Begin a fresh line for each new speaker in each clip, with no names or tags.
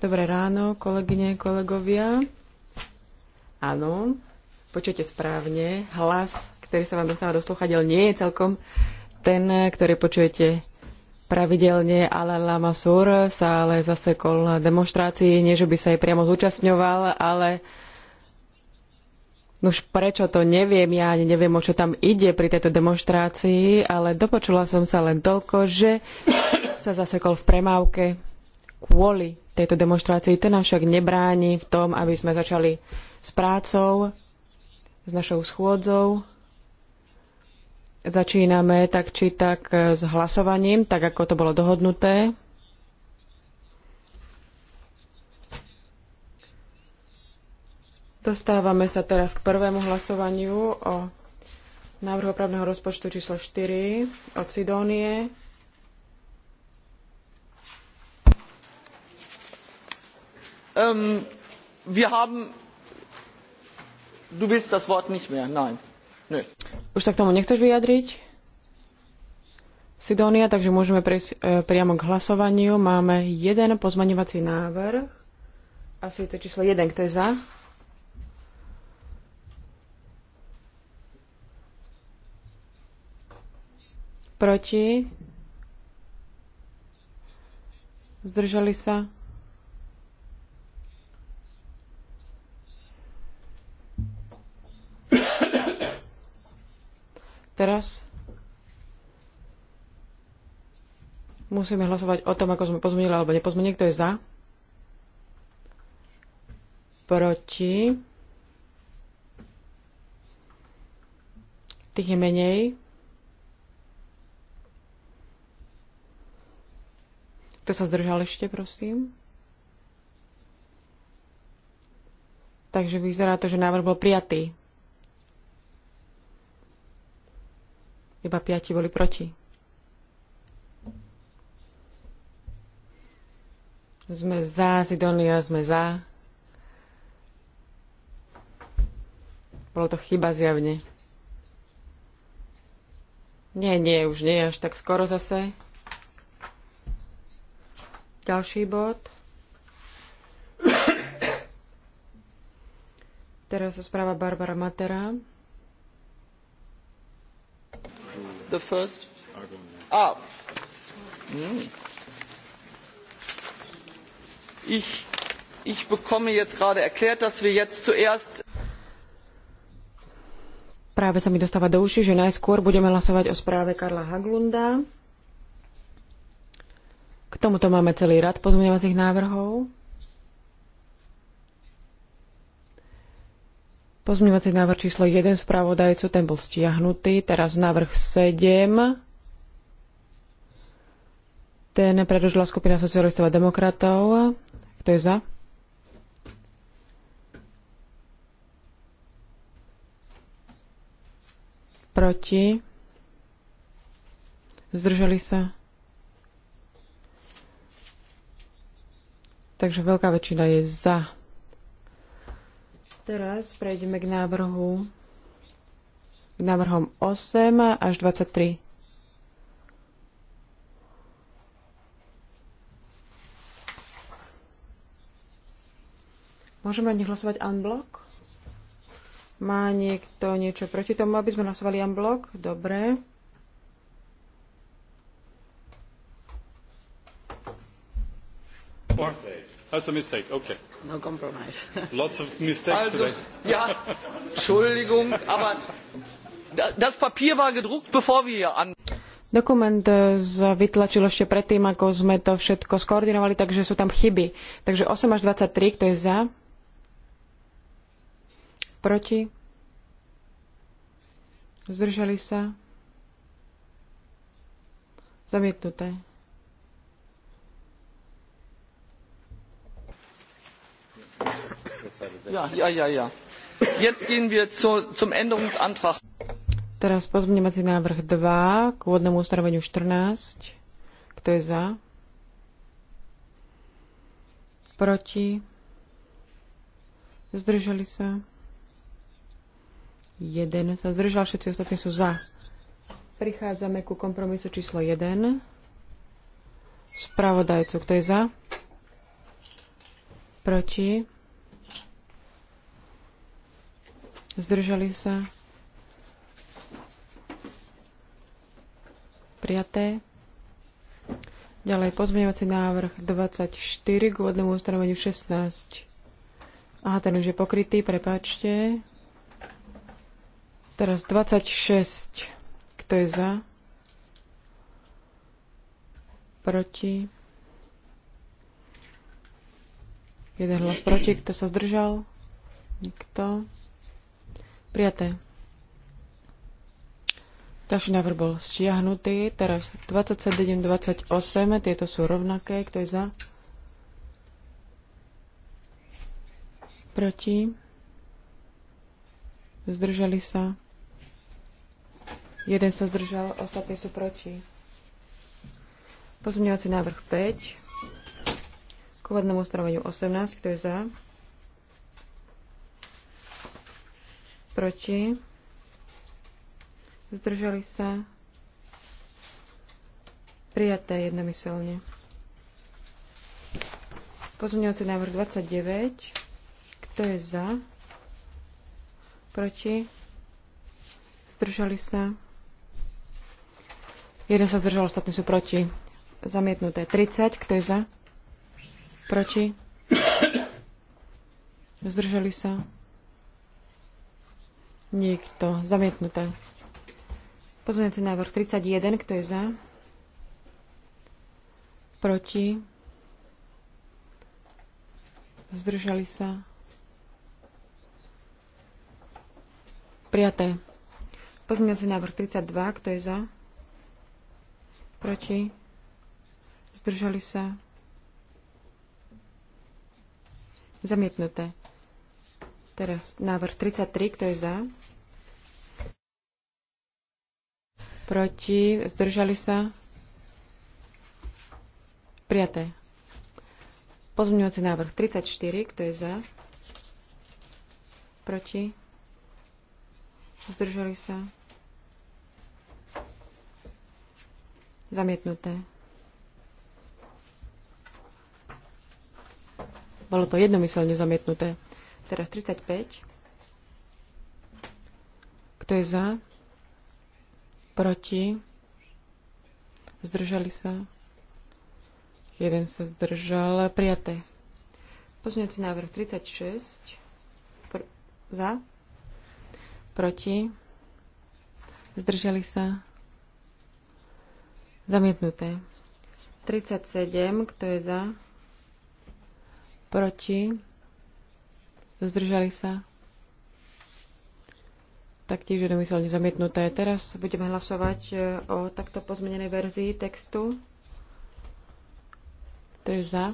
Dobré ráno, kolegyne, kolegovia. Áno, počujete správne. Hlas, ktorý sa vám dostáva do sluchadiel, nie je celkom ten, ktorý počujete pravidelne, ale Lama Sur sa ale zasekol na demonstrácii, nie že by sa jej priamo zúčastňoval, ale No už prečo to neviem, ja ani neviem, o čo tam ide pri tejto demonštrácii, ale dopočula som sa len toľko, že sa zasekol v premávke kvôli tejto demonštrácii. To nám však nebráni v tom, aby sme začali s prácou, s našou schôdzou. Začíname tak či tak s hlasovaním, tak ako to bolo dohodnuté. Dostávame sa teraz k prvému hlasovaniu o návrhu opravného rozpočtu číslo 4 od Sidónie.
Um, wir haben... Du willst das Wort nicht mehr, nein. Nö.
Už sa k tomu nechceš vyjadriť? Sidónia, takže môžeme prejsť e, priamo k hlasovaniu. Máme jeden pozmaňovací návrh a to číslo 1, kto je za? Proti? Zdržali sa? Teraz musíme hlasovať o tom, ako sme pozmenili alebo nepozmenili. Kto je za? Proti? Tých je menej. Kto sa zdržal ešte, prosím? Takže vyzerá to, že návrh bol prijatý. Iba piati boli proti. Sme za, Zidonia, sme za. Bolo to chyba zjavne. Nie, nie, už nie až tak skoro zase. Ďalší bod. Teraz sa správa Barbara Matera.
The first? Ah. Mm. Ich, ich bekomme jetzt gerade erklärt, dass wir jetzt zuerst
Práve sa mi dostáva do uši, že najskôr budeme hlasovať o správe Karla Haglunda. K tomuto máme celý rad pozmeňovacích návrhov. Pozmeňovací návrh číslo 1 spravodajcu, ten bol stiahnutý. Teraz návrh 7. Ten predložila skupina socialistov a demokratov. Kto je za? Proti? Zdržali sa? Takže veľká väčšina je za. Teraz prejdeme k návrhu k návrhom 8 až 23. Môžeme ani hlasovať unblock? Má niekto niečo proti tomu, aby sme hlasovali unblock? Dobre. Birthday. That's a mistake, okay. No compromise. Lots
of mistakes also, today. ja, Entschuldigung, aber das Papier war gedruckt, bevor wir hier an...
Dokument eh, vytlačil ešte predtým, ako sme to všetko skoordinovali, takže sú tam chyby. Takže 8 až 23, kto je za? Proti? Zdržali sa? Zamietnuté.
Ja, ja, ja, Jetzt gehen wir zu, zum Änderungsantrag.
Teraz pozmeňovací návrh 2 k úvodnému ustanoveniu 14. Kto je za? Proti? Zdržali sa? Jeden sa zdržal, všetci ostatní sú za. Prichádzame ku kompromisu číslo 1. Spravodajcu, kto je za? Proti? Zdržali sa. Prijaté. Ďalej pozmeňovací návrh 24 k vodnému ustanoveniu 16. Aha, ten už je pokrytý, prepáčte. Teraz 26. Kto je za? Proti? Jeden hlas proti. Kto sa zdržal? Nikto. Prijaté. Ďalší návrh bol stiahnutý. Teraz 27, 28, tieto sú rovnaké. Kto je za? Proti? Zdržali sa? Jeden sa zdržal, ostatní sú proti. Pozmeňovací návrh 5. K úvodnému ustanoveniu 18. Kto je za? proti, zdržali sa, prijaté jednomyselne. Pozmeňovací návrh 29, kto je za, proti, zdržali sa, jeden sa zdržal, ostatní sú proti, zamietnuté 30, kto je za, proti, zdržali sa, Nikto. Zamietnuté. Pozmeňujúci návrh 31. Kto je za? Proti? Zdržali sa? Prijaté. Pozmeňujúci návrh 32. Kto je za? Proti? Zdržali sa? Zamietnuté. Teraz návrh 33, kto je za? Proti? Zdržali sa? Prijaté. Pozmeňovací návrh 34, kto je za? Proti? Zdržali sa? Zamietnuté. Bolo to jednomyselne zamietnuté. Teraz 35. Kto je za? Proti? Zdržali sa? Jeden sa zdržal. Prijaté. Pozňujúci návrh 36. Pr- za? Proti? Zdržali sa? Zamietnuté. 37. Kto je za? Proti? zdržali sa. Taktiež jednomyselne zamietnuté. Teraz budeme hlasovať e, o takto pozmenenej verzii textu. To je za.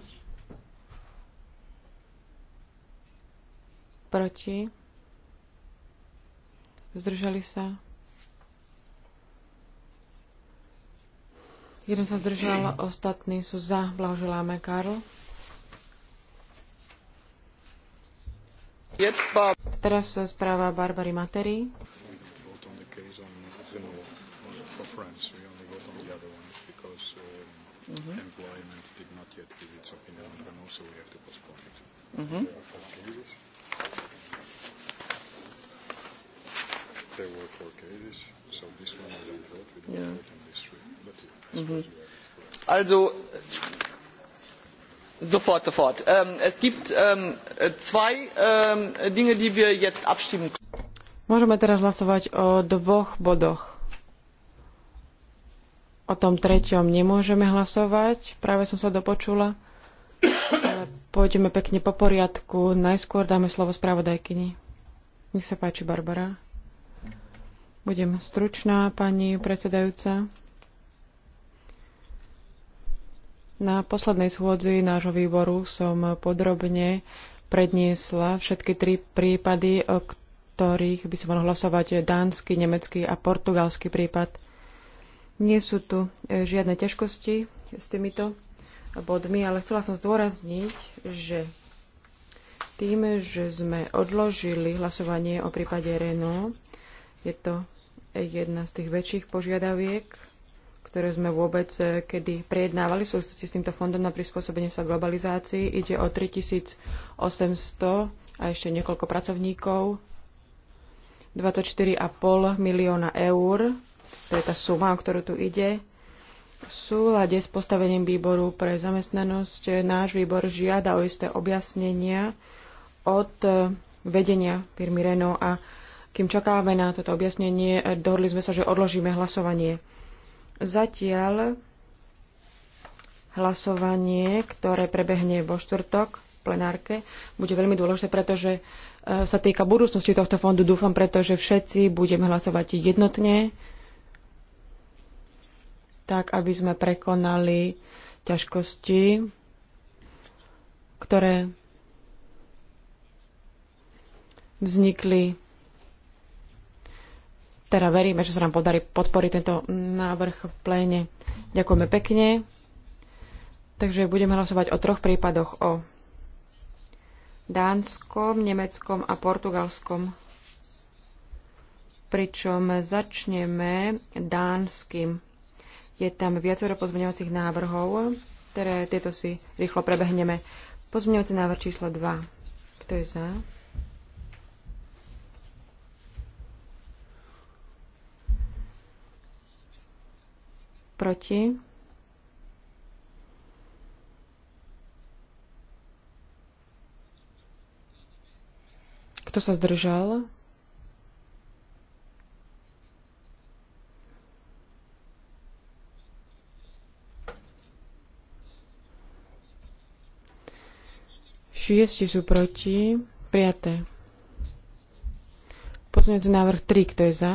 Proti. Zdržali sa. Jeden sa zdržal, ostatní sú za. Blahoželáme, Karl. Teraz správa Barbary Matery.
Mm-hmm. Employment did not yet give its opinion, and also we have to postpone it. Mm-hmm. There were four cases, so this one we don't vote, we don't yeah. vote on this three. But yeah, I mm-hmm. Also, Sofort, ähm, Es gibt ähm, zwei ähm, Dinge, die wir jetzt abstimmen können.
Môžeme teraz hlasovať o dvoch bodoch. O tom treťom nemôžeme hlasovať, práve som sa dopočula. Ale pôjdeme pekne po poriadku. Najskôr dáme slovo spravodajkyni. Nech sa páči, Barbara. Budem stručná, pani predsedajúca. Na poslednej schôdzi nášho výboru som podrobne predniesla všetky tri prípady, o ktorých by sa mohol hlasovať dánsky, nemecký a portugalský prípad. Nie sú tu e, žiadne ťažkosti s týmito bodmi, ale chcela som zdôrazniť, že tým, že sme odložili hlasovanie o prípade Renault, je to jedna z tých väčších požiadaviek ktoré sme vôbec eh, kedy prejednávali v súvislosti s týmto fondom na prispôsobenie sa globalizácii. Ide o 3800 a ešte niekoľko pracovníkov, 24,5 milióna eur, to je tá suma, o ktorú tu ide. V súlade s postavením výboru pre zamestnanosť eh, náš výbor žiada o isté objasnenia od eh, vedenia firmy Renault a kým čakáme na toto objasnenie, dohodli sme sa, že odložíme hlasovanie. Zatiaľ hlasovanie, ktoré prebehne vo štvrtok v plenárke, bude veľmi dôležité, pretože e, sa týka budúcnosti tohto fondu. Dúfam, pretože všetci budeme hlasovať jednotne, tak aby sme prekonali ťažkosti, ktoré vznikli teda veríme, že sa nám podarí podporiť tento návrh v pléne. Ďakujeme pekne. Takže budeme hlasovať o troch prípadoch o Dánskom, Nemeckom a Portugalskom. Pričom začneme Dánskym. Je tam viacero pozmeňovacích návrhov, ktoré tieto si rýchlo prebehneme. Pozmeňovací návrh číslo 2. Kto je za? proti, Kto sa zdržal? Šiesti sú proti. Prijaté. Pozmeňujúci návrh 3. Kto je za?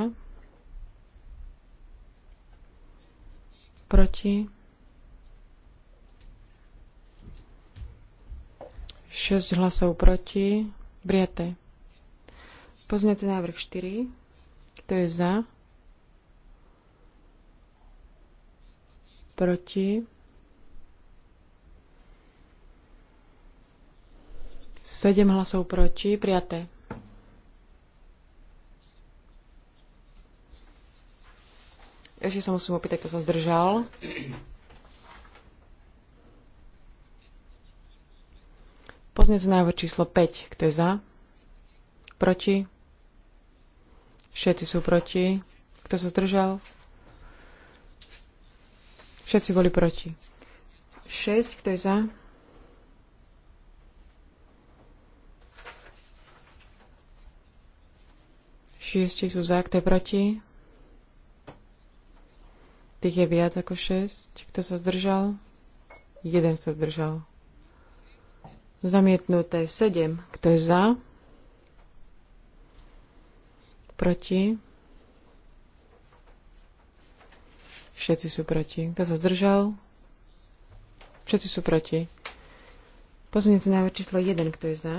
proti 6 hlasov proti, prijaté. Pozmiete návrh 4, kto je za? Proti. 7 hlasov proti, prijaté. Ešte sa musím opýtať, kto sa zdržal. Poznec návrh číslo 5. Kto je za? Proti? Všetci sú proti. Kto sa zdržal? Všetci boli proti. 6. Kto je za? Šiesti sú za, kto je proti? Tých je viac ako 6. Kto sa zdržal? Jeden sa zdržal. Zamietnuté 7. Kto je za? Proti? Všetci sú proti. Kto sa zdržal? Všetci sú proti. Posunie sa návrh číslo 1. Kto je za?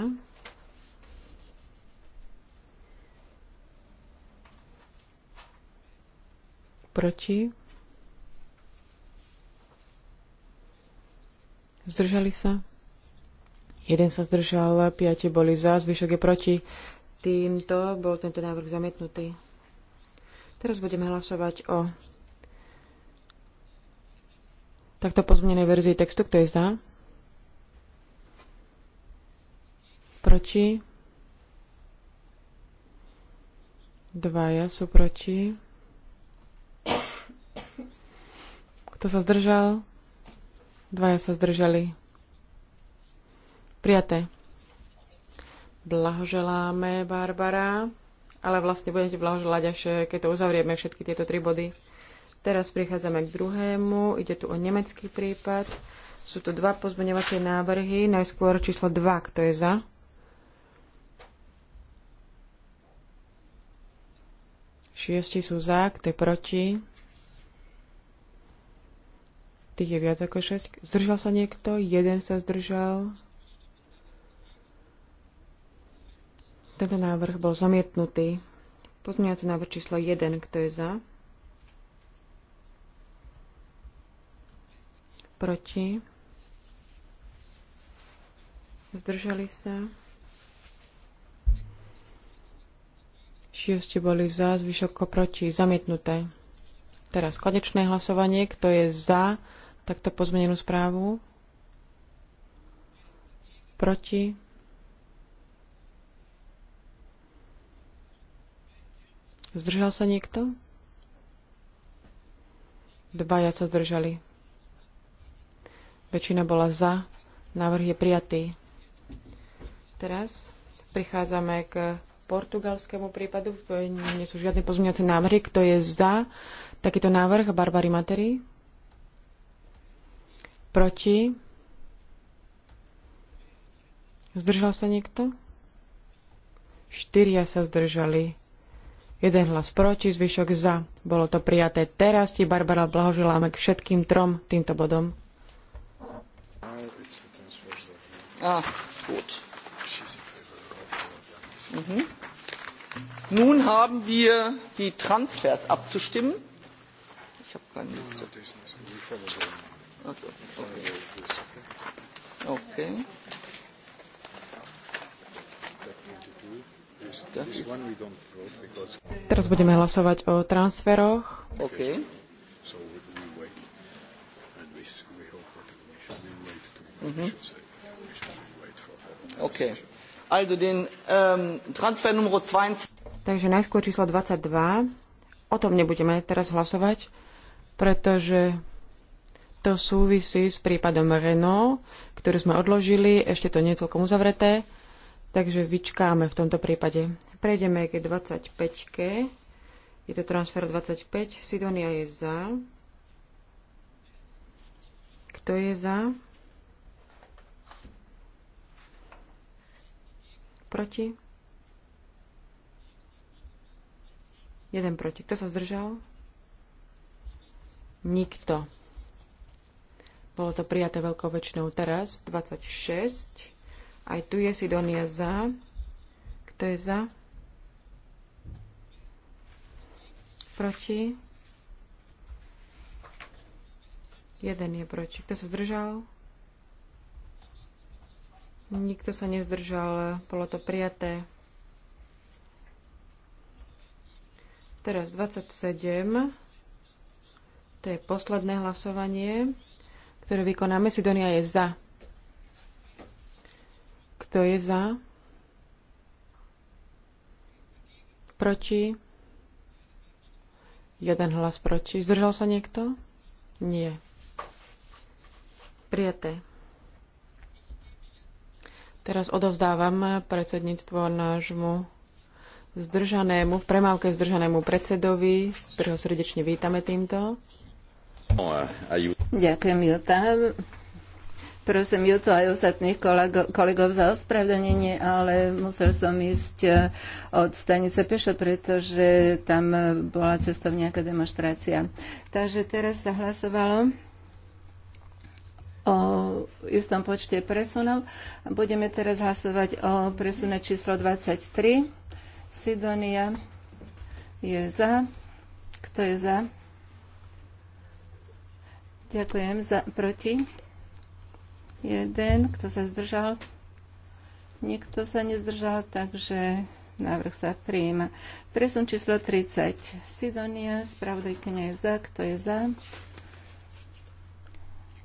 Proti? Zdržali sa? Jeden sa zdržal, piati boli za, zvyšok je proti. Týmto bol tento návrh zamietnutý. Teraz budeme hlasovať o takto pozmenenej verzii textu. Kto je za? Proti? Dvaja sú proti. Kto sa zdržal? Dvaja sa zdržali. Prijaté. Blahoželáme, Barbara. Ale vlastne budete blahoželať, až eh, keď to uzavrieme všetky tieto tri body. Teraz prichádzame k druhému. Ide tu o nemecký prípad. Sú tu dva pozmeňovacie návrhy. Najskôr číslo 2, kto je za. Šiesti sú za, kto je proti. Tých je viac ako 6. Zdržal sa niekto? Jeden sa zdržal. Tento návrh bol zamietnutý. Pozmeňovací návrh číslo 1. Kto je za? Proti? Zdržali sa? Šiesti boli za, zvyšok proti, zamietnuté. Teraz konečné hlasovanie, kto je za takto pozmenenú správu. Proti. Zdržal sa niekto? Dvaja sa zdržali. Väčšina bola za. Návrh je prijatý. Teraz prichádzame k portugalskému prípadu. Nie sú žiadne pozmeňovacie návrhy. Kto je za takýto návrh? Barbary Materi? Proti? Zdržal sa niekto? Štyria sa zdržali. Jeden hlas proti, zvyšok za. Bolo to prijaté. Teraz ti, Barbara, blahoželáme k všetkým trom týmto bodom.
Ah, Nun haben wir die Transfers abzustimmen. Ich habe keine Liste. Also, okay. okay. Teraz budeme hlasovať
o transferoch.
Also den ähm, Transfer 22.
Takže najskôr číslo 22. O tom nebudeme teraz hlasovať, pretože to súvisí s prípadom Renault, ktorý sme odložili, ešte to nie je celkom uzavreté, takže vyčkáme v tomto prípade. Prejdeme k 25. Je to transfer 25. Sidonia je za. Kto je za? Proti? Jeden proti. Kto sa zdržal? Nikto. Bolo to prijaté veľkou väčšinou. Teraz 26. Aj tu je Sidonia za. Kto je za? Proti? Jeden je proti. Kto sa zdržal? Nikto sa nezdržal. Bolo to prijaté. Teraz 27. To je posledné hlasovanie ktoré vykoná Sidonia je za. Kto je za? Proti? Jeden hlas proti. Zdržal sa niekto? Nie. Prijaté. Teraz odovzdávam predsedníctvo nášmu zdržanému, v premávke zdržanému predsedovi, ktorého srdečne
vítame týmto. Ďakujem, Jota. Prosím Juto aj ostatných kolego, kolegov za ospravedlnenie, ale musel som ísť e, od stanice pešo, pretože tam bola nejaká demonstrácia. Takže teraz sa hlasovalo o istom počte presunov. Budeme teraz hlasovať o presune číslo 23. Sidonia je za. Kto je za? Ďakujem za proti. Jeden, kto sa zdržal. Niekto sa nezdržal, takže návrh sa prijíma. Presun číslo 30. Sidonia, spravodajkynia je za, kto je za.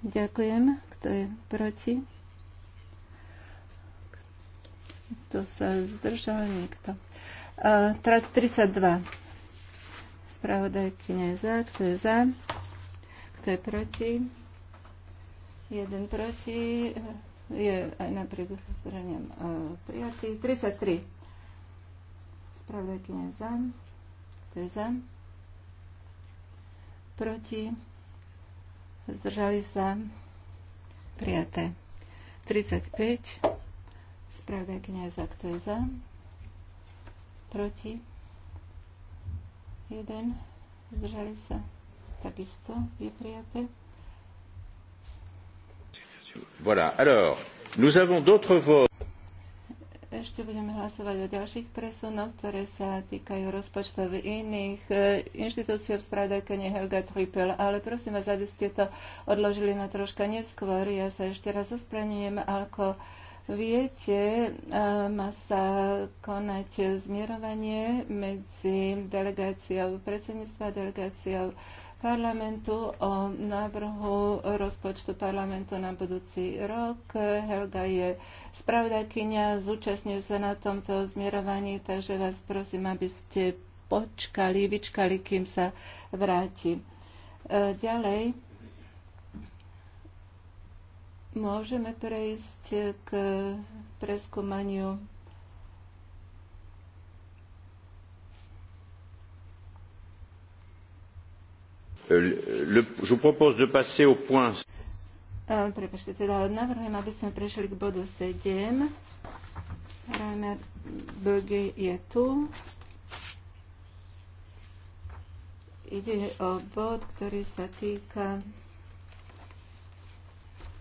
Ďakujem. Kto je proti? Kto sa zdržal? Nikto. Uh, 32. Spravodajkynia je za, kto je za. Kto je proti? Jeden proti. Je aj napriek zraniam e, prijatý. 33. Spravodajkyňa je za. Kto je za? Proti? Zdržali sa? Prijaté. 35. Spravda kniaza, za. Kto je za? Proti? Jeden. Zdržali sa? takisto je prijaté.
Voilà, alors, nous avons d'autres votes.
Ešte budeme hlasovať o ďalších presunoch, ktoré sa týkajú rozpočtov iných e, inštitúcií v spravodajkane Helga Trippel, ale prosím vás, aby ste to odložili na troška neskôr. Ja sa ešte raz ospraňujem, ako viete, e, má sa konať zmierovanie medzi delegáciou predsedníctva a delegáciou parlamentu o návrhu rozpočtu parlamentu na budúci rok. Helga je spravodajkynia, zúčastňuje sa na tomto zmierovaní, takže vás prosím, aby ste počkali, vyčkali, kým sa vráti. E, ďalej môžeme prejsť k preskúmaniu
je vous propose de passer au point...
Prepašte, teda navrhujem, aby sme prešli k bodu 7. Böge je tu. Ide o bod, ktorý sa týka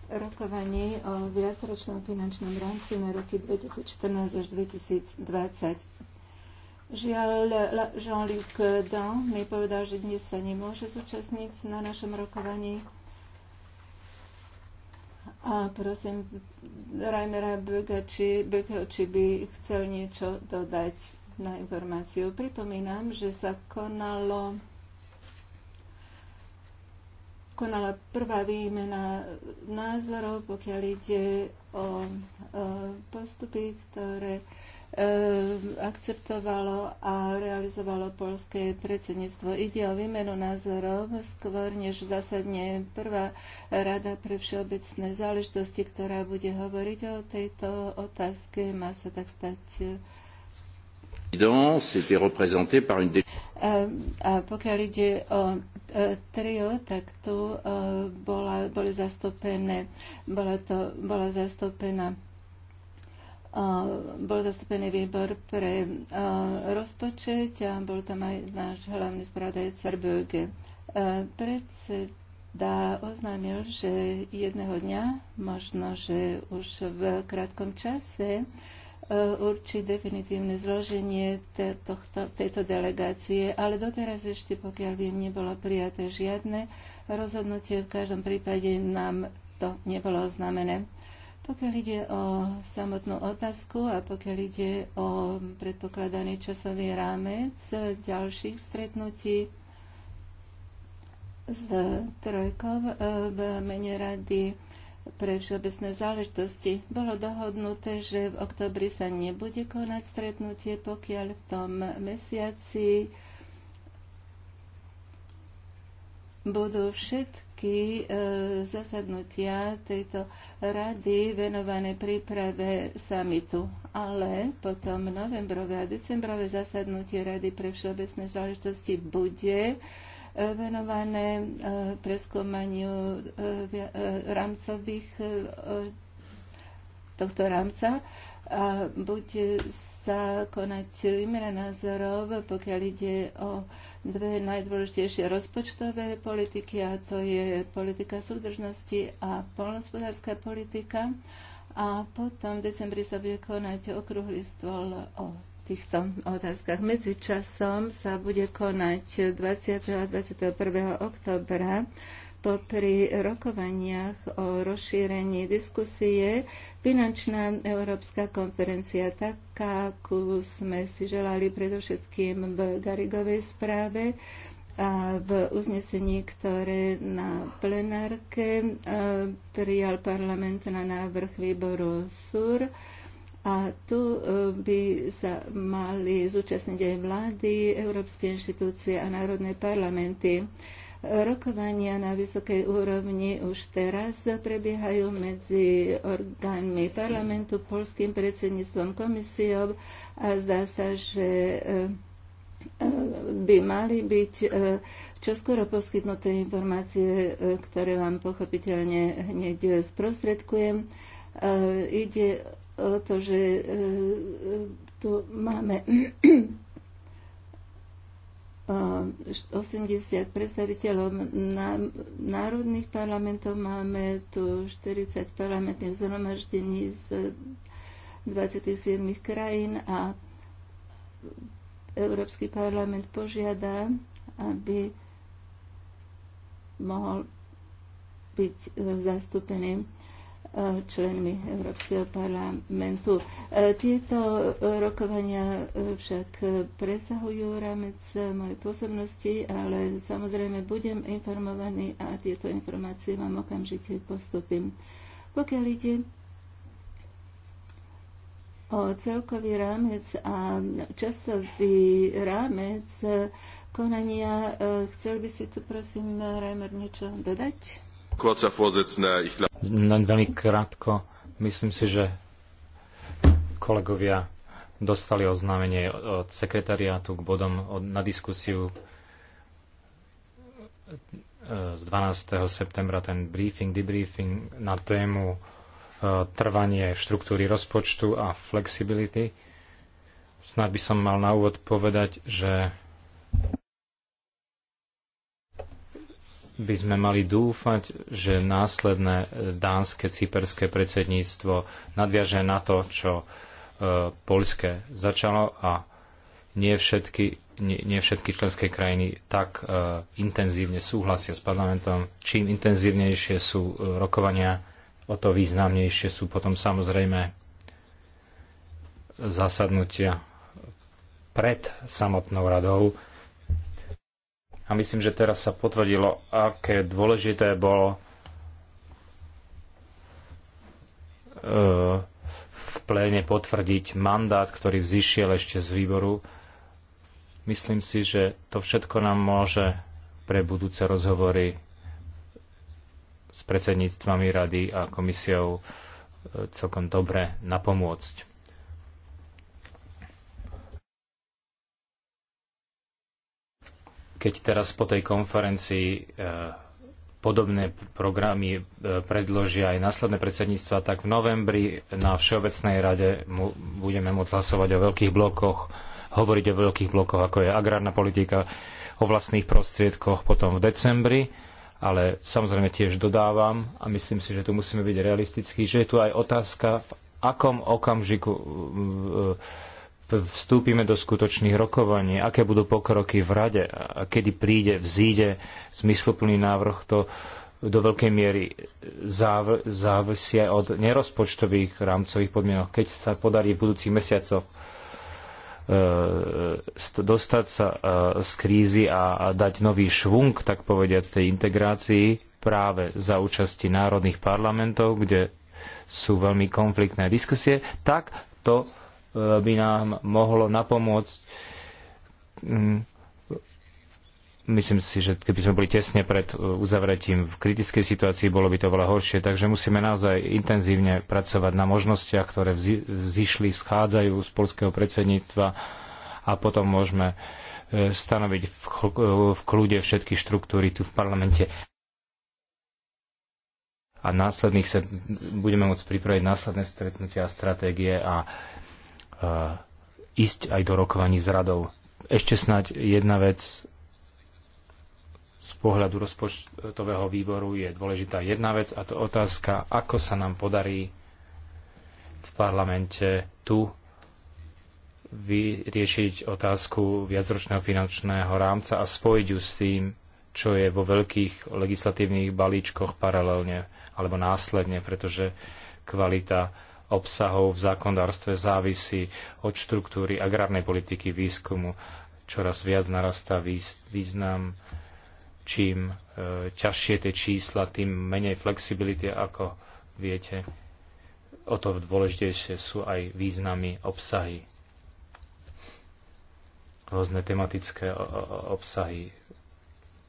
rokovaní o viacročnom finančnom rámci na roky 2014 až 2020. Žiaľ, Jean-Luc Dan mi povedal, že dnes sa nemôže zúčastniť na našom rokovaní. A prosím, Reimera Böge, či, či by chcel niečo dodať na informáciu. Pripomínam, že sa konalo konala prvá výmena názorov, pokiaľ ide o, o postupy, ktoré Eh, akceptovalo a realizovalo polské predsedníctvo. Ide o výmenu názorov skôr, než zasadne prvá rada pre všeobecné záležitosti, ktorá bude hovoriť o tejto otázke. Má sa tak stať eh,
eh,
a pokiaľ ide o trio, tak tu bola, boli zastúpené, bola, to, bola zastúpená bol zastúpený výbor pre rozpočet a bol tam aj náš hlavný spravodajca Böge. Predseda oznámil, že jedného dňa, možno, že už v krátkom čase, určí definitívne zloženie tohto, tejto delegácie, ale doteraz ešte, pokiaľ viem, nebolo prijaté žiadne rozhodnutie. V každom prípade nám to nebolo oznámené. Pokiaľ ide o samotnú otázku a pokiaľ ide o predpokladaný časový rámec ďalších stretnutí s trojkou e, v mene rady pre všeobecné záležitosti, bolo dohodnuté, že v oktobri sa nebude konať stretnutie, pokiaľ v tom mesiaci budú všetky e, zasadnutia tejto rady venované príprave samitu. Ale potom novembrové a decembrové zasadnutie Rady pre všeobecné záležitosti bude e, venované e, preskúmaniu e, rámcových tohto rámca a bude sa konať výmena názorov, pokiaľ ide o dve najdôležitejšie rozpočtové politiky, a to je politika súdržnosti a polnospodárska politika. A potom v decembri sa bude konať okrúhly stôl o týchto otázkach. Medzi časom sa bude konať 20. a 21. oktobra popri rokovaniach o rozšírení diskusie finančná európska konferencia, taká, akú sme si želali predovšetkým v Garigovej správe a v uznesení, ktoré na plenárke e, prijal parlament na návrh výboru SUR. A tu e, by sa mali zúčastniť aj vlády, európske inštitúcie a národné parlamenty. Rokovania na vysokej úrovni už teraz prebiehajú medzi orgánmi parlamentu, polským predsedníctvom komisiou a zdá sa, že e, e, by mali byť e, čoskoro poskytnuté informácie, ktoré vám pochopiteľne hneď sprostredkujem. Ide o to, že tu máme 80 ehm, predstaviteľov národných parlamentov, máme tu 40 parlamentných zhromaždení z 27 krajín a Európsky parlament požiada, aby mohol byť eh, zastúpený E, členmi Európskeho parlamentu. E, tieto rokovania e, však presahujú rámec mojej pôsobnosti, ale samozrejme budem informovaný a tieto informácie vám okamžite postupím. Pokiaľ ide o celkový rámec a časový rámec konania, chcel by si tu prosím Reimer niečo dodať?
Len veľmi krátko. Myslím si, že kolegovia dostali oznámenie od sekretariátu k bodom na diskusiu e, z 12. septembra ten briefing, debriefing na tému e, trvanie štruktúry rozpočtu a flexibility. Snad by som mal na úvod povedať, že by sme mali dúfať, že následné e, dánske, cyperské predsedníctvo nadviaže na to, čo e, poľské začalo a nie všetky, nie, nie všetky členské krajiny tak e, intenzívne súhlasia s parlamentom. Čím intenzívnejšie sú e, rokovania, o to významnejšie sú potom samozrejme zasadnutia pred samotnou radou, a myslím, že teraz sa potvrdilo, aké dôležité bolo eh, v pléne potvrdiť mandát, ktorý vzýšiel ešte z výboru. Myslím si, že to všetko nám môže pre budúce rozhovory s predsedníctvami rady a komisiou eh, celkom dobre napomôcť. keď teraz po tej konferencii e, podobné programy e, predložia aj následné predsedníctva, tak v novembri na Všeobecnej rade budeme môcť hlasovať o veľkých blokoch, hovoriť o veľkých blokoch, ako je agrárna politika, o vlastných prostriedkoch potom v decembri, ale samozrejme tiež dodávam a myslím si, že tu musíme byť realistickí, že je tu aj otázka, v akom okamžiku vstúpime do skutočných rokovaní, aké budú pokroky v rade a kedy príde, vzíde zmysluplný návrh, to do veľkej miery záv- závisia od nerozpočtových rámcových podmienok. Keď sa podarí v budúcich mesiacoch e, dostať sa e, z krízy a dať nový švung, tak povediať, tej integrácii práve za účasti národných parlamentov, kde sú veľmi konfliktné diskusie, tak to E, by nám mohlo napomôcť. Mm, myslím si, že keby sme boli tesne pred e, uzavretím v kritickej situácii, bolo by to veľa horšie, takže musíme naozaj intenzívne pracovať na možnostiach, ktoré zišli, schádzajú z polského predsedníctva a potom môžeme e, stanoviť v kľude všetky štruktúry tu v parlamente a následných sa budeme môcť pripraviť následné stretnutia a stratégie a ísť aj do rokovaní s radou. Ešte snáď jedna vec z pohľadu rozpočtového výboru je dôležitá jedna vec a to otázka, ako sa nám podarí v parlamente tu vyriešiť otázku viacročného finančného rámca a spojiť ju s tým, čo je vo veľkých legislatívnych balíčkoch paralelne alebo následne, pretože kvalita obsahov v zákonodárstve závisí od štruktúry agrárnej politiky výskumu. Čoraz viac narastá význam, čím e, ťažšie tie čísla, tým menej flexibility, ako viete. O to dôležitejšie sú aj významy obsahy. Rôzne tematické obsahy,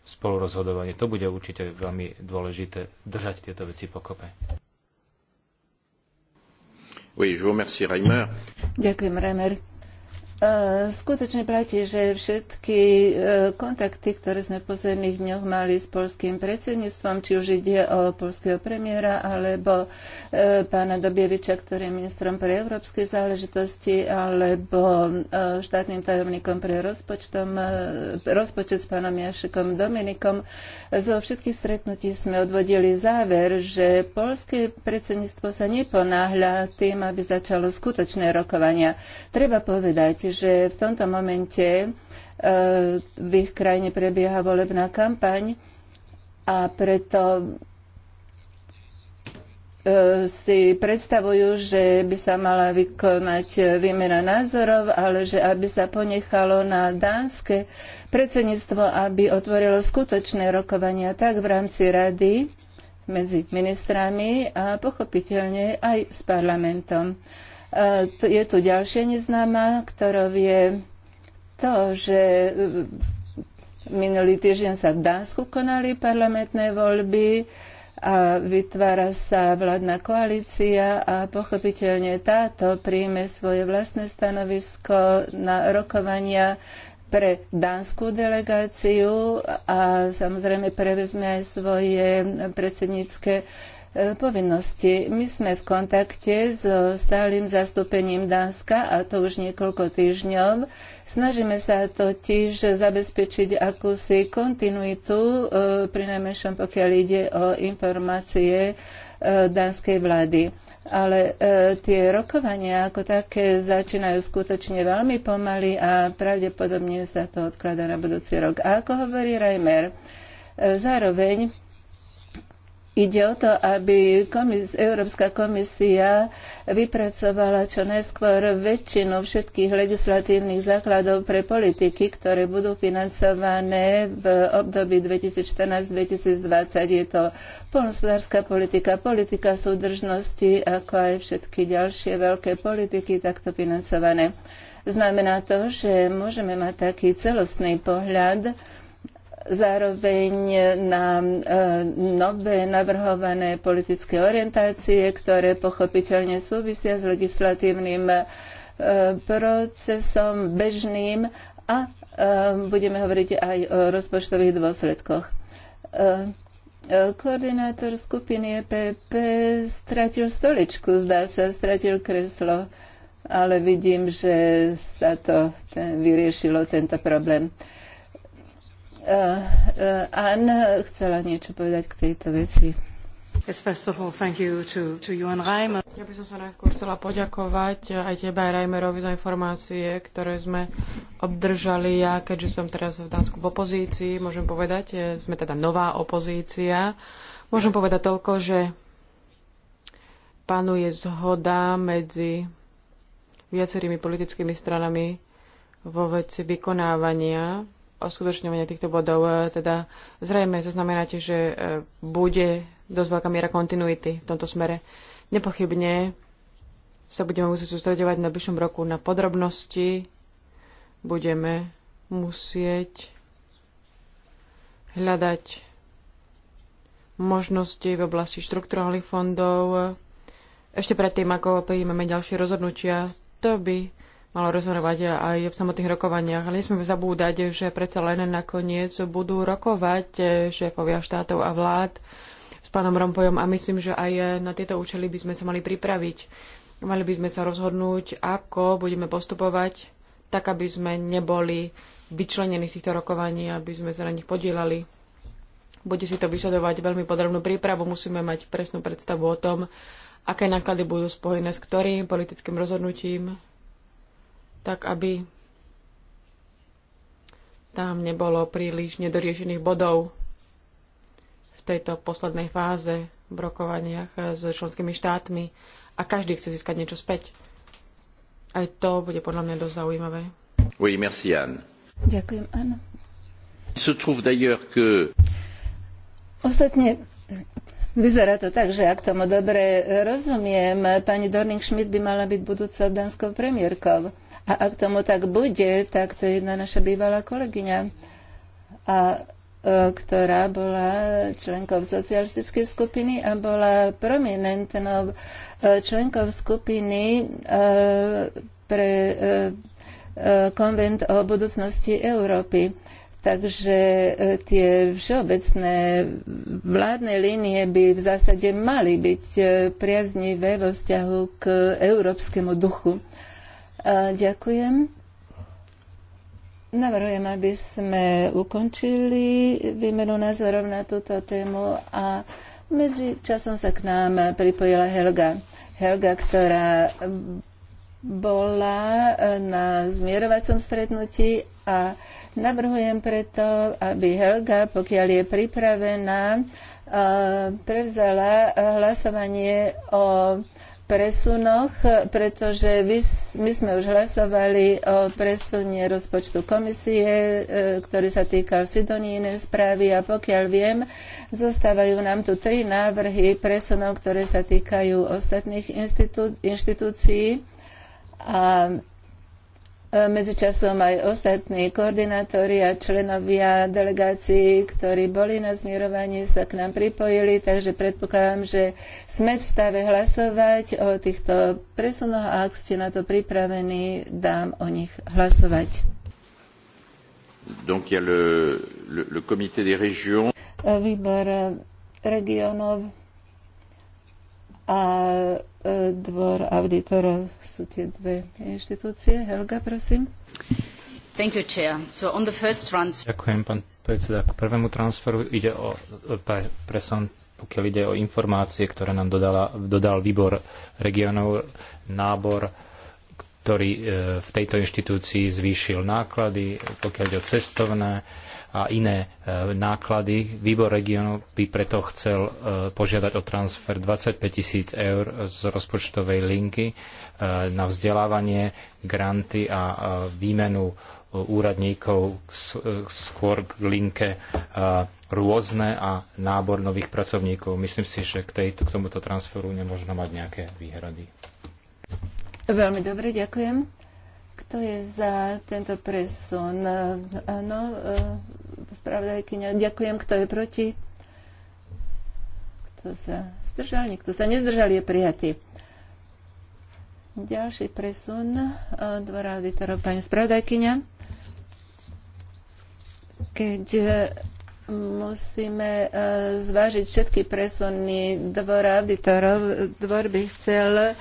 spolurozhodovanie. To bude určite veľmi dôležité držať tieto veci pokope ďakujem je za vaše
Reimer. Skutočne platí, že všetky e, kontakty, ktoré sme v posledných dňoch mali s polským predsedníctvom, či už ide o polského premiéra alebo e, pána Dobieviča, ktorý je ministrom pre európske záležitosti, alebo e, štátnym tajomníkom pre rozpočtom, rozpočet s pánom Jašekom Dominikom, zo všetkých stretnutí sme odvodili záver, že polské predsedníctvo sa neponáhľa tým, aby začalo skutočné rokovania. Treba povedať, že v tomto momente e, v ich krajine prebieha volebná kampaň a preto e, si predstavujú, že by sa mala vykonať výmena názorov, ale že aby sa ponechalo na dánske predsedníctvo, aby otvorilo skutočné rokovania tak v rámci rady medzi ministrami a pochopiteľne aj s parlamentom. E, je tu ďalšia neznáma, ktorou je to, že e, minulý týždeň sa v Dánsku konali parlamentné voľby a vytvára sa vládna koalícia a pochopiteľne táto príjme svoje vlastné stanovisko na rokovania pre dánsku delegáciu a samozrejme prevezme aj svoje predsednícke povinnosti. My sme v kontakte so stálym zastúpením Dánska a to už niekoľko týždňov. Snažíme sa totiž zabezpečiť akúsi kontinuitu, e, pri najmenšom pokiaľ ide o informácie e, dánskej vlády ale e, tie rokovania ako také začínajú skutočne veľmi pomaly a pravdepodobne sa to odkladá na budúci rok. A ako hovorí Reimer, e, zároveň Ide o to, aby komis- Európska komisia vypracovala čo najskôr väčšinu všetkých legislatívnych základov pre politiky, ktoré budú financované v období 2014-2020. Je to polnospodárska politika, politika súdržnosti, ako aj všetky ďalšie veľké politiky takto financované. Znamená to, že môžeme mať taký celostný pohľad zároveň na e, nové navrhované politické orientácie, ktoré pochopiteľne súvisia s legislatívnym e, procesom bežným a e, budeme hovoriť aj o rozpočtových dôsledkoch. Koordinátor skupiny EPP stratil stoličku, zdá sa, stratil kreslo, ale vidím, že sa to vyriešilo, tento problém. Eh, eh, Anne chcela niečo povedať k tejto veci.
Yes, all, to, to ja by som sa najskôr chcela poďakovať aj tebe aj Reimerovi za informácie, ktoré sme obdržali. Ja, keďže som teraz v Dánsku v opozícii, môžem povedať, sme teda nová opozícia. Môžem povedať toľko, že panuje zhoda medzi viacerými politickými stranami vo veci vykonávania oskutočňovania týchto bodov. E, teda zrejme zaznamenáte, že e, bude dosť veľká miera kontinuity v tomto smere. Nepochybne sa budeme musieť sústredovať na bližšom roku na podrobnosti. Budeme musieť hľadať možnosti v oblasti štrukturálnych fondov. Ešte predtým, ako prijmeme ďalšie rozhodnutia, to by malo rozhodovať aj v samotných rokovaniach. Ale nesmieme zabúdať, že predsa len nakoniec budú rokovať eh, šéfovia štátov a vlád s pánom Rompojom a myslím, že aj eh, na tieto účely by sme sa mali pripraviť. Mali by sme sa rozhodnúť, ako budeme postupovať, tak aby sme neboli vyčlenení z týchto rokovaní, aby sme sa na nich podielali. Bude si to vyžadovať veľmi podrobnú prípravu, musíme mať presnú predstavu o tom, aké náklady budú spojené s ktorým politickým rozhodnutím, tak aby tam nebolo príliš nedoriešených bodov v tejto poslednej fáze v rokovaniach s členskými štátmi a každý chce získať niečo späť. Aj to bude podľa mňa dosť zaujímavé.
Oui, merci, Anne.
Ďakujem, Anne.
se trouve d'ailleurs que...
Ostatne, Vyzerá to tak, že ak tomu dobre rozumiem, pani Dorning-Schmidt by mala byť budúcou danskou premiérkou. A ak tomu tak bude, tak to je jedna naša bývalá kolegyňa, a, e, ktorá bola členkou socialistickej skupiny a bola prominentnou e, členkou skupiny e, pre konvent o budúcnosti Európy. Takže e, tie všeobecné vládne línie by v zásade mali byť e, priaznivé vo vzťahu k európskemu duchu. Ďakujem. Navrhujem, aby sme ukončili výmenu názorov na túto tému a medzi časom sa k nám pripojila Helga. Helga, ktorá bola e, na zmierovacom stretnutí a navrhujem preto, aby Helga, pokiaľ je pripravená, e, prevzala hlasovanie o presunoch, pretože my sme už hlasovali o presunie rozpočtu komisie, e, ktorý sa týkal Sidonínej správy a pokiaľ viem, zostávajú nám tu tri návrhy presunov, ktoré sa týkajú ostatných inštitú- inštitúcií a medzičasom aj ostatní koordinátori a členovia delegácií, ktorí boli na zmierovaní, sa k nám pripojili, takže predpokladám, že sme v stave hlasovať o týchto presunoch a ak ste na to pripravení, dám o nich hlasovať.
Donc, le, le, le comité des régions.
Výbor regionov a E, dvor auditorov sú tie dve inštitúcie. Helga, prosím.
Thank you, Chair. So on the first transfer...
Ďakujem, pán predseda. K prvému transferu ide o e, presun, pokiaľ ide o informácie, ktoré nám dodala, dodal výbor regionov, nábor, ktorý e, v tejto inštitúcii zvýšil náklady, pokiaľ ide o cestovné, a iné e, náklady. Výbor regionu by preto chcel e, požiadať o transfer 25 tisíc eur z rozpočtovej linky e, na vzdelávanie, granty a výmenu úradníkov skôr k linke rôzne a nábor nových pracovníkov. Myslím si, že k, tejto, k tomuto transferu nemôžno mať nejaké výhrady.
Veľmi dobre, ďakujem. To je za tento presun? Áno, e, spravodajkyňa. Ďakujem. Kto je proti? Kto sa zdržal? Nikto sa nezdržal. Je prijatý. Ďalší presun e, dvora auditorov pani spravodajkyňa. Keď e, musíme zvážiť všetky presuny dvora auditorov, dvor by chcel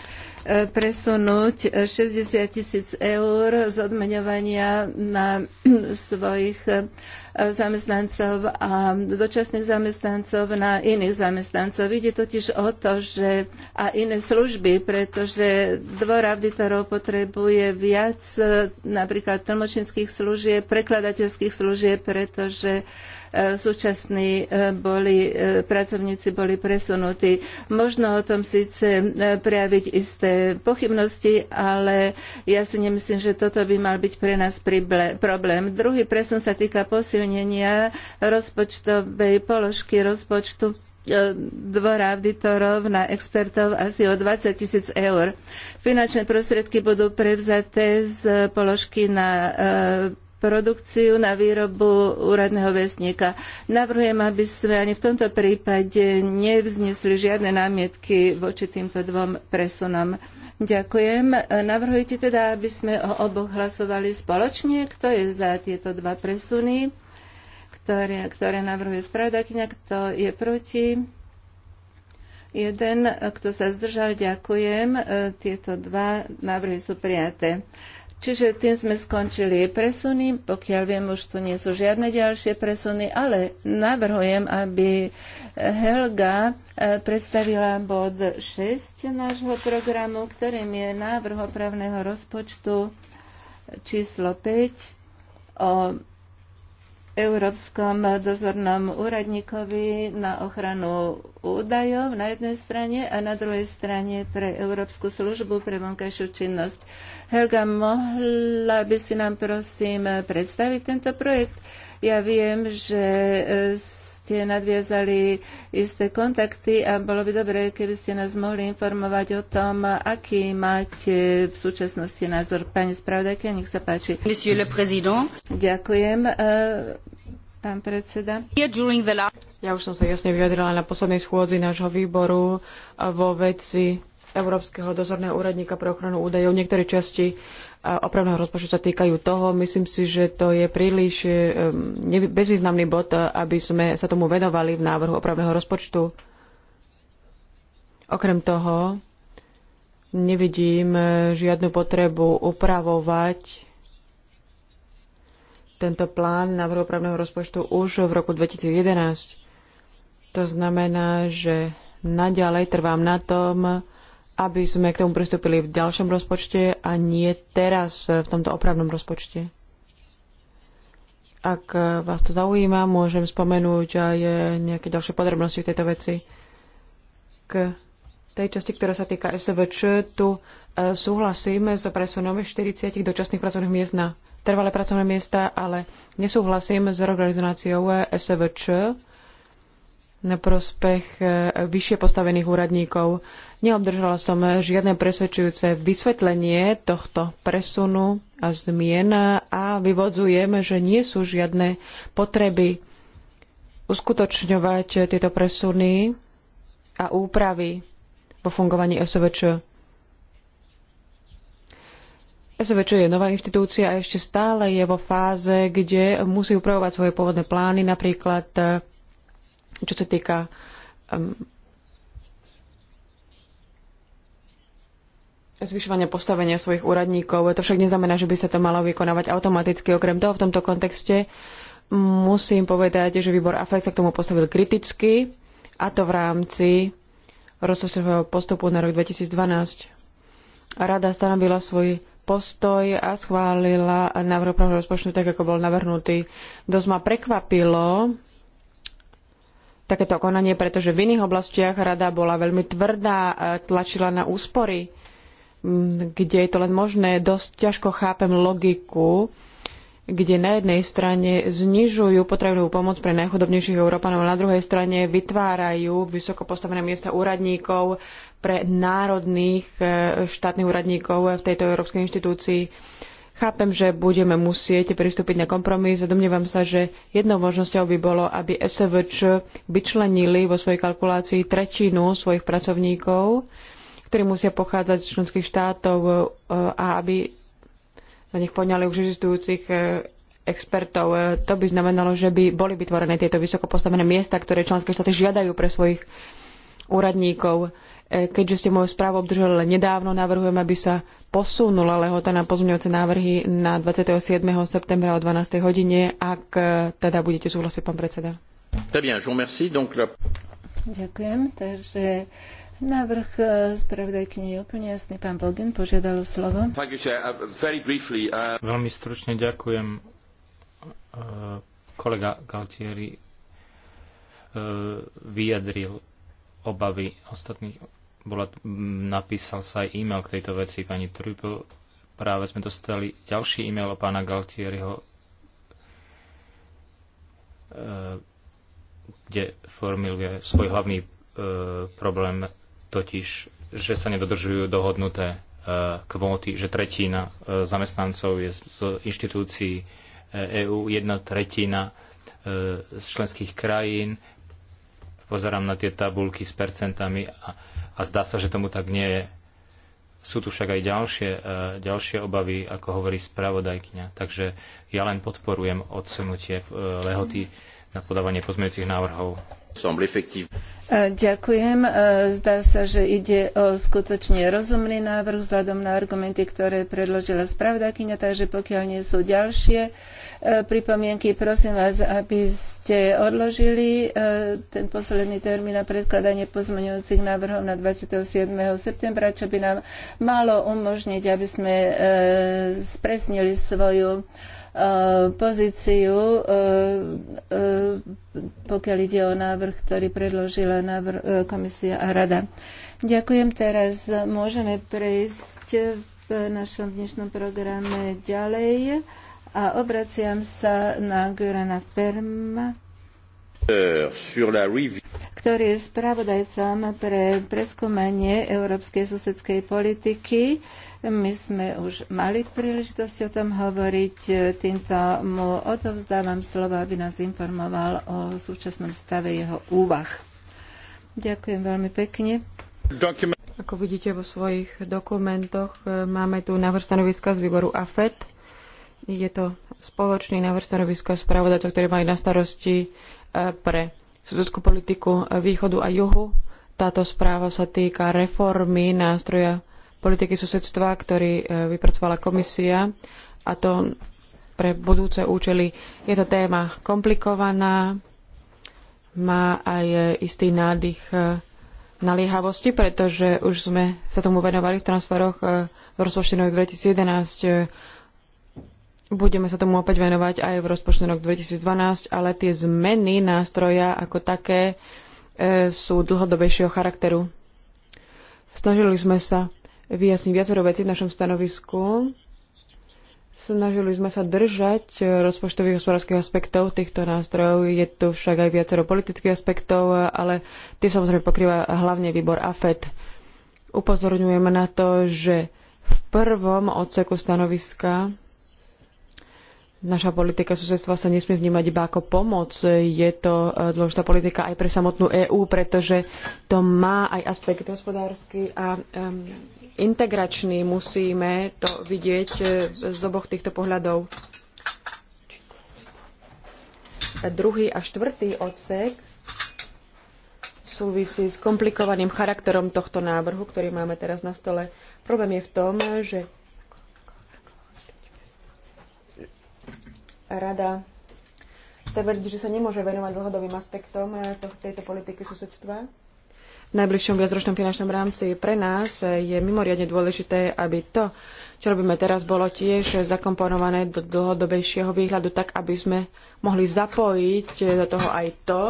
presunúť 60 tisíc eur z odmeňovania na svojich e, zamestnancov a dočasných zamestnancov na iných zamestnancov. Ide totiž o to, že a iné služby, pretože dvor auditorov potrebuje viac e, napríklad tlmočinských služieb, prekladateľských služieb, pretože E, súčasní e, boli, e, pracovníci boli presunutí. Možno o tom síce prejaviť isté pochybnosti, ale ja si nemyslím, že toto by mal byť pre nás problém. Druhý presun sa týka posilnenia rozpočtovej položky rozpočtu dvora auditorov na expertov asi o 20 tisíc eur. Finančné prostriedky budú prevzaté z položky na produkciu na výrobu úradného vesníka. Navrhujem, aby sme ani v tomto prípade nevznesli žiadne námietky voči týmto dvom presunom. Ďakujem. Navrhujete teda, aby sme o oboch hlasovali spoločne? Kto je za tieto dva presuny, ktoré, ktoré navrhuje spravodajkňa? Kto je proti? Jeden, kto sa zdržal, ďakujem. Tieto dva návrhy sú prijaté. Čiže tým sme skončili presuny, pokiaľ viem, už tu nie sú žiadne ďalšie presuny, ale navrhujem, aby Helga e, predstavila bod 6 nášho programu, ktorým je návrh opravného rozpočtu číslo 5 o Európskom dozornom úradníkovi na ochranu údajov na jednej strane a na druhej strane pre Európsku službu pre vonkajšiu činnosť. Helga, mohla by si nám prosím predstaviť tento projekt? Ja viem, že ste nadviazali isté kontakty a bolo by dobré, keby ste nás mohli informovať o tom, aký máte v súčasnosti názor. Pani spravodajka, nech sa páči. Monsieur le président. Ďakujem, eh, pán predseda. Ja
už som sa jasne vyjadrila na poslednej schôdzi nášho výboru eh, vo veci Európskeho dozorného úradníka pre ochranu údajov. Niektoré časti opravného rozpočtu sa týkajú toho. Myslím si, že to je príliš e, bezvýznamný bod, e, aby sme sa tomu venovali v návrhu opravného rozpočtu. Okrem toho nevidím e, žiadnu potrebu upravovať tento plán návrhu opravného rozpočtu už v roku 2011. To znamená, že naďalej trvám na tom, aby sme k tomu pristúpili v ďalšom rozpočte a nie teraz v tomto opravnom rozpočte. Ak vás to zaujíma, môžem spomenúť aj nejaké ďalšie podrobnosti v tejto veci. K tej časti, ktorá sa týka SVČ, tu e, súhlasím s presunom 40 dočasných pracovných miest na trvalé pracovné miesta, ale nesúhlasím s reorganizáciou SVČ na prospech e, vyššie postavených úradníkov. Neobdržala som žiadne presvedčujúce vysvetlenie tohto presunu a zmien a vyvodzujem, že nie sú žiadne potreby uskutočňovať tieto presuny a úpravy vo fungovaní SVČ. SVČ je nová inštitúcia a ešte stále je vo fáze, kde musí upravovať svoje pôvodné plány, napríklad čo sa týka um, zvyšovania postavenia svojich úradníkov. To však neznamená, že by sa to malo vykonávať automaticky. Okrem toho, v tomto kontexte musím povedať, že výbor AFEX sa k tomu postavil kriticky, a to v rámci rozpočtového postupu na rok 2012. Rada stanovila svoj postoj a schválila návrh právneho rozpočtu tak, ako bol navrhnutý. Dosť ma prekvapilo takéto konanie, pretože v iných oblastiach rada bola veľmi tvrdá, tlačila na úspory kde je to len možné. Dosť ťažko chápem logiku, kde na jednej strane znižujú potrebnú pomoc pre najchudobnejších Európanov, a na druhej strane vytvárajú vysoko postavené miesta úradníkov pre národných e, štátnych úradníkov v tejto európskej inštitúcii. Chápem, že budeme musieť pristúpiť na kompromis a domnievam sa, že jednou možnosťou by bolo, aby SVČ vyčlenili vo svojej kalkulácii tretinu svojich pracovníkov ktorí musia pochádzať z členských štátov e, a aby na nich poňali už existujúcich e, expertov. E, to by znamenalo, že by boli vytvorené tieto vysoko postavené miesta, ktoré členské štáty žiadajú pre svojich úradníkov. Keďže ste moju správu obdržali nedávno, navrhujem, aby sa posunula lehota na pozmeňovacie návrhy na 27. septembra o 12. hodine, ak teda budete súhlasiť, pán predseda.
Ďakujem,
takže Návrh e, spravodajkyne je úplne jasný. Pán Bogen požiadal o slovo. Uh,
uh, Veľmi stručne ďakujem e, kolega Galtieri e, vyjadril obavy ostatných. Bola, napísal sa aj e-mail k tejto veci pani Trupel. Práve sme dostali ďalší e-mail od pána Galtieriho, kde formuluje svoj hlavný problém totiž, že sa nedodržujú dohodnuté e, kvóty, že tretina e, zamestnancov je z inštitúcií EÚ, e jedna tretina z členských krajín. Pozerám na tie tabulky s percentami a, a zdá sa, že tomu tak nie je. Sú tu však aj ďalšie, ďalšie obavy, ako hovorí spravodajkňa. Takže ja len podporujem odsunutie lehoty na podávanie pozmeňujúcich návrhov.
E, ďakujem. E, zdá sa, že ide o skutočne rozumný návrh vzhľadom na argumenty, ktoré predložila spravodajkyňa, takže pokiaľ nie sú ďalšie e, pripomienky, prosím vás, aby ste odložili ten posledný termín na predkladanie pozmeňujúcich návrhov na 27. septembra, čo by nám malo umožniť, aby sme spresnili svoju Eh, pozíciu, eh, eh, pokiaľ ide o návrh, ktorý predložila návrh, komisia a rada. Ďakujem teraz. Môžeme prejsť v našom dnešnom programe ďalej a obraciam sa na Gurana Perma ktorý je spravodajcom pre preskúmanie európskej susedskej politiky. My sme už mali príležitosť o tom hovoriť. Týmto mu odovzdávam slovo, aby nás informoval o súčasnom stave jeho úvah. Ďakujem veľmi pekne. Ako vidíte vo
svojich dokumentoch, e, máme tu návrh stanoviska z výboru AFET. Je to spoločný návrh stanoviska spravodajcov, ktoré mali na starosti pre susedskú politiku východu a juhu. Táto správa sa týka reformy nástroja politiky susedstva, ktorý e, vypracovala komisia a to pre budúce účely. Je to téma komplikovaná, má aj istý nádych e, naliehavosti, pretože už sme sa tomu venovali v transferoch e, v rozpočtu 2011 Budeme sa tomu opäť venovať aj v rozpočtu rok 2012, ale tie zmeny nástroja ako také e, sú dlhodobejšieho charakteru. Snažili sme sa vyjasniť viacero vecí v našom stanovisku. Snažili sme sa držať rozpočtových hospodárskych aspektov týchto nástrojov. Je tu však aj viacero politických aspektov, ale tie samozrejme pokrýva hlavne výbor AFED. Upozorňujeme na to, že v prvom odseku stanoviska Naša politika susedstva sa nesmie vnímať iba ako pomoc. Je to e, dôležitá politika aj pre samotnú EÚ, pretože to má aj aspekt hospodársky a um, integračný. Musíme to vidieť e, z oboch týchto pohľadov. A druhý a štvrtý odsek súvisí s komplikovaným charakterom tohto návrhu, ktorý máme teraz na stole. Problém je v tom, že Rada tvrdí, že sa nemôže venovať dlhodobým aspektom eh, tejto politiky susedstva. V najbližšom viacročnom finančnom rámci pre nás je mimoriadne dôležité, aby to, čo robíme teraz, bolo tiež zakomponované do dlhodobejšieho výhľadu, tak aby sme mohli zapojiť eh, do toho aj to,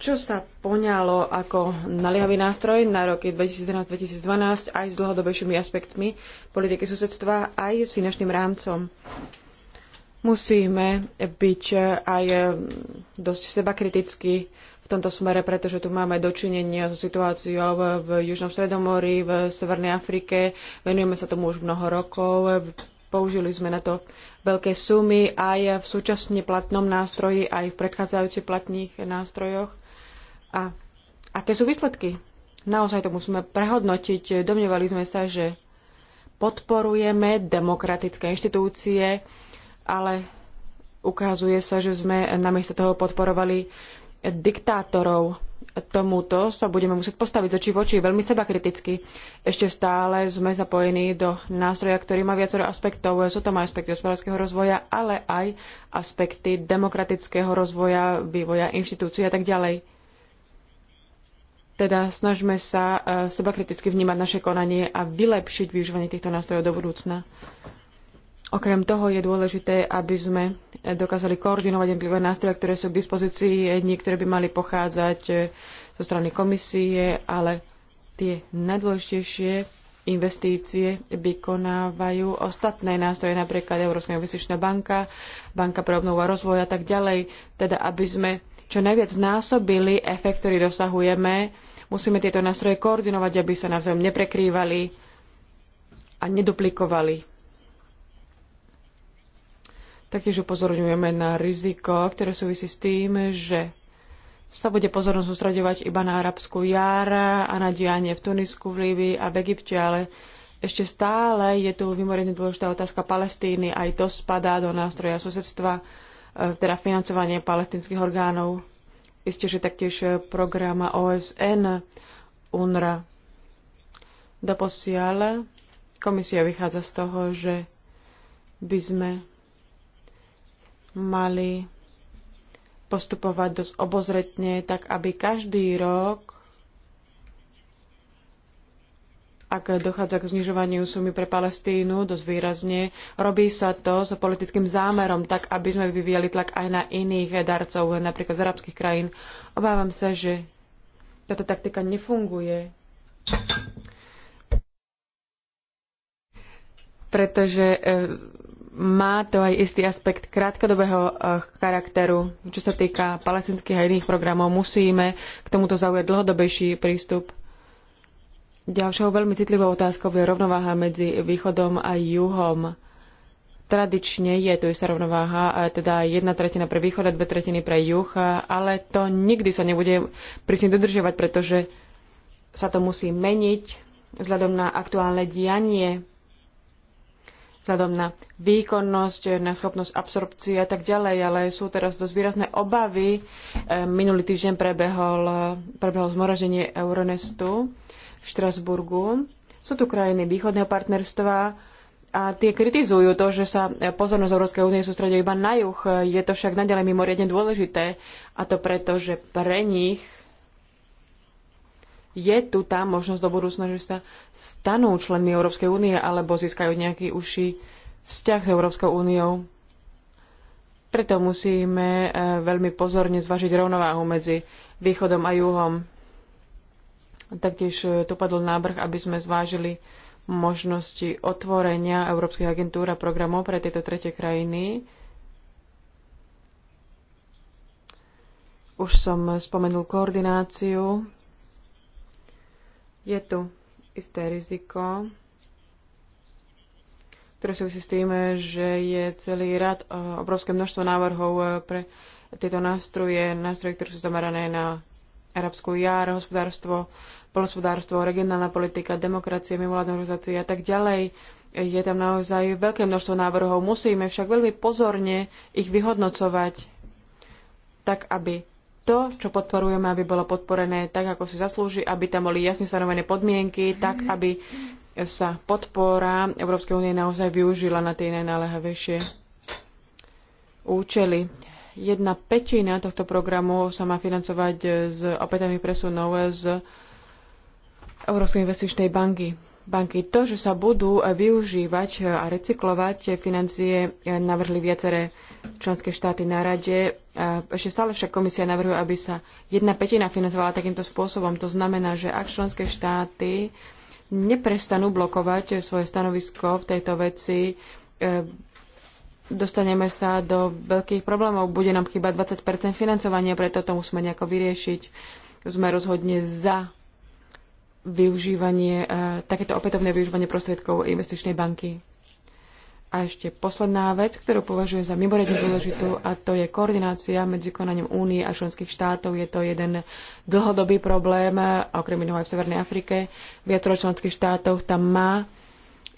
čo sa poňalo ako naliehavý nástroj na roky 2011-2012 aj s dlhodobejšími aspektmi politiky susedstva, aj s finančným rámcom. Musíme byť eh, aj eh, dosť seba kriticky v tomto smere, pretože tu máme dočinenie so situáciou v Južnom Stredomorí, v Severnej Afrike. Venujeme sa tomu už mnoho rokov. Použili sme na to veľké sumy aj v súčasne platnom nástroji, aj v predchádzajúci platných nástrojoch. A aké sú výsledky? Naozaj to musíme prehodnotiť. Domnievali sme sa, že podporujeme demokratické inštitúcie, ale ukazuje sa, že sme namiesto toho podporovali diktátorov. Tomuto sa budeme musieť postaviť za voči veľmi seba kriticky. Ešte stále sme zapojení do nástroja, ktorý má viacero aspektov. Sú tam aspekty hospodárskeho rozvoja, ale aj aspekty demokratického rozvoja, vývoja inštitúcií a tak ďalej. Teda snažme sa eh, seba kriticky vnímať naše konanie a vylepšiť využívanie týchto nástrojov do budúcna. Okrem toho je dôležité, aby sme dokázali koordinovať jednotlivé nástroje, ktoré sú k dispozícii. Niektoré by mali pochádzať eh, zo strany komisie, ale tie najdôležitejšie investície vykonávajú ostatné nástroje, napríklad Európska investičná banka, Banka pre obnovu a rozvoj a tak ďalej. Teda, aby sme čo najviac znásobili efekt, ktorý dosahujeme, musíme tieto nástroje koordinovať, aby sa navzájom neprekrývali a neduplikovali Taktiež upozorňujeme na riziko, ktoré súvisí s tým, že sa bude pozornosť sústredovať iba na arabskú jar a na dianie v Tunisku, v Líbii a v Egypte, ale ešte stále je tu vymorene dôležitá otázka Palestíny. Aj to spadá do nástroja susedstva, e, teda financovanie palestinských orgánov. Isté, že taktiež program OSN UNRA. Doposiaľ komisia vychádza z toho, že by sme mali postupovať dosť obozretne, tak aby každý rok, ak dochádza k znižovaniu sumy pre Palestínu dosť výrazne, robí sa to s so politickým zámerom, tak aby sme vyvíjali tlak aj na iných darcov, napríklad z arabských krajín. Obávam sa, že táto taktika nefunguje. Pretože e, má to aj istý aspekt krátkodobého eh, charakteru, čo sa týka palestinských a iných programov. Musíme k tomuto zaujať dlhodobejší prístup. Ďalšou veľmi citlivou otázkou je rovnováha medzi východom a juhom. Tradične je tu istá rovnováha, eh, teda jedna tretina pre východ a dve tretiny pre juh, eh, ale to nikdy sa nebude prísne dodržiavať, pretože sa to musí meniť vzhľadom na aktuálne dianie vzhľadom na výkonnosť, na schopnosť absorpcie a tak ďalej, ale sú teraz dosť výrazné obavy. E, minulý týždeň prebehol, prebehol zmoraženie Euronestu v Štrasburgu. Sú tu krajiny východného partnerstva a tie kritizujú to, že sa pozornosť Európskej únie sústredia iba na juh. Je to však nadalej mimoriadne dôležité a to preto, že pre nich je tu tá možnosť do budúcna, že sa stanú členmi Európskej únie alebo získajú nejaký užší vzťah s Európskou úniou. Preto musíme e, veľmi pozorne zvažiť rovnováhu medzi východom a juhom. Taktiež e, tu padol návrh, aby sme zvážili možnosti otvorenia európskych agentúr a programov pre tieto tretie krajiny. Už som spomenul koordináciu je tu isté riziko, ktoré súvisí s tým, že je celý rad eh, obrovské množstvo návrhov eh, pre tieto nástroje, nástroje, ktoré sú zamerané na arabskú jar, hospodárstvo, polospodárstvo, regionálna politika, demokracie, mimovládne organizácie a tak ďalej. Je tam naozaj veľké množstvo návrhov. Musíme však veľmi pozorne ich vyhodnocovať tak, aby to, čo podporujeme, aby bolo podporené tak, ako si zaslúži, aby tam boli jasne stanovené podmienky, tak, aby sa podpora Európskej únie naozaj využila na tie najnálehavejšie účely. Jedna petina tohto programu sa má financovať z opätovných presunov z Európskej investičnej banky. banky. To, že sa budú využívať a recyklovať financie, navrhli viaceré členské štáty na rade. Ešte stále však komisia navrhuje, aby sa jedna petina financovala takýmto spôsobom. To znamená, že ak členské štáty neprestanú blokovať svoje stanovisko v tejto veci, e, dostaneme sa do veľkých problémov. Bude nám chyba 20 financovania, preto to musíme nejako vyriešiť. Sme rozhodne za využívanie, e, takéto opätovné využívanie prostriedkov investičnej banky. A ešte posledná vec, ktorú považujem za mimoriadne dôležitú, a to je koordinácia medzi konaním Únie a členských štátov. Je to jeden dlhodobý problém, okrem iného aj v Severnej Afrike. Viacero členských štátov tam má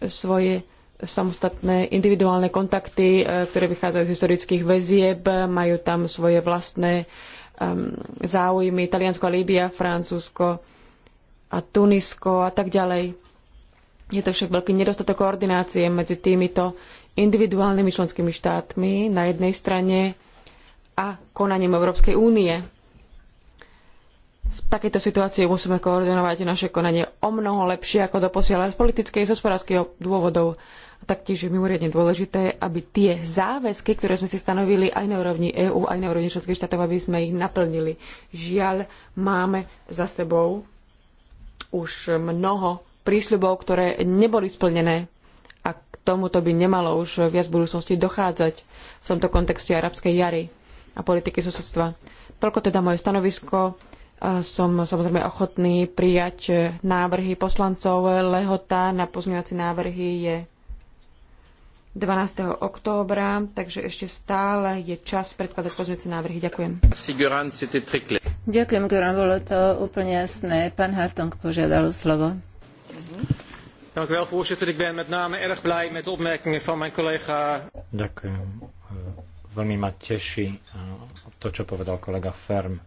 svoje samostatné individuálne kontakty, e, ktoré vychádzajú z historických väzieb, majú tam svoje vlastné um, záujmy, Taliansko, Líbia, Francúzsko a Tunisko a tak ďalej je to však veľký nedostatok koordinácie medzi týmito individuálnymi členskými štátmi na jednej strane a konaním Európskej únie. V takejto situácii musíme koordinovať naše konanie o mnoho lepšie ako doposiaľ z politických a hospodárskych dôvodov. A taktiež je mimoriadne dôležité, aby tie záväzky, ktoré sme si stanovili aj na úrovni EÚ, aj na úrovni členských štátov, aby sme ich naplnili. Žiaľ, máme za sebou už mnoho prísľubov, ktoré neboli splnené a k tomuto by nemalo už viac v budúcnosti dochádzať v tomto kontexte arabskej jary a politiky susedstva. Toľko teda moje stanovisko. Som samozrejme ochotný prijať návrhy poslancov. Lehota na pozmeňovacie návrhy je 12. októbra, takže
ešte stále je čas predkladať pozmeňovacie návrhy. Ďakujem. Ďakujem, bolo to úplne jasné. Pán Hartong požiadal slovo.
Dank u wel, voorzitter. Ik ben met name erg blij met de opmerkingen van mijn collega. Eh, veľmi ma teší eh, to, čo povedal kolega Ferm.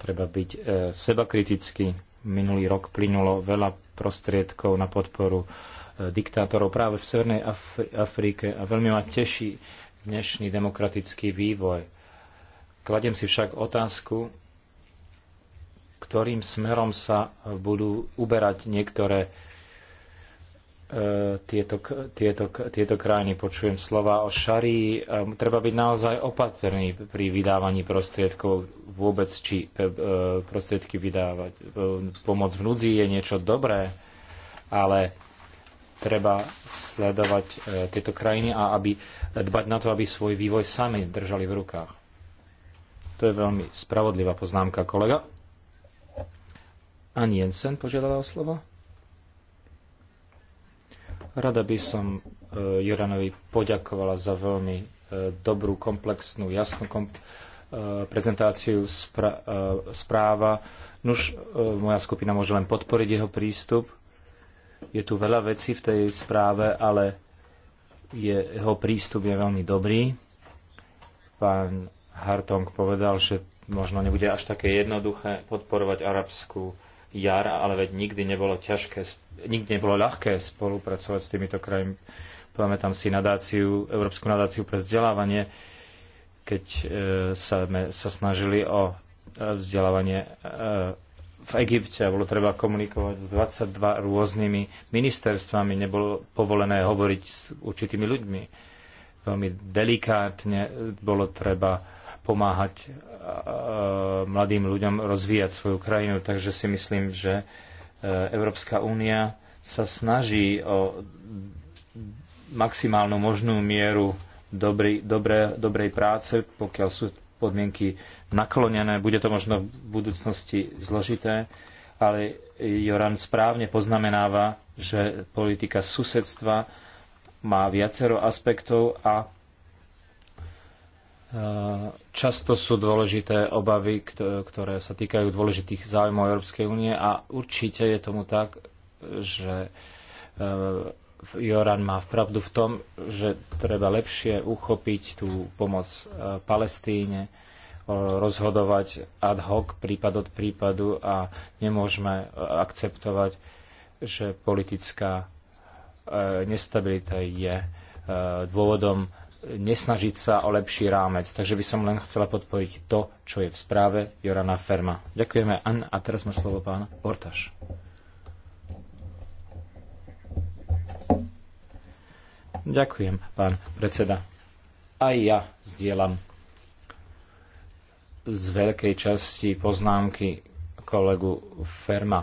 Treba byť eh, sebakritický. Minulý rok plynulo veľa prostriedkov na podporu diktátorov práve v Severnej Afri Afrike a veľmi ma teší dnešný demokratický vývoj. Kladem si však otázku, ktorým smerom sa budú uberať niektoré E, tieto, tieto, tieto krajiny. Počujem slova o šarí. E, treba byť naozaj opatrný pri vydávaní prostriedkov vôbec, či e, prostriedky vydávať. Pomoc v núdzi je niečo dobré, ale treba sledovať tieto krajiny a aby dbať na to, aby svoj vývoj sami držali v rukách. To je veľmi spravodlivá poznámka, kolega. Ani Jensen požiadala o slovo? Rada by som e, Juranovi poďakovala za veľmi e, dobrú, komplexnú, jasnú e, prezentáciu spra- správa. Nuž, moja skupina môže len podporiť jeho prístup. Je tu veľa vecí v tej správe, ale jeho prístup je veľmi dobrý. Pán Hartong povedal, že možno nebude až také jednoduché podporovať arabskú jar, ale veď nikdy nebolo ťažké, nikdy nebolo ľahké spolupracovať s týmito krajmi. Pamätám si nadáciu, Európsku nadáciu pre vzdelávanie, keď e, sa, sa snažili o e, vzdelávanie e, v Egypte a bolo treba komunikovať s 22 rôznymi ministerstvami, nebolo povolené hovoriť s určitými ľuďmi. Veľmi delikátne bolo treba pomáhať e, e, mladým ľuďom rozvíjať svoju krajinu. Takže si myslím, že e, Európska únia sa snaží o maximálnu možnú mieru dobrý, dobré, dobrej práce, pokiaľ sú podmienky naklonené. Bude to možno v budúcnosti zložité, ale Joran správne poznamenáva, že politika susedstva má viacero aspektov a Eh, často sú dôležité obavy, ktoré sa týkajú dôležitých záujmov Európskej únie a určite je tomu tak, že eh, Joran má pravdu v tom, že treba lepšie uchopiť tú pomoc eh, Palestíne, rozhodovať ad hoc prípad od prípadu a nemôžeme akceptovať, že politická nestabilita je dôvodom nesnažiť sa o lepší rámec. Takže by som len chcela podporiť to, čo je v správe Jorana Ferma. Ďakujeme, An, a teraz má slovo pán Portaš. Ďakujem, pán predseda. Aj ja zdieľam z veľkej časti poznámky kolegu Ferma.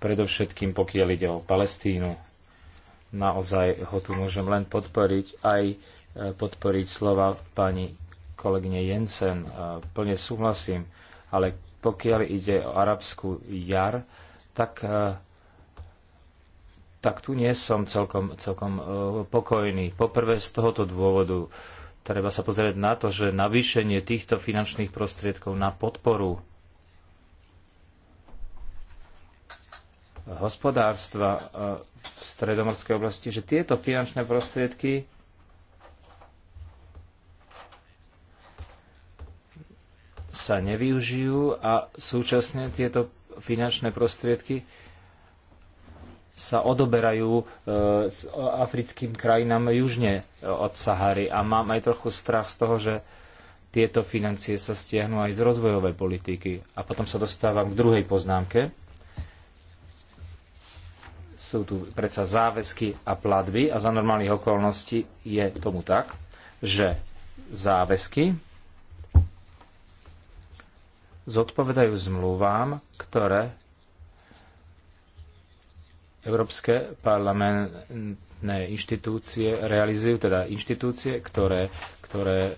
Predovšetkým pokiaľ ide o Palestínu, Naozaj ho tu môžem len podporiť, aj e, podporiť slova pani kolegyne Jensen. E, plne súhlasím, ale pokiaľ ide o arabskú jar, tak, e, tak tu nie som celkom, celkom pokojný. Poprvé z tohoto dôvodu treba sa pozrieť na to, že navýšenie týchto finančných prostriedkov na podporu hospodárstva v stredomorskej oblasti, že tieto finančné prostriedky sa nevyužijú a súčasne tieto finančné prostriedky sa odoberajú e, s africkým krajinám južne od Sahary. A mám aj trochu strach z toho, že tieto financie sa stiahnu aj z rozvojovej politiky. A potom sa dostávam k druhej poznámke sú tu predsa záväzky a platby a za normálnych okolností je tomu tak, že záväzky zodpovedajú zmluvám, ktoré Európske parlamentné inštitúcie realizujú, teda inštitúcie, ktoré, ktoré e,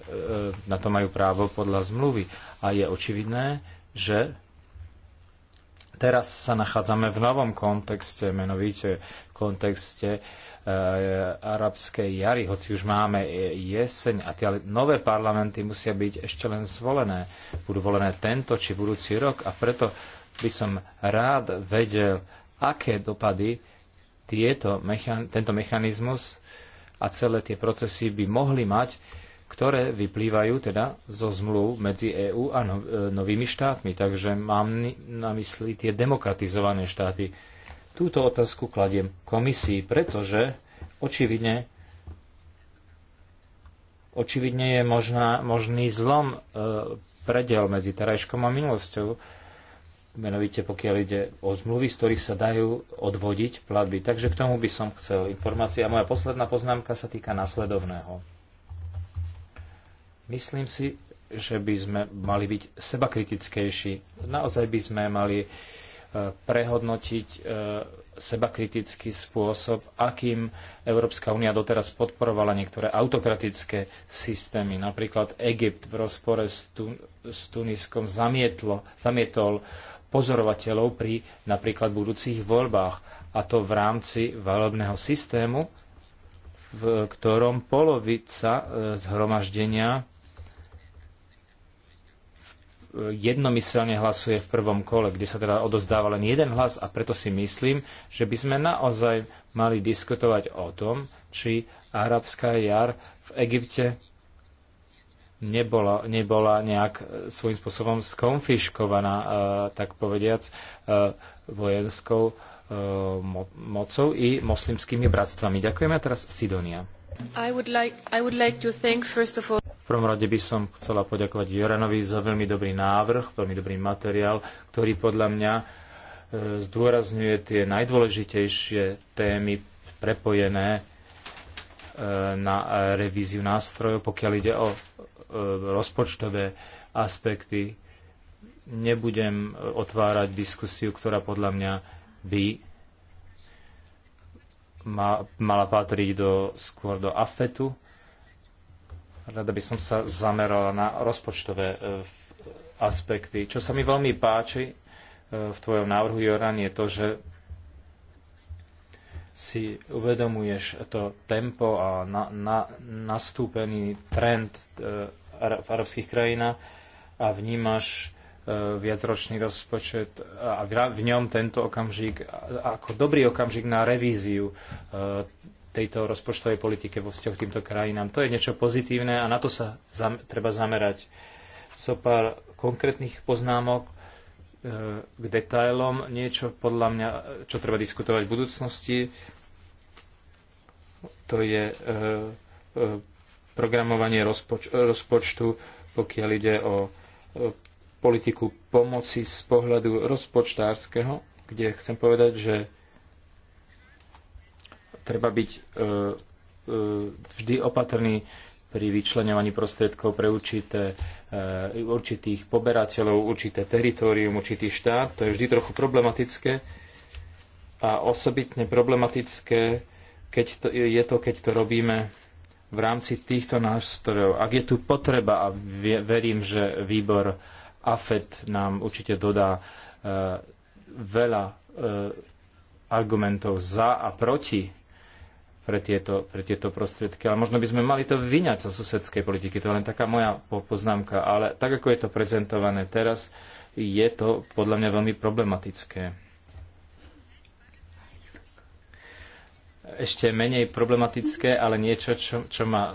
na to majú právo podľa zmluvy. A je očividné, že Teraz sa nachádzame v novom kontexte, menovite v kontexte e, arabskej jary, hoci už máme e, jeseň a tie nové parlamenty musia byť ešte len zvolené. Budú volené tento či budúci rok a preto by som rád vedel, aké dopady tieto, tento mechanizmus a celé tie procesy by mohli mať ktoré vyplývajú teda zo zmluv medzi EÚ a no, e, novými štátmi. Takže mám na mysli tie demokratizované štáty. Túto otázku kladiem komisii, pretože očividne, očividne je možná, možný zlom e, predel medzi terajškom a minulosťou, menovite pokiaľ ide o zmluvy, z ktorých sa dajú odvodiť platby. Takže k tomu by som chcel informácie. A moja posledná poznámka sa týka následovného Myslím si, že by sme mali byť sebakritickejší. Naozaj by sme mali e, prehodnotiť e, sebakritický spôsob, akým Európska únia doteraz podporovala niektoré autokratické systémy. Napríklad Egypt v rozpore s, Tun- s Tuniskom zamietlo, zamietol pozorovateľov pri napríklad budúcich voľbách. A to v rámci valebného systému, v ktorom polovica e, zhromaždenia jednomyselne hlasuje v prvom kole, kde sa teda odozdáva len jeden hlas a preto si myslím, že by sme naozaj mali diskutovať o tom, či arabská jar v Egypte nebola, nebola nejak e, svojím spôsobom skonfiškovaná, e, tak povediac, e, vojenskou mocou i moslimskými bratstvami. Ďakujeme teraz Sidonia.
I would like, I would like to thank
first of all
prvom rade by som chcela poďakovať Joranovi za veľmi dobrý návrh, veľmi dobrý materiál, ktorý podľa mňa e, zdôrazňuje tie najdôležitejšie témy prepojené e, na e, revíziu nástrojov, pokiaľ ide o rozpočtové aspekty. Nebudem otvárať diskusiu, ktorá podľa mňa by mala patriť do, skôr do AFETu Rada by som sa zamerala na rozpočtové e, aspekty. Čo sa mi veľmi páči e, v tvojom návrhu, Joran, je to, že si uvedomuješ to tempo a na, na, nastúpený trend e, v arabských krajinách a vnímaš viacročný rozpočet a v ňom tento okamžik ako dobrý okamžik na revíziu tejto rozpočtovej politike vo vzťahu k týmto krajinám. To je niečo pozitívne a na to sa zam, treba zamerať. So pár konkrétnych poznámok e, k detailom, niečo podľa mňa, čo treba diskutovať v budúcnosti, to je e, e, programovanie rozpoč, rozpočtu, pokiaľ ide o e, politiku pomoci z pohľadu rozpočtárskeho, kde chcem povedať, že Treba byť e, e, vždy opatrný pri vyčlenovaní prostriedkov pre určité, e, určitých poberateľov, určité teritorium, určitý štát. To je vždy trochu problematické a osobitne problematické, keď to, je to, keď to robíme v rámci týchto nástrojov. Ak je tu potreba a verím, že výbor AFET nám určite dodá veľa argumentov za a proti pre tieto, pre tieto prostriedky. Ale možno by sme mali to vyňať zo susedskej politiky. To je len taká moja poznámka. Ale tak, ako je to prezentované teraz, je to podľa mňa veľmi problematické. Ešte menej problematické, ale niečo, čo, čo ma e,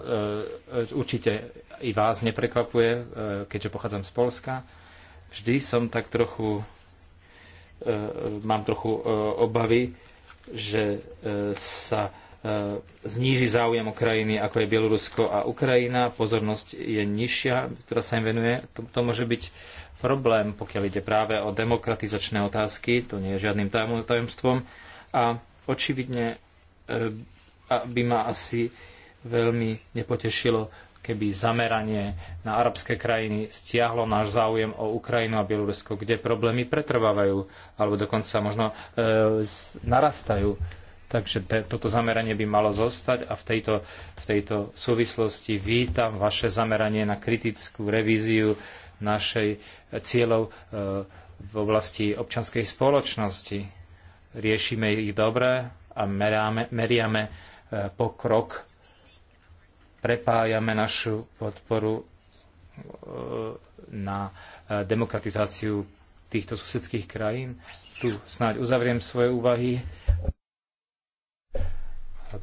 určite i vás neprekvapuje, e, keďže pochádzam z Polska. Vždy som tak trochu, e, e mám trochu e, obavy, že e, sa E, zníži záujem o krajiny, ako je Bielorusko a Ukrajina, pozornosť je nižšia, ktorá sa im venuje. To, to môže byť problém, pokiaľ ide práve o demokratizačné otázky, to nie je žiadnym tajomstvom. A očividne e, by ma asi veľmi nepotešilo, keby zameranie na arabské krajiny stiahlo náš záujem o Ukrajinu a Bielorusko, kde problémy pretrvávajú, alebo dokonca možno e, narastajú Takže toto zameranie by malo zostať a v tejto, v tejto súvislosti vítam vaše zameranie na kritickú revíziu našej e, cieľov e, v oblasti občanskej spoločnosti. Riešime ich dobre a meriame e, pokrok, prepájame našu podporu na demokratizáciu týchto susedských krajín. Tu snáď uzavriem svoje úvahy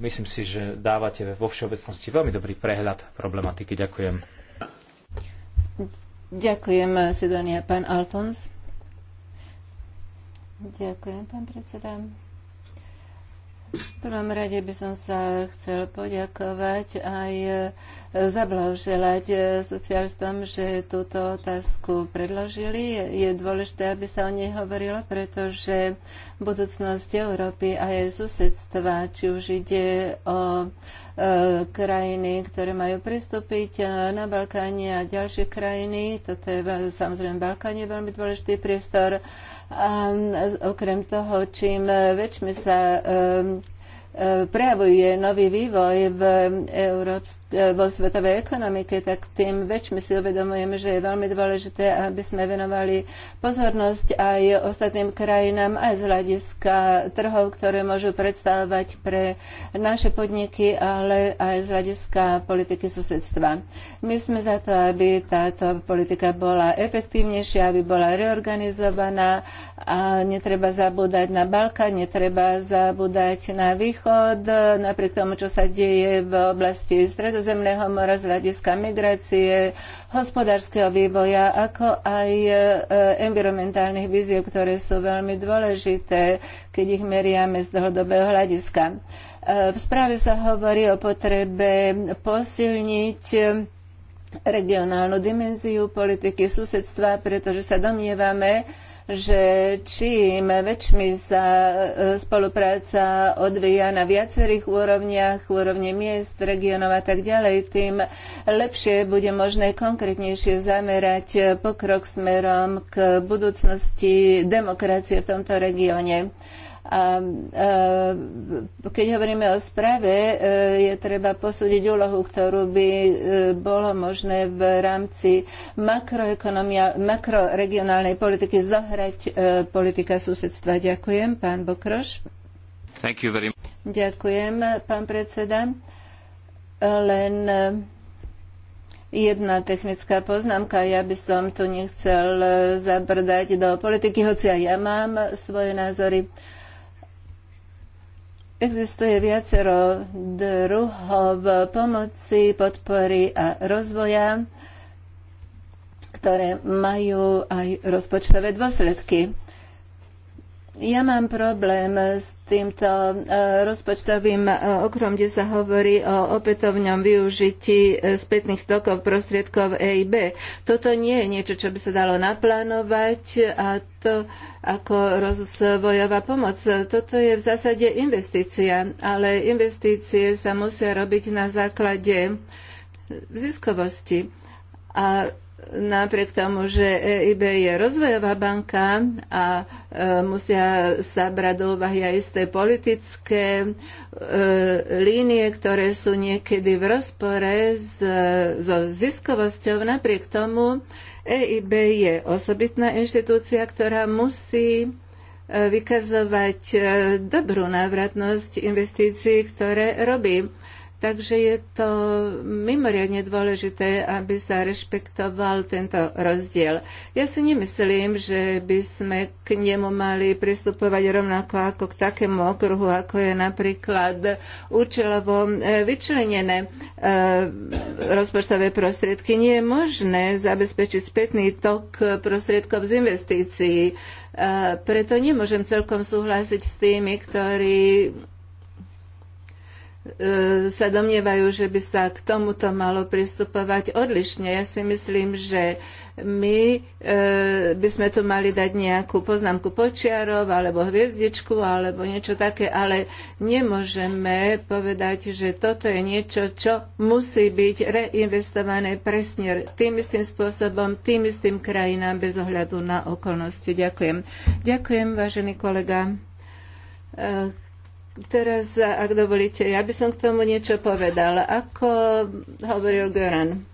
myslím si, že dávate vo všeobecnosti veľmi dobrý prehľad problematiky. Ďakujem.
Ďakujem, Sidonia. Pán Alfons. Ďakujem, pán predseda. V prvom rade by som sa chcel poďakovať aj e, zablahoželať e, socialistom, že túto otázku predložili. Je dôležité, aby sa o nej hovorilo, pretože budúcnosť Európy a jej susedstva, či už ide o e, krajiny, ktoré majú pristúpiť na Balkáne a ďalšie krajiny, toto je samozrejme Balkán je veľmi dôležitý priestor, a ehm, okrem toho, čím väčšie sa um, prejavuje nový vývoj v Európsk- eh, vo svetovej ekonomike, tak tým väčšmi si uvedomujeme, že je veľmi dôležité, aby sme venovali pozornosť aj ostatným krajinám, aj z hľadiska trhov, ktoré môžu predstavovať pre naše podniky, ale aj z hľadiska politiky susedstva. My sme za to, aby táto politika bola efektívnejšia, aby bola reorganizovaná a netreba zabúdať na Balkán, netreba zabúdať na východ východ, napriek tomu, čo sa deje v oblasti stredozemného mora z hľadiska migrácie, hospodárskeho vývoja, ako aj e, environmentálnych víziev, ktoré sú veľmi dôležité, keď ich meriame z dlhodobého hľadiska. E, v správe sa hovorí o potrebe posilniť e, regionálnu dimenziu politiky susedstva, pretože sa domnievame, že čím väčšmi sa e, spolupráca odvíja na viacerých úrovniach, úrovne miest, regionov a tak ďalej, tým lepšie bude možné konkrétnejšie zamerať pokrok smerom k budúcnosti demokracie v tomto regióne. A eh, keď hovoríme o správe, eh, je treba posúdiť úlohu, ktorú by eh, bolo možné v rámci makroregionálnej politiky zohrať politika susedstva. Ďakujem, pán Bokroš. Ďakujem, pán predseda. Len jedna technická poznámka. Ja by som tu nechcel zabrdať do politiky, hoci aj ja mám svoje názory. Existuje viacero druhov pomoci, podpory a rozvoja, ktoré majú aj rozpočtové dôsledky. Ja mám problém s týmto e, rozpočtovým e, okrom, kde sa hovorí o opätovňom využití e, spätných tokov prostriedkov EIB. Toto nie je niečo, čo by sa dalo naplánovať a to ako rozvojová pomoc. Toto je v zásade investícia, ale investície sa musia robiť na základe ziskovosti. A napriek tomu, že EIB je rozvojová banka a e, musia sa brať do úvahy aj isté politické e, línie, ktoré sú niekedy v rozpore s, so ziskovosťou. Napriek tomu EIB je osobitná inštitúcia, ktorá musí e, vykazovať dobrú návratnosť investícií, ktoré robí. Takže je to mimoriadne dôležité, aby sa rešpektoval tento rozdiel. Ja si nemyslím, že by sme k nemu mali pristupovať rovnako ako k takému okruhu, ako je napríklad účelovo e, vyčlenené e, rozpočtové prostriedky. Nie je možné zabezpečiť spätný tok prostriedkov z investícií. E, preto nemôžem celkom súhlasiť s tými, ktorí E, sa domnievajú, že by sa k tomuto malo pristupovať odlišne. Ja si myslím, že my e, by sme tu mali dať nejakú poznámku počiarov alebo hviezdičku alebo niečo také, ale nemôžeme povedať, že toto je niečo, čo musí byť reinvestované presne tým istým spôsobom, tým istým krajinám bez ohľadu na okolnosti. Ďakujem. Ďakujem, vážený kolega. E, Teraz, ak dovolíte, ja by som k tomu niečo povedal. Ako hovoril Göran,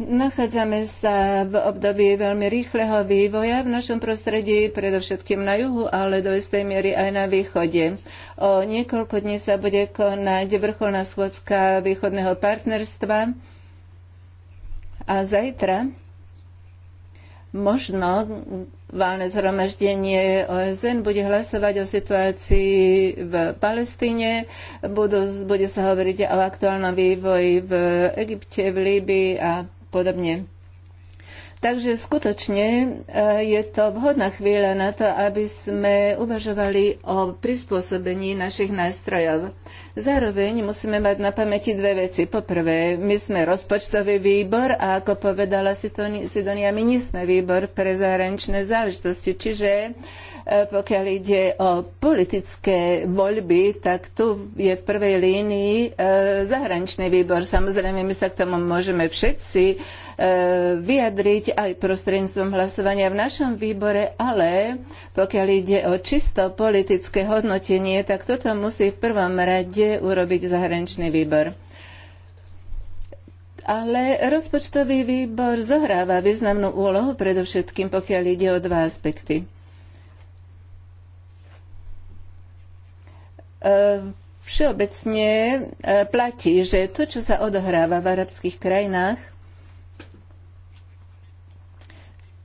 Nachádzame sa v období veľmi rýchleho vývoja v našom prostredí, predovšetkým na juhu, ale do istej miery aj na východe. O niekoľko dní sa bude konať vrcholná schôdzka východného partnerstva a zajtra možno válne zhromaždenie OSN bude hlasovať o situácii v Palestíne, budú, bude sa hovoriť o aktuálnom vývoji v Egypte, v Líbii a podobne. Takže skutočne e, je to vhodná chvíľa na to, aby sme uvažovali o prispôsobení našich nástrojov. Zároveň musíme mať na pamäti dve veci. Poprvé, my sme rozpočtový výbor a ako povedala Sidonia, my nie sme výbor pre zahraničné záležitosti. Čiže e, pokiaľ ide o politické voľby, tak tu je v prvej línii e, zahraničný výbor. Samozrejme, my sa k tomu môžeme všetci e, vyjadriť aj prostredníctvom hlasovania v našom výbore, ale pokiaľ ide o čisto politické hodnotenie, tak toto musí v prvom rade ide urobiť zahraničný výbor. Ale rozpočtový výbor zohráva významnú úlohu, predovšetkým pokiaľ ide o dva aspekty. E, všeobecne e, platí, že to, čo sa odohráva v arabských krajinách,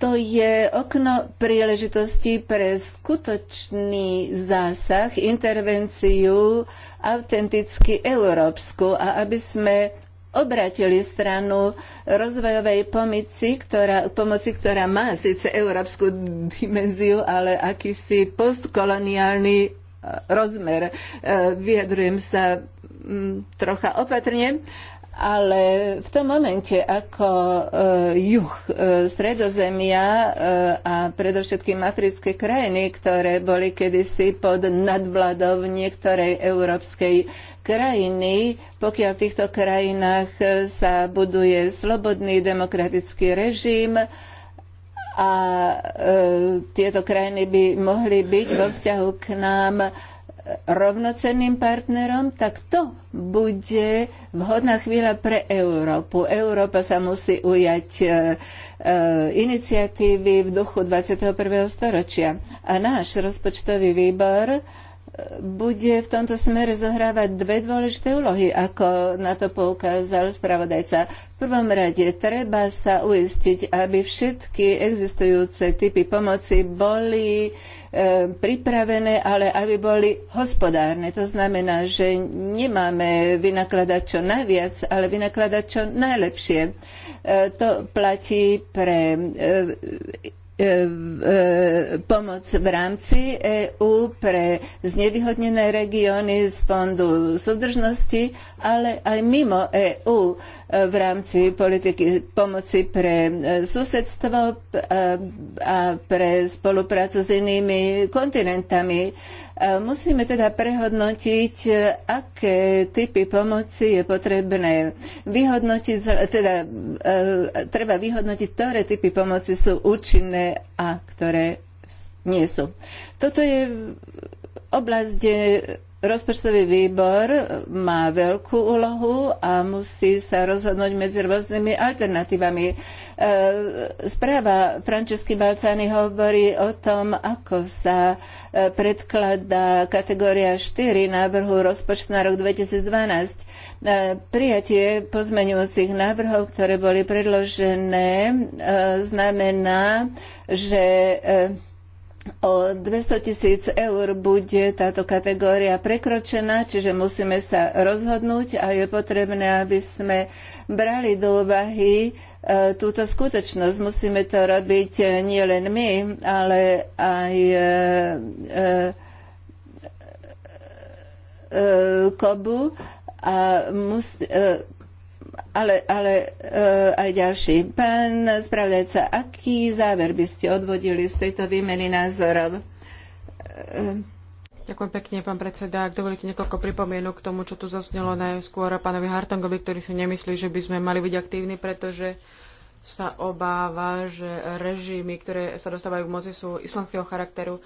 to je okno príležitosti pre skutočný zásah, intervenciu autenticky európsku a aby sme obratili stranu rozvojovej pomoci, ktorá, pomoci, ktorá má síce európsku dimenziu, ale akýsi postkoloniálny e, rozmer. E, vyjadrujem sa mm, trocha opatrne, ale v tom momente, ako e, juh e, Stredozemia e, a predovšetkým africké krajiny, ktoré boli kedysi pod nadvladou niektorej európskej krajiny, pokiaľ v týchto krajinách sa buduje slobodný demokratický režim, a e, tieto krajiny by mohli byť vo vzťahu k nám rovnocenným partnerom, tak to bude vhodná chvíľa pre Európu. Európa sa musí ujať e, e iniciatívy v duchu 21. storočia. A náš rozpočtový výbor e, bude v tomto smere zohrávať dve dôležité úlohy, ako na to poukázal spravodajca. V prvom rade treba sa uistiť, aby všetky existujúce typy pomoci boli E, pripravené, ale aby boli hospodárne. To znamená, že nemáme vynakladať čo najviac, ale vynakladať čo najlepšie. E, to platí pre e, E, e, pomoc v rámci EÚ pre znevýhodnené regióny z Fondu súdržnosti, ale aj mimo EÚ e, v rámci politiky pomoci pre susedstvo a pre spoluprácu s inými kontinentami. Musíme teda prehodnotiť, aké typy pomoci je potrebné vyhodnotiť, teda e, treba vyhodnotiť, ktoré typy pomoci sú účinné a ktoré nie sú. Toto je oblasť, kde Rozpočtový výbor má veľkú úlohu a musí sa rozhodnúť medzi rôznymi alternatívami. E, správa Francesky Balcány hovorí o tom, ako sa e, predkladá kategória 4 návrhu rozpočtu na rok 2012. E, prijatie pozmeňujúcich návrhov, ktoré boli predložené, znamená, že o 200 tisíc eur bude táto kategória prekročená, čiže musíme sa rozhodnúť a je potrebné, aby sme brali do úvahy e, túto skutočnosť. Musíme to robiť e, nielen my, ale aj e, KOBU a mus, ale, ale e, aj ďalší. Pán spravodajca, aký záver by ste odvodili z tejto výmeny názorov? E, Ďakujem pekne, pán
predseda. Ak dovolíte niekoľko pripomienok k tomu, čo tu zaznelo najskôr pánovi Hartongovi, ktorý si nemyslí, že by sme mali byť aktívni, pretože sa obáva, že režimy, ktoré sa dostávajú k moci, sú islamského charakteru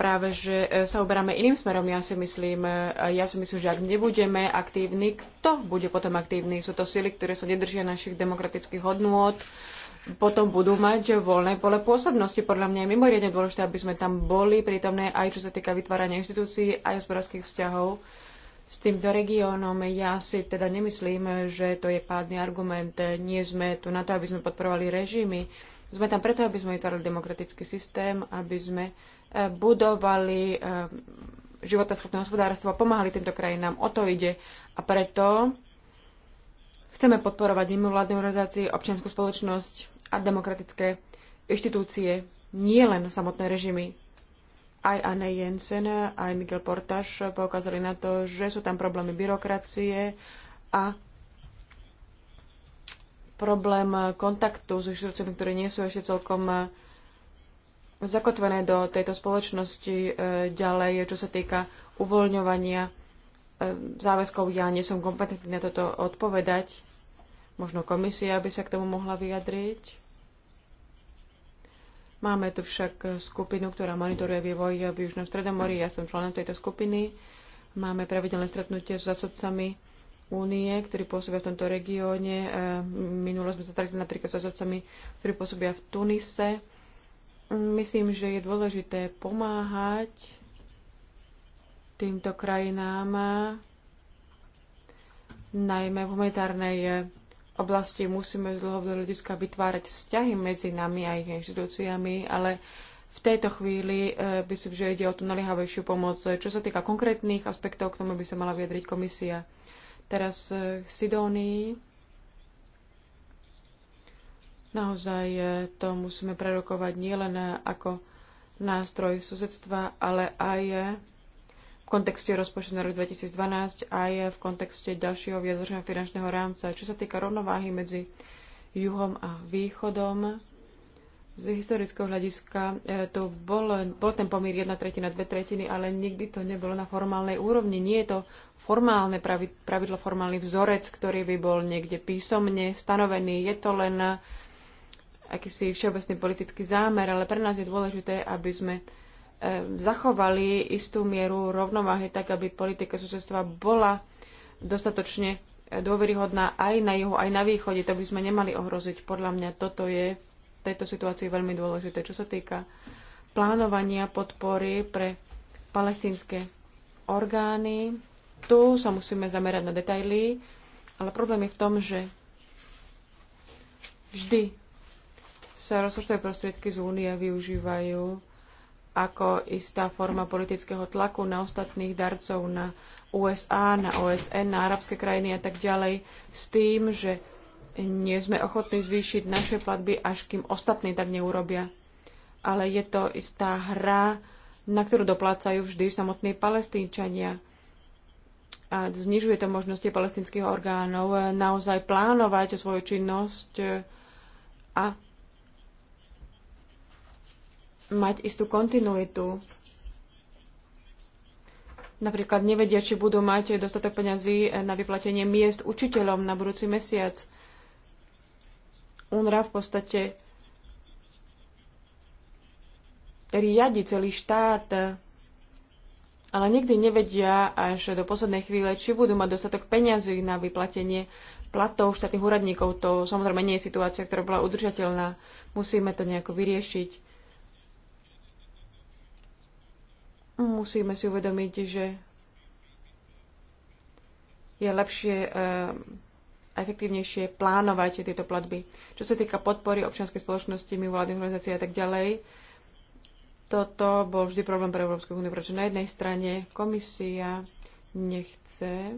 práve, že e, sa oberáme iným smerom. Ja si myslím, e, ja si myslím, že ak nebudeme aktívni, kto bude potom aktívny? Sú to sily, ktoré sa nedržia našich demokratických hodnôt, potom budú mať voľné pole pôsobnosti. Podľa mňa je mimoriadne dôležité, aby sme tam boli prítomné aj čo sa týka vytvárania inštitúcií, aj hospodárskych vzťahov s týmto regiónom. Ja si teda nemyslím, že to je pádny argument. Nie sme tu na to, aby sme podporovali režimy. Sme tam preto, aby sme vytvárali demokratický systém, aby sme budovali eh, životaschopné hospodárstvo a pomáhali týmto krajinám. O to ide. A preto chceme podporovať mimovládne organizácie, občianskú spoločnosť a demokratické inštitúcie, nie len samotné režimy. Aj Anne Jensen, aj Miguel Portaš poukázali na to, že sú tam problémy byrokracie a problém kontaktu s inštitúciami, ktoré nie sú ešte celkom eh, zakotvené do tejto spoločnosti e, ďalej, čo sa týka uvoľňovania e, záväzkov. Ja nie som kompetentný na toto odpovedať. Možno komisia by sa k tomu mohla vyjadriť. Máme tu však skupinu, ktorá monitoruje vývoj v Južnom Stredomorí. Ja som členom tejto skupiny. Máme pravidelné stretnutie s zasobcami únie, ktorí pôsobia v tomto regióne. E, minulo sme sa stretli napríklad s zasobcami, ktorí pôsobia v Tunise Myslím, že je dôležité pomáhať týmto krajinám, najmä v humanitárnej oblasti musíme z dlhodobého hľadiska vytvárať vzťahy medzi nami a ich inštitúciami, ale v tejto chvíli by eh, si že ide o tú naliehavejšiu pomoc. Čo sa týka konkrétnych aspektov, k tomu by sa mala vyjadriť komisia. Teraz e, Naozaj e, to musíme prerokovať nielen e, ako nástroj susedstva, ale aj e, v kontexte rozpočtu na rok 2012, aj v kontexte ďalšieho viacročného finančného rámca. Čo sa týka rovnováhy medzi juhom a východom, z historického hľadiska to bol, bol ten pomír jedna tretina, dve tretiny, ale nikdy to nebolo na formálnej úrovni. Nie je to formálne pravidlo, formálny vzorec, ktorý by bol niekde písomne stanovený. Je to len akýsi všeobecný politický zámer, ale pre nás je dôležité, aby sme e, zachovali istú mieru rovnováhy, tak aby politika susedstva bola dostatočne e, dôveryhodná aj na juhu, aj na východe. To by sme nemali ohroziť. Podľa mňa toto je v tejto situácii veľmi dôležité. Čo sa týka plánovania podpory pre palestínske orgány, tu sa musíme zamerať na detaily, ale problém je v tom, že vždy sa rozpočtové prostriedky z únie využívajú ako istá forma politického tlaku na ostatných darcov, na USA, na OSN, na arabské krajiny a tak ďalej, s tým, že nie sme ochotní zvýšiť naše platby, až kým ostatní tak neurobia. Ale je to istá hra, na ktorú doplácajú vždy samotní palestínčania. A znižuje to možnosti palestinských orgánov naozaj plánovať svoju činnosť a mať istú kontinuitu. Napríklad nevedia, či budú mať dostatok peňazí na vyplatenie miest učiteľom na budúci mesiac. UNRA v podstate riadi celý štát, ale nikdy nevedia až do poslednej chvíle, či budú mať dostatok peňazí na vyplatenie platov štátnych úradníkov. To samozrejme nie je situácia, ktorá bola udržateľná. Musíme to nejako vyriešiť. Musíme si uvedomiť, že je lepšie a eh, efektívnejšie plánovať tieto platby. Čo sa týka podpory občianskej spoločnosti, mimovládnych organizácií a tak ďalej, toto bol vždy problém pre Európsku úniu, pretože na jednej strane komisia nechce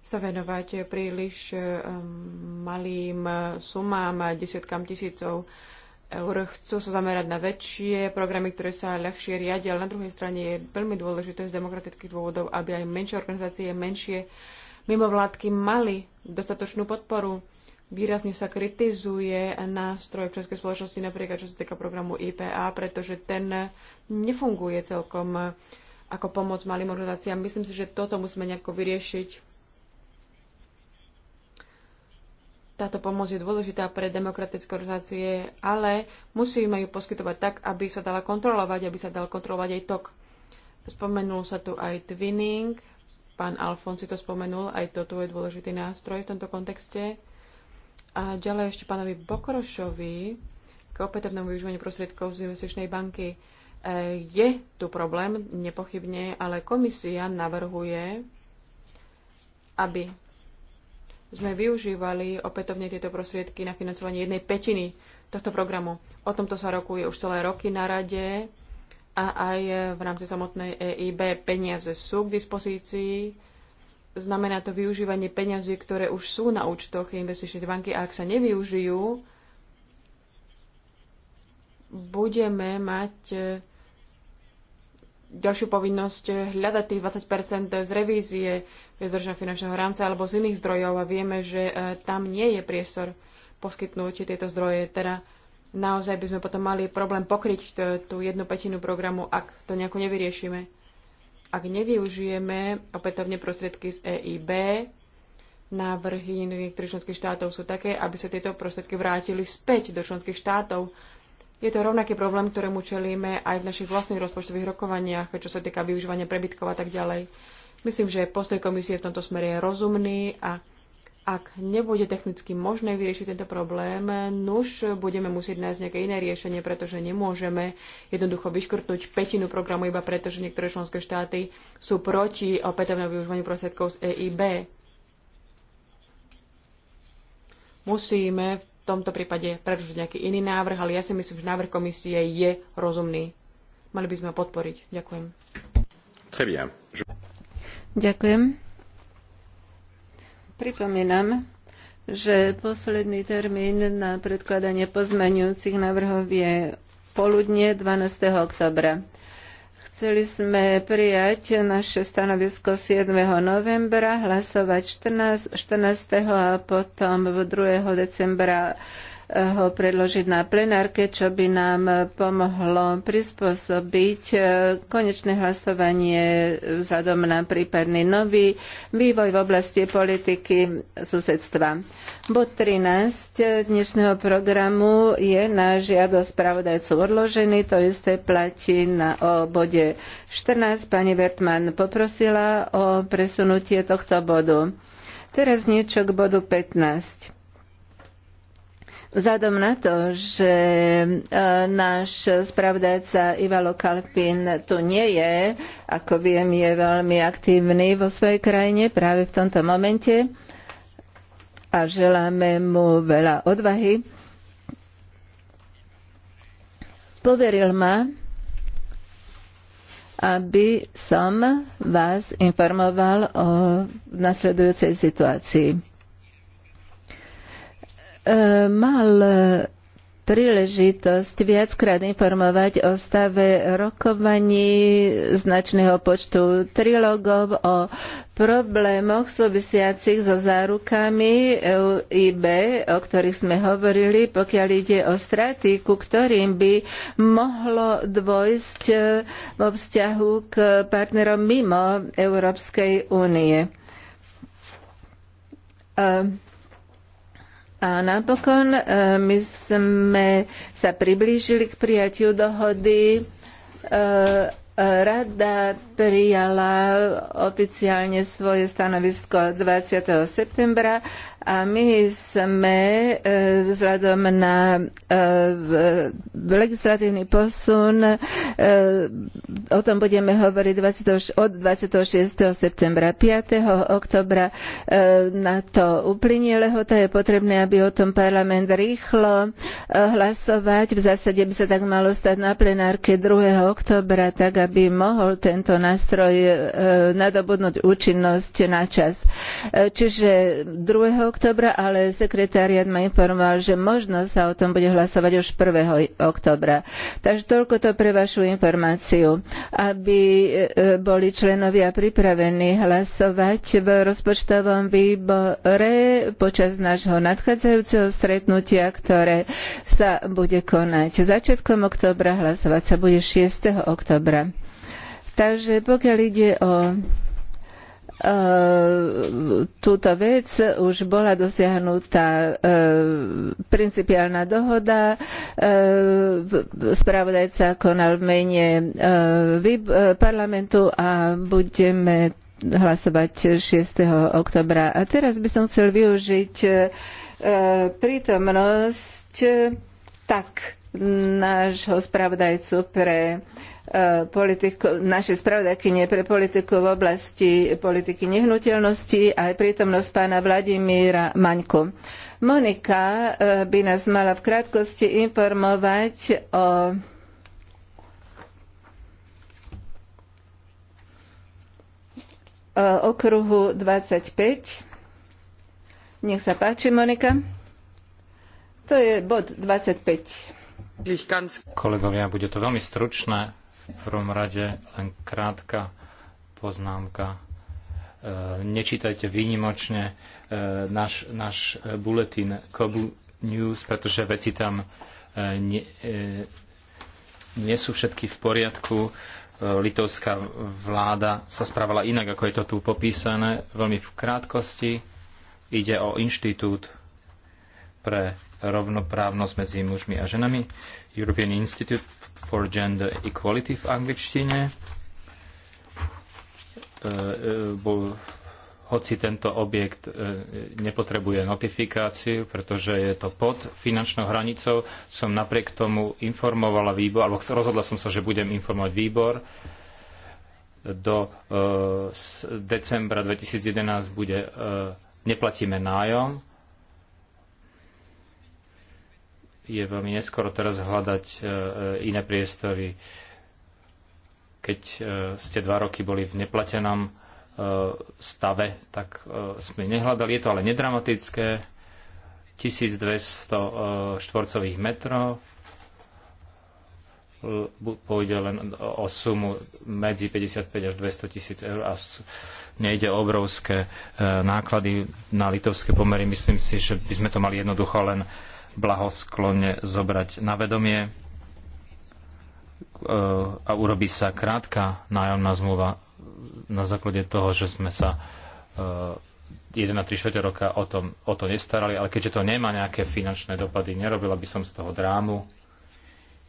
sa venovať príliš eh, malým eh, sumám, desiatkám tisícov eur chcú sa zamerať na väčšie programy, ktoré sa ľahšie riadia, ale na druhej strane je veľmi dôležité z demokratických dôvodov, aby aj menšie organizácie, menšie mimovládky mali dostatočnú podporu. Výrazne sa kritizuje nástroj v Českej spoločnosti napríklad, čo sa týka programu IPA, pretože ten nefunguje celkom ako pomoc malým organizáciám. Myslím si, že toto musíme nejako vyriešiť Táto pomoc je dôležitá pre demokratické organizácie, ale musíme ju poskytovať tak, aby sa dala kontrolovať, aby sa dal kontrolovať aj tok. Spomenul sa tu aj twinning, pán Alfon si to spomenul, aj toto je dôležitý nástroj v tomto kontexte. A ďalej ešte pánovi Bokrošovi k opätovnému využívaniu prostriedkov z investičnej banky. E, je tu problém, nepochybne, ale komisia navrhuje, aby sme využívali opätovne tieto prostriedky na financovanie jednej petiny tohto programu. O tomto sa rokuje už celé roky na rade a aj v rámci samotnej EIB peniaze sú k dispozícii. Znamená to využívanie peniazy, ktoré už sú na účtoch investičnej banky a ak sa nevyužijú, budeme mať ďalšiu povinnosť hľadať tých 20 z revízie bezdržného finančného rámca alebo z iných zdrojov a vieme, že e, tam nie je priestor poskytnúť tieto zdroje. Teda naozaj by sme potom mali problém pokryť e, tú jednu petinu programu, ak to nejako nevyriešime. Ak nevyužijeme opätovne prostriedky z EIB, návrhy niektorých členských štátov sú také, aby sa tieto prostriedky vrátili späť do členských štátov je to rovnaký problém, ktorému čelíme aj v našich vlastných rozpočtových rokovaniach, čo sa týka využívania prebytkov a tak ďalej. Myslím, že postoj komisie v tomto smere je rozumný a ak nebude technicky možné vyriešiť tento problém, nuž budeme musieť nájsť nejaké iné riešenie, pretože nemôžeme jednoducho vyškrtnúť petinu programu iba preto, že niektoré členské štáty sú proti opätovnému využívaniu prostriedkov z EIB. Musíme v tomto prípade predložiť nejaký iný návrh, ale ja si myslím, že návrh komisie je rozumný. Mali by sme ho podporiť. Ďakujem.
Ďakujem. Pripomínam, že posledný termín na predkladanie pozmeňujúcich návrhov je poludne 12. oktobra. Chceli sme prijať naše stanovisko 7. novembra, hlasovať 14, 14. a potom 2. decembra ho predložiť na plenárke, čo by nám pomohlo prispôsobiť e, konečné hlasovanie vzhľadom na prípadný nový vývoj v oblasti politiky susedstva. Bod 13 dnešného programu je na žiadosť spravodajcov odložený, to isté platí na, o bode 14. Pani Vertman poprosila o presunutie tohto bodu. Teraz niečo k bodu 15. Vzhľadom na to, že e, náš spravdajca Ivalo Kalpin tu nie je, ako viem, je veľmi aktívny vo svojej krajine práve v tomto momente a želáme mu veľa odvahy, poveril ma, aby som vás informoval o nasledujúcej situácii E, mal príležitosť viackrát informovať o stave rokovaní značného počtu trilogov, o problémoch súvisiacich so zárukami EIB, o ktorých sme hovorili, pokiaľ ide o straty, ku ktorým by mohlo dvojsť e, vo vzťahu k partnerom mimo Európskej únie. E, a napokon e, my sme sa priblížili k prijatiu dohody. E, e, Rada prijala oficiálne svoje stanovisko 20. septembra a my sme e, vzhľadom na e, legislatívny posun, e, o tom budeme hovoriť 20, od 26. septembra. 5. oktobra na to uplynie lehota. Je potrebné, aby o tom parlament rýchlo hlasovať. V zásade by sa tak malo stať na plenárke 2. oktobra, tak aby mohol tento nástroj nadobudnúť účinnosť na čas. Čiže 2 októbra, ale sekretariat ma informoval, že možno sa o tom bude hlasovať už 1. oktobra. Takže toľko to pre vašu informáciu, aby e, boli členovia pripravení hlasovať v rozpočtovom výbore počas nášho nadchádzajúceho stretnutia, ktoré sa bude konať začiatkom oktobra, hlasovať sa bude 6. oktobra. Takže pokiaľ ide o Eh, túto vec už bola dosiahnutá eh, principiálna dohoda. Eh, spravodajca konal v mene parlamentu a budeme hlasovať 6. oktobra. A teraz by som chcel využiť prítomnosť tak nášho spravodajcu pre Eh, politiku, našej spravodajkyne pre politiku v oblasti politiky nehnuteľnosti a aj prítomnosť pána Vladimíra Maňku. Monika eh, by nás mala v krátkosti informovať o eh, okruhu 25. Nech sa páči, Monika. To je bod 25.
Kolegovia, bude to veľmi stručné. V prvom rade len krátka poznámka. E, nečítajte výnimočne e, náš, náš bulletin Kobu News, pretože veci tam e, nie, nie sú všetky v poriadku litovská vláda sa spravala inak, ako je to tu popísané. Veľmi v krátkosti ide o inštitút pre rovnoprávnosť medzi mužmi a ženami, European Institute for Gender Equality v angličtine. E, e, Bol, hoci tento objekt e, nepotrebuje notifikáciu, pretože je to pod finančnou hranicou, som napriek tomu informovala výbor, alebo rozhodla som sa, že budem informovať výbor. Do decembra 2011 bude, neplatíme nájom, je veľmi neskoro teraz hľadať e, e, iné priestory. Keď e, ste dva roky boli v neplatenom stave, tak sme nehľadali. Je to ale nedramatické. 1200 štvorcových metrov pôjde len o sumu medzi 55 až 200 tisíc eur a nejde o obrovské náklady na litovské pomery. Myslím si, že by sme to mali jednoducho len blahosklone zobrať na vedomie e, a urobí sa krátka nájomná zmluva na základe toho, že sme sa 1 e, na 3 švete roka o, tom, o to nestarali, ale keďže to nemá nejaké finančné dopady, nerobila by som z toho drámu.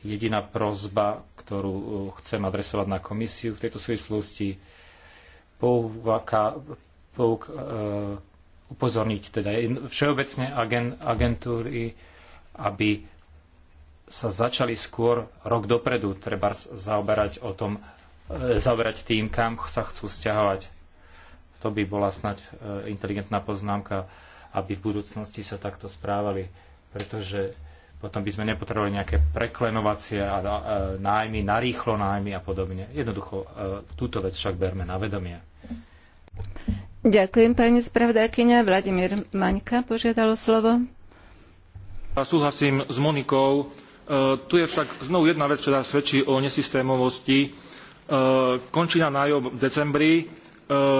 Jediná prozba, ktorú e, chcem adresovať na komisiu v tejto súvislosti, pouvaka, pouk, uh, upozorniť teda všeobecne agentúry aby sa začali skôr rok dopredu treba zaoberať o tom, e, zaoberať tým, kam sa chcú stiahovať. To by bola snať e, inteligentná poznámka, aby v budúcnosti sa takto správali, pretože potom by sme nepotrebovali nejaké preklenovacie a e, nájmy, narýchlo nájmy a podobne. Jednoducho túto vec však berme na vedomie.
Ďakujem pani spravodajkyňa. Vladimír Maňka požiadalo slovo
súhlasím s Monikou. E, tu je však znovu jedna vec, ktorá svedčí o nesystémovosti. E, končí končina nájom v decembri. E,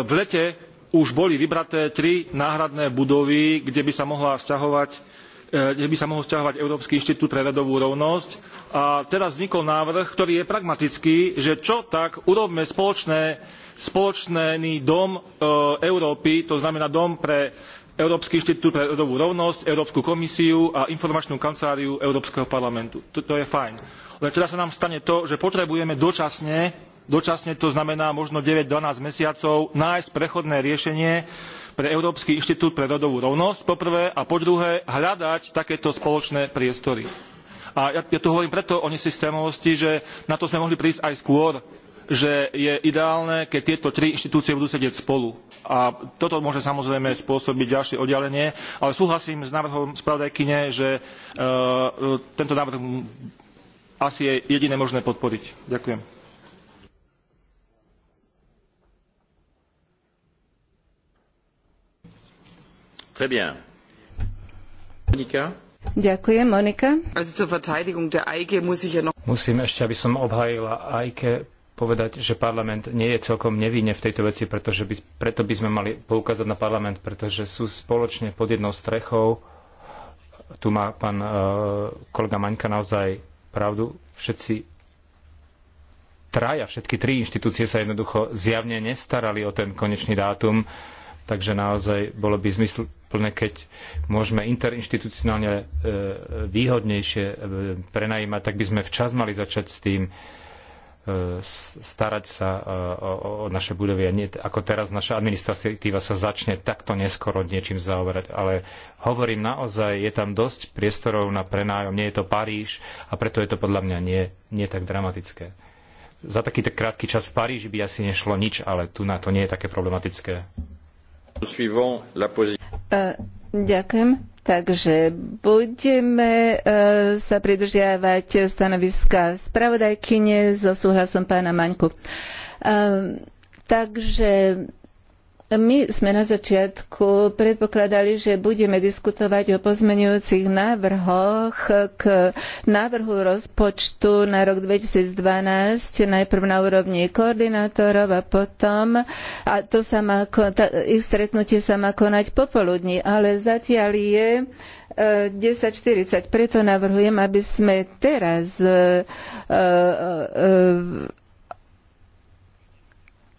v lete už boli vybraté tri náhradné budovy, kde by sa mohla vzťahovať kde by sa mohol vzťahovať Európsky inštitút pre radovú rovnosť. A teraz vznikol návrh, ktorý je pragmatický, že čo tak urobme spoločné, spoločný dom Európy, to znamená dom pre Európsky inštitút pre rodovú rovnosť, Európsku komisiu a informačnú kanceláriu Európskeho parlamentu. To, je fajn. Len teraz sa nám stane to, že potrebujeme dočasne, dočasne to znamená možno 9-12 mesiacov, nájsť prechodné riešenie pre Európsky inštitút pre rodovú rovnosť, po prvé, a po druhé, hľadať takéto spoločné priestory. A ja, ja tu hovorím preto o nesystémovosti, že na to sme mohli prísť aj skôr, že je ideálne, keď tieto tri inštitúcie budú sedieť spolu. A toto môže samozrejme spôsobiť ďalšie oddialenie, ale súhlasím s návrhom spravodajkyne, že uh, tento návrh asi je jediné možné podporiť. Ďakujem.
Monika?
Ďakujem, Monika.
Musím ešte, aby som obhájila AIKE, povedať, že parlament nie je celkom nevinne v tejto veci, pretože by, preto by sme mali poukázať na parlament, pretože sú spoločne pod jednou strechou. Tu má pán e, kolega Maňka naozaj pravdu. Všetci traja, všetky tri inštitúcie sa jednoducho zjavne nestarali o ten konečný dátum, takže naozaj bolo by zmysl plne, keď môžeme interinstitucionálne e, výhodnejšie e, prenajímať, tak by sme včas mali začať s tým, e, E, starať sa e, o naše budovy. A nie, ako teraz naša administratíva sa začne takto neskoro niečím zaoberať. Ale hovorím naozaj, je tam dosť priestorov na prenájom. Nie je to Paríž a preto je to podľa mňa nie, nie tak dramatické. Za takýto krátky čas v Paríži by asi nešlo nič, ale tu na to nie je také problematické. E,
ďakujem. Takže budeme e, sa pridržiavať stanoviska spravodajkyne so súhlasom pána Maňku. Ehm, takže my sme na začiatku predpokladali, že budeme diskutovať o pozmenujúcich návrhoch k návrhu rozpočtu na rok 2012, najprv na úrovni koordinátorov a potom, a to sa má, ich stretnutie sa má konať popoludní, ale zatiaľ je 10.40. E, Preto navrhujem, aby sme teraz e, e,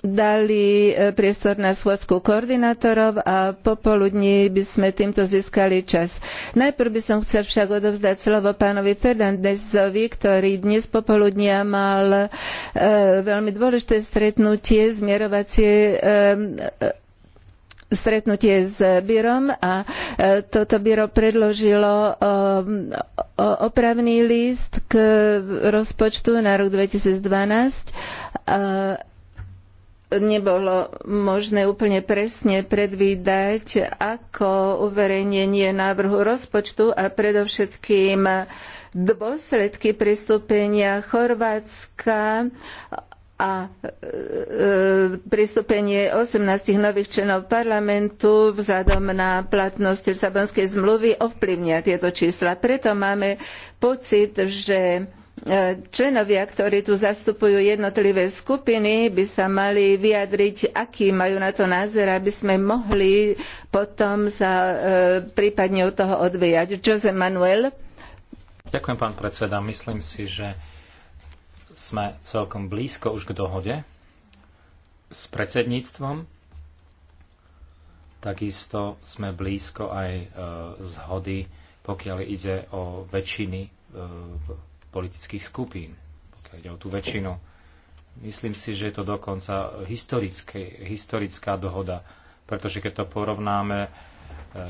dali e, priestor na schôdzku koordinátorov a popoludní by sme týmto získali čas. Najprv by som chcel však odovzdať slovo pánovi Fernandezovi, ktorý dnes popoludnia mal e, veľmi dôležité stretnutie, zmierovacie e, e stretnutie s byrom a e, toto byro predložilo opravný list k rozpočtu na rok 2012 nebolo možné úplne presne predvídať, ako uverejnenie návrhu rozpočtu a predovšetkým dôsledky pristúpenia Chorvátska a e, e, pristúpenie 18 nových členov parlamentu vzhľadom na platnosť Lisabonskej zmluvy ovplyvnia tieto čísla. Preto máme pocit, že E, členovia, ktorí tu zastupujú jednotlivé skupiny, by sa mali vyjadriť, aký majú na to názor, aby sme mohli potom sa e, prípadne od toho odvíjať. Jose Manuel.
Ďakujem, pán predseda. Myslím si, že sme celkom blízko už k dohode s predsedníctvom. Takisto sme blízko aj e, zhody, pokiaľ ide o väčšiny politických skupín, pokiaľ ide o tú väčšinu. Myslím si, že je to dokonca historická dohoda, pretože keď to porovnáme e,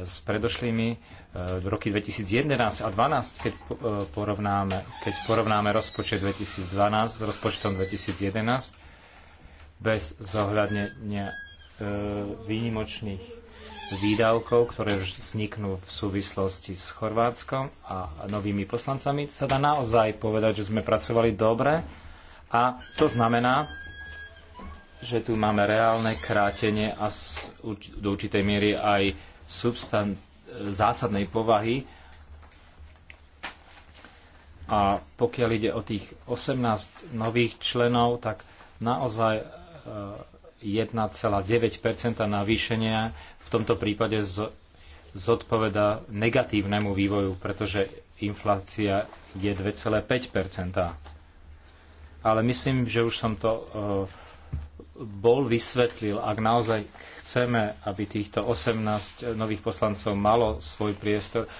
s predošlými e, v roky 2011 a 2012, keď e, porovnáme, keď porovnáme rozpočet 2012 s rozpočtom 2011, bez zohľadnenia výnimočných výdavkov, ktoré vzniknú v súvislosti s Chorvátskom a novými poslancami, sa dá naozaj povedať, že sme pracovali dobre a to znamená, že tu máme reálne krátenie a do určitej miery aj substan- zásadnej povahy. A pokiaľ ide o tých 18 nových členov, tak naozaj e, 1,9 navýšenia v tomto prípade zodpoveda negatívnemu vývoju, pretože inflácia je 2,5 Ale myslím, že už som to e, bol vysvetlil, ak naozaj chceme, aby týchto 18 nových poslancov malo svoj priestor,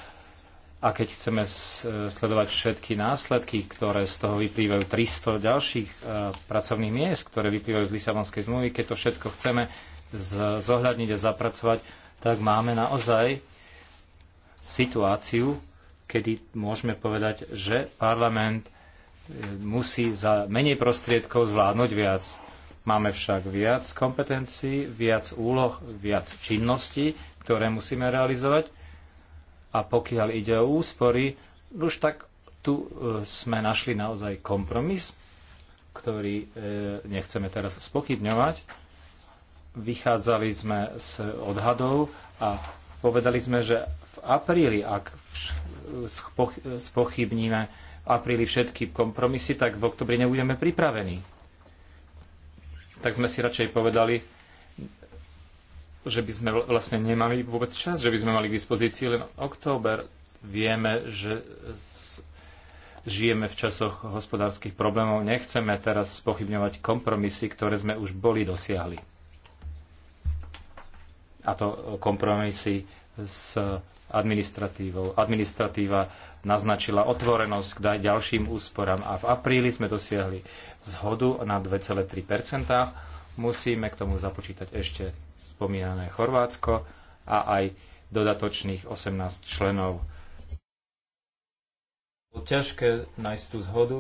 a keď chceme e, sledovať všetky následky, ktoré z toho vyplývajú 300 ďalších e, pracovných miest, ktoré vyplývajú z Lisabonskej zmluvy, keď to všetko chceme zohľadniť a zapracovať, tak máme naozaj situáciu, kedy môžeme povedať, že parlament e, musí za menej prostriedkov zvládnuť viac. Máme však viac kompetencií, viac úloh, viac činností, ktoré musíme realizovať a pokiaľ ide o úspory, už tak tu e, sme našli naozaj kompromis, ktorý e, nechceme teraz spochybňovať. Vychádzali sme z odhadov a povedali sme, že v apríli, ak spochybníme v apríli všetky kompromisy, tak v oktobri nebudeme pripravení. Tak sme si radšej povedali, že by sme vlastne nemali vôbec čas, že by sme mali k dispozícii len október. Vieme, že žijeme v časoch hospodárskych problémov. Nechceme teraz spochybňovať kompromisy, ktoré sme už boli dosiahli. A to kompromisy s administratívou. Administratíva naznačila otvorenosť k ďalším úsporám a v apríli sme dosiahli zhodu na 2,3 Musíme k tomu započítať ešte spomínané Chorvátsko a aj dodatočných 18 členov. ťažké nájsť tú zhodu.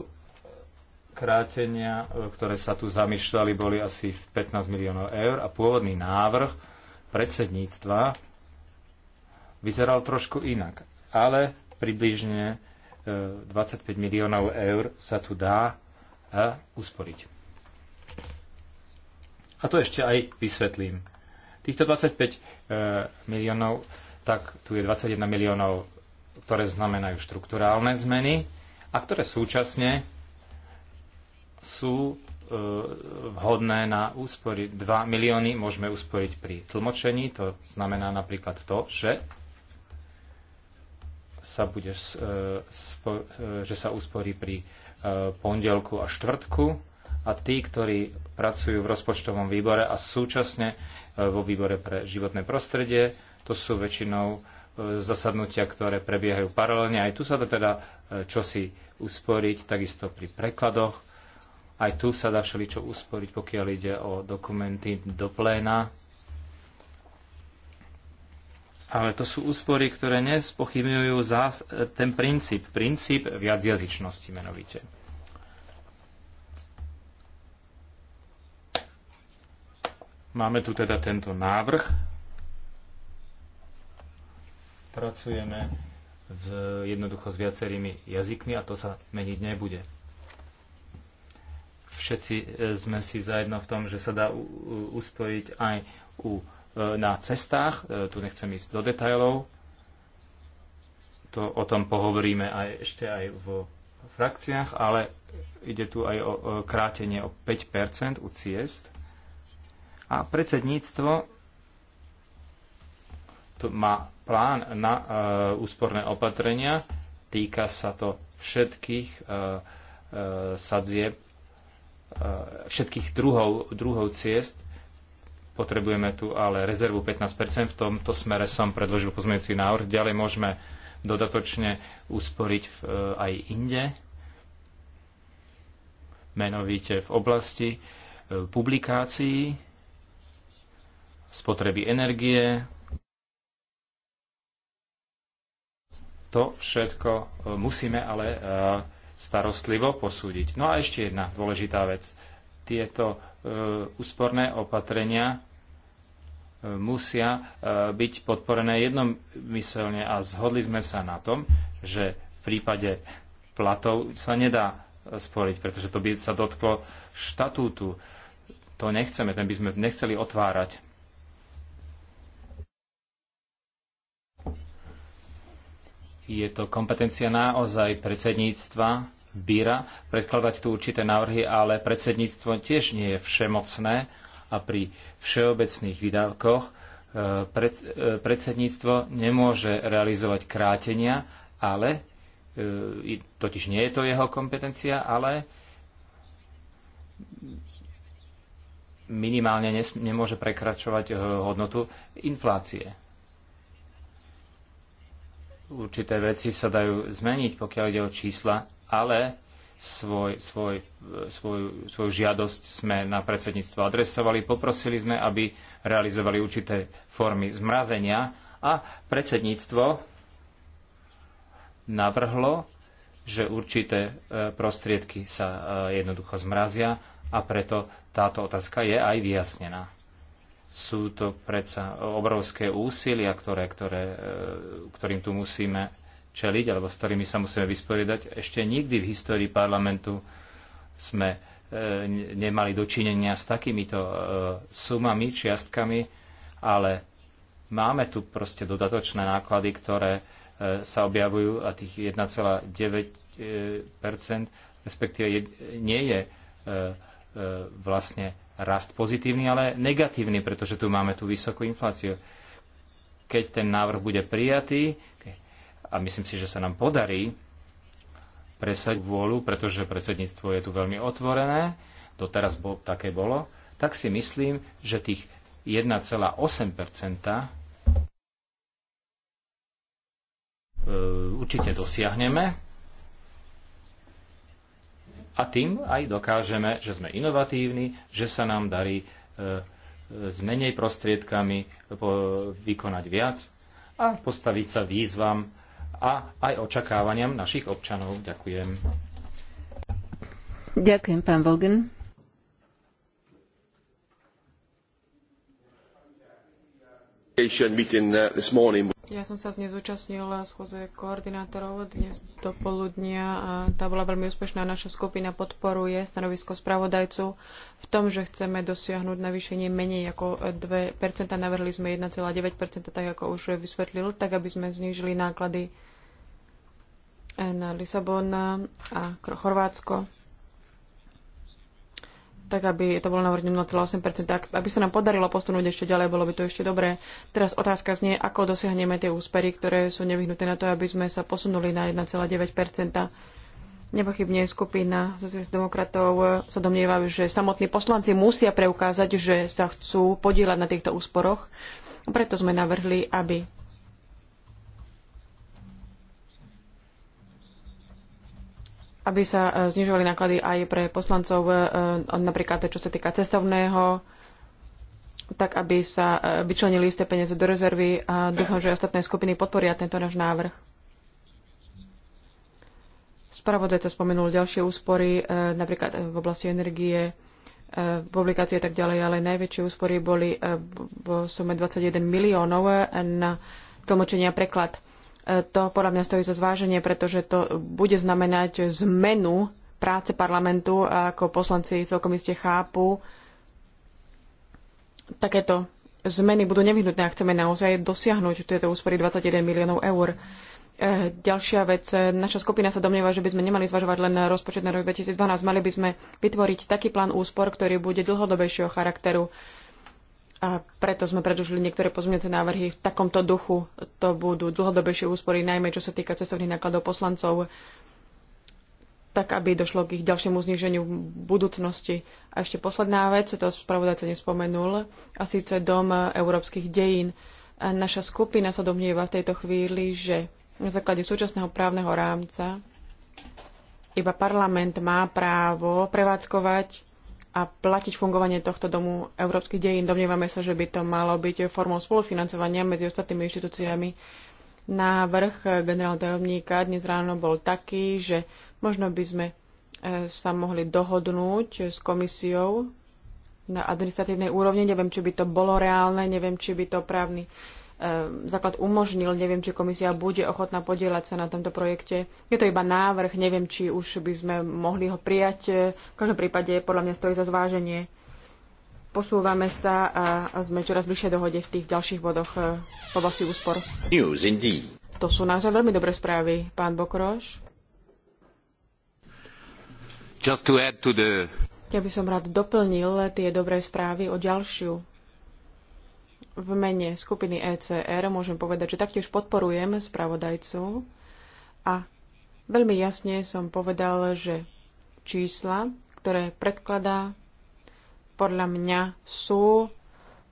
Krátenia, e, ktoré sa tu zamýšľali, boli asi 15 miliónov eur a pôvodný návrh predsedníctva vyzeral trošku inak. Ale približne 25 e, miliónov eur sa tu dá e, usporiť. A to ešte aj vysvetlím. Týchto 25 e, miliónov, tak tu je 21 miliónov, ktoré znamenajú štruktúrálne zmeny a ktoré súčasne sú e, vhodné na úspory. 2 milióny môžeme usporiť pri tlmočení, to znamená napríklad to, že sa, bude, e, že sa usporí pri pondelku a štvrtku a tí, ktorí pracujú v rozpočtovom výbore a súčasne vo výbore pre životné prostredie. To sú väčšinou e, zasadnutia, ktoré prebiehajú paralelne. Aj tu sa dá teda e, čosi usporiť, takisto pri prekladoch. Aj tu sa dá všeličo usporiť, pokiaľ ide o dokumenty do pléna. Ale to sú úspory, ktoré nespochybňujú ten princíp, princíp viacjazyčnosti menovite. Máme tu teda tento návrh. Pracujeme v, jednoducho s viacerými jazykmi a to sa meniť nebude. Všetci e, sme si zajedno v tom, že sa dá uspojiť aj u, e, na cestách. E, tu nechcem ísť do detajlov. To, o tom pohovoríme aj, ešte aj vo frakciách, ale ide tu aj o, o krátenie o 5% u ciest a predsedníctvo to má plán na uh, úsporné opatrenia, týka sa to všetkých uh, uh, sadzieb, uh, všetkých druhov, druhov ciest. Potrebujeme tu ale rezervu 15%, v tomto smere som predložil pozmeňujúci návrh. Ďalej môžeme dodatočne usporiť v, uh, aj inde, menovite v oblasti uh, publikácií spotreby energie. To všetko e, musíme ale e, starostlivo posúdiť. No a ešte jedna dôležitá vec. Tieto e, úsporné opatrenia musia byť podporené jednomyselne a zhodli sme sa na tom, že v prípade platov sa nedá sporiť, pretože to by sa dotklo štatútu. To nechceme, ten by sme nechceli otvárať je to kompetencia naozaj predsedníctva Bíra predkladať tu určité návrhy, ale predsedníctvo tiež nie je všemocné a pri všeobecných výdavkoch e, pred, e, predsedníctvo nemôže realizovať krátenia, ale e, totiž nie je to jeho kompetencia, ale minimálne nemôže prekračovať hodnotu inflácie určité veci sa dajú zmeniť, pokiaľ ide o čísla, ale svoj, svoj, svoju, svoju žiadosť sme na predsedníctvo adresovali. Poprosili sme, aby realizovali určité formy zmrazenia a predsedníctvo navrhlo, že určité e, prostriedky sa e, jednoducho zmrazia a preto táto otázka je aj vyjasnená. Sú to predsa obrovské úsilia, ktoré, ktoré, e, ktorým tu musíme čeliť, alebo s ktorými sa musíme vysporiadať. Ešte nikdy v histórii parlamentu sme e, nemali dočinenia s takýmito e, sumami, čiastkami, ale máme tu proste dodatočné náklady, ktoré sa objavujú a tých 1,9 respektíve nie je vlastne rast pozitívny, ale negatívny, pretože tu máme tú vysokú infláciu. Keď ten návrh bude prijatý, a myslím si, že sa nám podarí presať vôľu, pretože predsedníctvo je tu veľmi otvorené, doteraz bol, také bolo, tak si myslím, že tých 1,8 e, určite dosiahneme a tým aj dokážeme, že sme inovatívni, že sa nám darí e, e, s menej prostriedkami e, vykonať viac a postaviť sa výzvam a aj očakávaniam našich občanov. Ďakujem.
Ďakujem, pán Vogen.
meeting uh, this morning
ja som sa nezúčastnila schôze koordinátorov dnes do poludnia a tá bola veľmi úspešná. Naša skupina podporuje stanovisko spravodajcu v tom, že chceme dosiahnuť navýšenie menej ako 2%. Navrhli sme 1,9%, tak ako už vysvetlil, tak aby sme znížili náklady na Lisabon a Chorvátsko tak aby to bolo na úrovni 0,8%. aby sa nám podarilo posunúť ešte ďalej, bolo by to ešte dobré. Teraz otázka znie, ako dosiahneme tie úspery, ktoré sú nevyhnuté na to, aby sme sa posunuli na 1,9%. Nepochybne skupina sociálnych demokratov sa domnieva, že samotní poslanci musia preukázať, že sa chcú podielať na týchto úsporoch. Preto sme navrhli, aby aby sa e, znižovali náklady aj pre poslancov, e, e, napríklad čo sa týka cestovného, tak aby sa vyčlenili isté peniaze do rezervy a dúfam, že ostatné skupiny podporia tento náš návrh. Spravodajca spomenul ďalšie úspory, napríklad v oblasti energie, publikácie a tak ďalej, ale najväčšie úspory boli v sume 21 miliónov na tlmočenia preklad. To podľa mňa stojí za zváženie, pretože to bude znamenať zmenu práce parlamentu, a ako poslanci celkom iste chápu. Takéto zmeny budú nevyhnutné a chceme naozaj dosiahnuť tieto úspory 21 miliónov eur. Eh, ďalšia vec, eh, naša skupina sa domnieva, že by sme nemali zvažovať len rozpočet na rok 2012, mali by sme vytvoriť taký plán úspor, ktorý bude dlhodobejšieho charakteru a preto sme predložili niektoré pozmeňujúce návrhy. V takomto duchu to budú dlhodobejšie úspory, najmä čo sa týka cestovných nákladov poslancov, tak aby došlo k ich ďalšiemu zníženiu v budúcnosti. A ešte posledná vec, to spravodajca nespomenul, a síce Dom európskych dejín. A naša skupina sa domnieva v tejto chvíli, že na základe súčasného právneho rámca iba parlament má právo prevádzkovať a platiť fungovanie tohto domu európskych dejín. Domnievame sa, že by to malo byť formou spolufinancovania medzi ostatnými inštitúciami. Návrh generálneho tajomníka dnes ráno bol taký, že možno by sme e, sa mohli dohodnúť s komisiou na administratívnej úrovni. Neviem, či by to bolo reálne, neviem, či by to právny Ehm, základ umožnil. Neviem, či komisia bude ochotná podielať sa na tomto projekte. Je to iba návrh, neviem, či už by sme mohli ho prijať. V každom prípade podľa mňa stojí za zváženie. Posúvame sa a sme čoraz bližšie dohode v tých ďalších bodoch e, v oblasti úspor. News, To sú naozaj veľmi dobré správy, pán Bokroš.
Just to add to the...
Ja by som rád doplnil tie dobré správy o ďalšiu v mene skupiny ECR môžem povedať, že taktiež podporujem spravodajcu a veľmi jasne som povedal, že čísla, ktoré predkladá, podľa mňa sú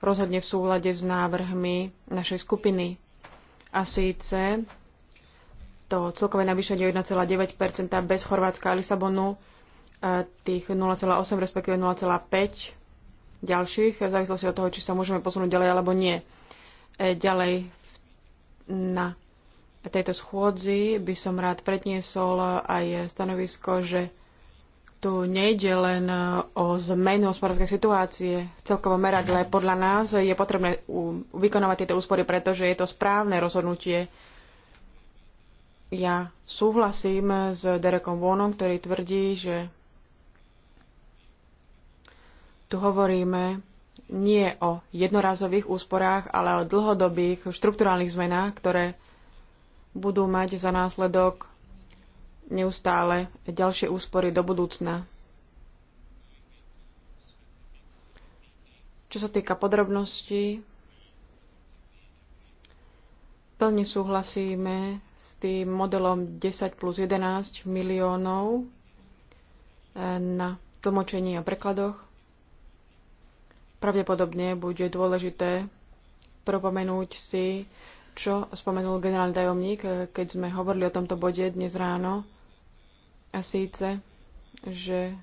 rozhodne v súlade s návrhmi našej skupiny. A síce to celkové navýšenie 1,9 bez Chorvátska a Lisabonu, e, tých 0,8 respektíve 0,5 ďalších, v závislosti od toho, či sa môžeme posunúť ďalej alebo nie. E, ďalej na tejto schôdzi by som rád predniesol aj stanovisko, že tu nejde len o zmenu hospodárskej situácie. V celkovom meradle podľa nás je potrebné vykonávať tieto úspory, pretože je to správne rozhodnutie. Ja súhlasím s Derekom Vonom, ktorý tvrdí, že tu hovoríme nie o jednorazových úsporách, ale o dlhodobých štruktúrálnych zmenách, ktoré budú mať za následok neustále ďalšie úspory do budúcna. Čo sa týka podrobností, plne súhlasíme s tým modelom 10 plus 11 miliónov eh, na tlmočení a prekladoch. Pravdepodobne bude dôležité propomenúť si, čo spomenul generálny tajomník, keď sme hovorili o tomto bode dnes ráno. A síce, že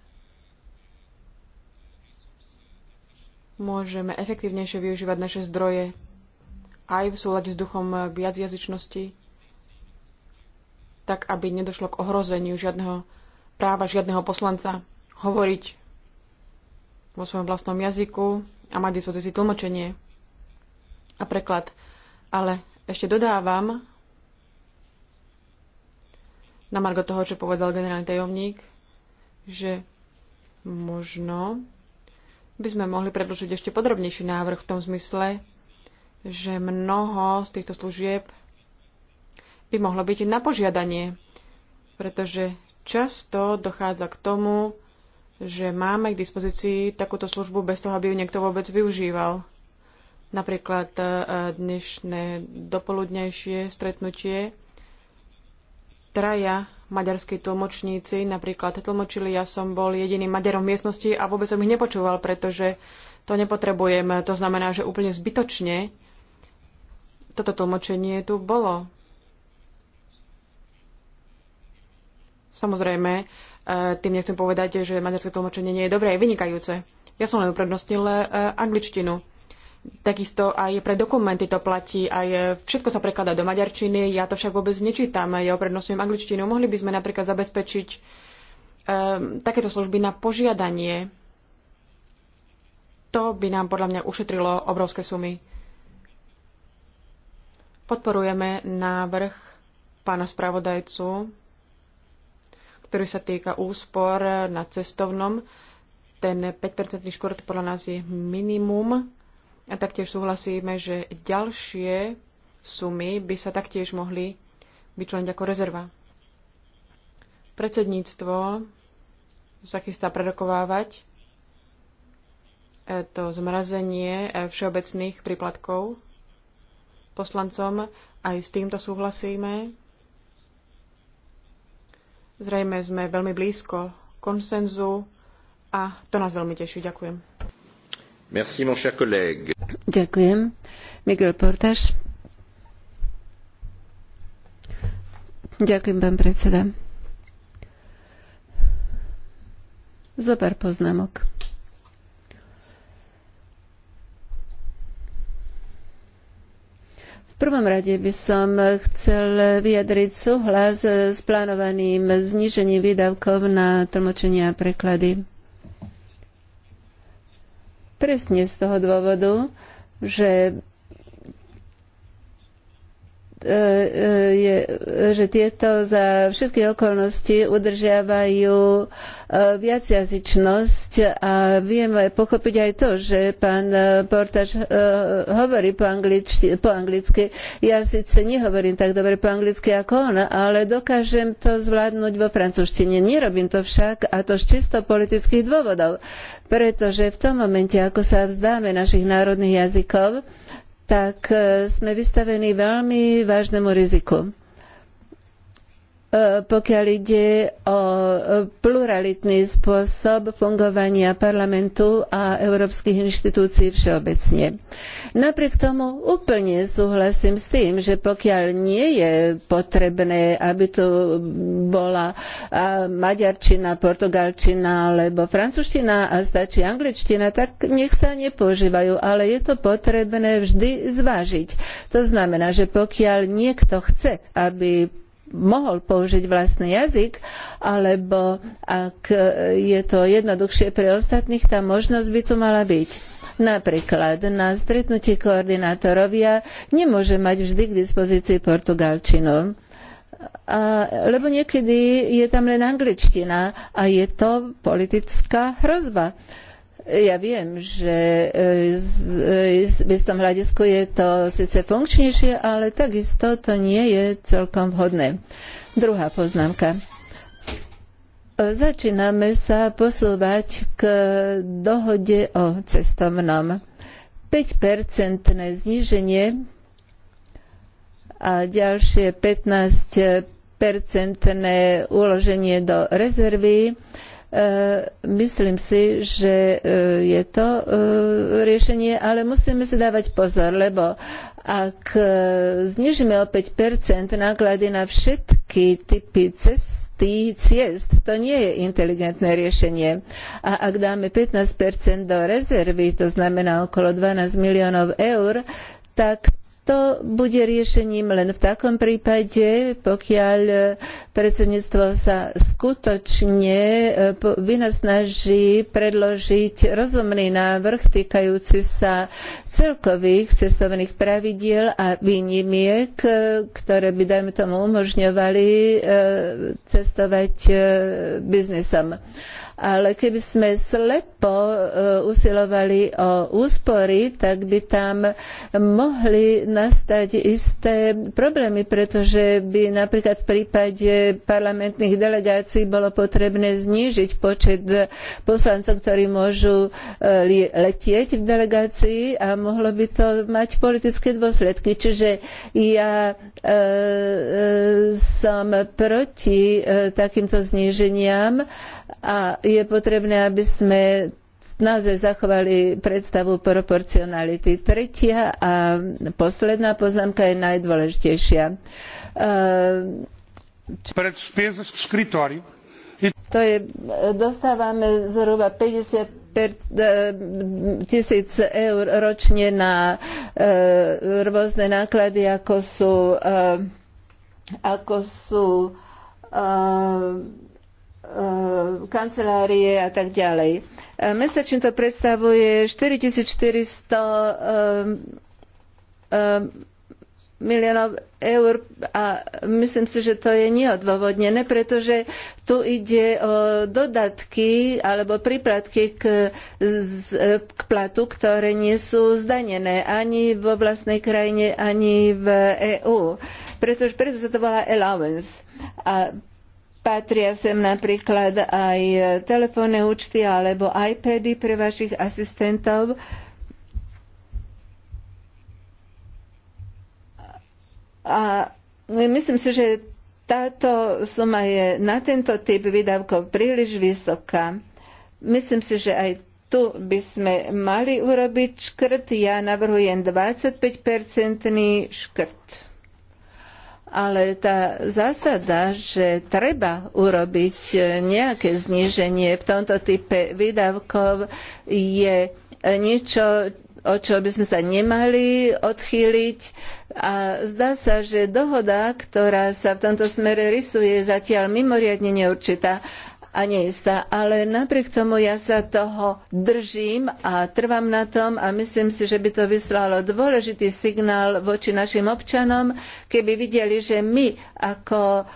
môžeme efektívnejšie využívať naše zdroje aj v súlade s duchom jazyčnosti, tak aby nedošlo k ohrozeniu žiadneho práva žiadneho poslanca hovoriť vo svojom vlastnom jazyku a mať dispozícii tlmočenie a preklad. Ale ešte dodávam na margo toho, čo povedal generálny tajomník, že možno by sme mohli predložiť ešte podrobnejší návrh v tom zmysle, že mnoho z týchto služieb by mohlo byť na požiadanie, pretože často dochádza k tomu, že máme k dispozícii takúto službu bez toho, aby ju niekto vôbec využíval. Napríklad e, dnešné dopoludnejšie stretnutie traja maďarskí tlmočníci napríklad tlmočili, ja som bol jediným Maďarom v miestnosti a vôbec som ich nepočúval, pretože to nepotrebujem. To znamená, že úplne zbytočne toto tlmočenie tu bolo. Samozrejme, tým nechcem povedať, že maďarské tlmočenie nie je dobré, je vynikajúce. Ja som len uprednostnil e, angličtinu. Takisto aj pre dokumenty to platí, aj všetko sa prekladá do maďarčiny, ja to však vôbec nečítam, ja uprednostňujem angličtinu. Mohli by sme napríklad zabezpečiť um, takéto služby na požiadanie. To by nám podľa mňa ušetrilo obrovské sumy. Podporujeme návrh pána spravodajcu ktorý sa týka úspor na cestovnom. Ten 5-percentný škôr podľa nás je minimum. A taktiež súhlasíme, že ďalšie sumy by sa taktiež mohli vyčleniť ako rezerva. Predsedníctvo sa chystá prerokovávať e, to zmrazenie e, všeobecných príplatkov poslancom. Aj s týmto súhlasíme. Zrejme sme veľmi blízko konsenzu a to nás veľmi teší. Ďakujem.
Merci, mon cher collègue.
Ďakujem. Miguel Portáš. Ďakujem, pán predseda. Zopár poznámok. prvom rade by som chcel vyjadriť súhlas s plánovaným znížením výdavkov na tlmočenia a preklady. Presne z toho dôvodu, že E, e, je, že tieto za všetky okolnosti udržiavajú e, viacjazyčnosť a vieme pochopiť aj to, že pán Portaž hovorí po, angličti, po anglicky. Ja síce nehovorím tak dobre po anglicky ako on, ale dokážem to zvládnuť vo francúzštine. Nerobím to však a to z čisto politických dôvodov, pretože v tom momente, ako sa vzdáme našich národných jazykov, tak e, sme vystavení veľmi vážnemu riziku. E, pokiaľ ide o e, pluralitný spôsob fungovania parlamentu a európskych inštitúcií všeobecne. Napriek tomu úplne súhlasím s tým, že pokiaľ nie je potrebné, aby tu bola maďarčina, portugalčina alebo francúzština a stačí angličtina, tak nech sa nepoužívajú, ale je to potrebné vždy zvážiť. To znamená, že pokiaľ niekto chce, aby mohol použiť vlastný jazyk, alebo ak je to jednoduchšie pre ostatných, tá možnosť by tu mala byť. Napríklad na stretnutí koordinátorovia nemôže mať vždy k dispozícii portugalčinu. A, lebo niekedy je tam len angličtina a je to politická hrozba. Ja viem, že e, e, v istom hľadisku je to síce funkčnejšie, ale takisto to nie je celkom vhodné. Druhá poznámka. Začíname sa posúvať k dohode o cestovnom. 5-percentné zníženie a ďalšie 15-percentné uloženie do rezervy E, myslím si, že e, je to e, riešenie, ale musíme si dávať pozor, lebo ak znižíme o 5% náklady na všetky typy cesty, ciest, to nie je inteligentné riešenie. A ak dáme 15% do rezervy, to znamená okolo 12 miliónov eur, tak to bude riešením len v takom prípade, pokiaľ e, predsedníctvo sa skutočne e, vynasnaží predložiť rozumný návrh týkajúci sa celkových cestovných pravidiel a výnimiek, e, ktoré by, dajme tomu, umožňovali cestovať biznisom ale keby sme slepo eh, usilovali o úspory, tak by tam mohli nastať isté problémy, pretože by napríklad v prípade parlamentných delegácií bolo potrebné znížiť počet poslancov, ktorí môžu eh, letieť v delegácii a mohlo by to mať politické dôsledky. Čiže ja e, som proti takýmto zníženiam a je potrebné, aby sme naozaj zachovali predstavu proporcionality. Tretia a posledná poznámka je najdôležitejšia. E, to je, dostávame zhruba 50 e, tisíc eur ročne na e, rôzne náklady, ako sú, e, ako sú e, E, kancelárie a tak ďalej. E, mesačne to predstavuje 4400 e, miliónov eur a myslím si, že to je neodôvodnené, pretože tu ide o dodatky alebo príplatky k, z, k platu, ktoré nie sú zdanené ani vo vlastnej krajine, ani v EÚ. Pretože, preto sa to volá allowance. A Patria sem napríklad aj telefónne účty alebo iPady pre vašich asistentov. A myslím si, že táto suma je na tento typ výdavkov príliš vysoká. Myslím si, že aj tu by sme mali urobiť škrt. Ja navrhujem 25-percentný škrt ale tá zásada, že treba urobiť e, nejaké zníženie v tomto type výdavkov, je e, niečo, o čo by sme sa nemali odchýliť. A zdá sa, že dohoda, ktorá sa v tomto smere rysuje, je zatiaľ mimoriadne neurčitá a neistá. Ale napriek tomu ja sa toho držím a trvám na tom a myslím si, že by to vyslalo dôležitý signál voči našim občanom, keby videli, že my ako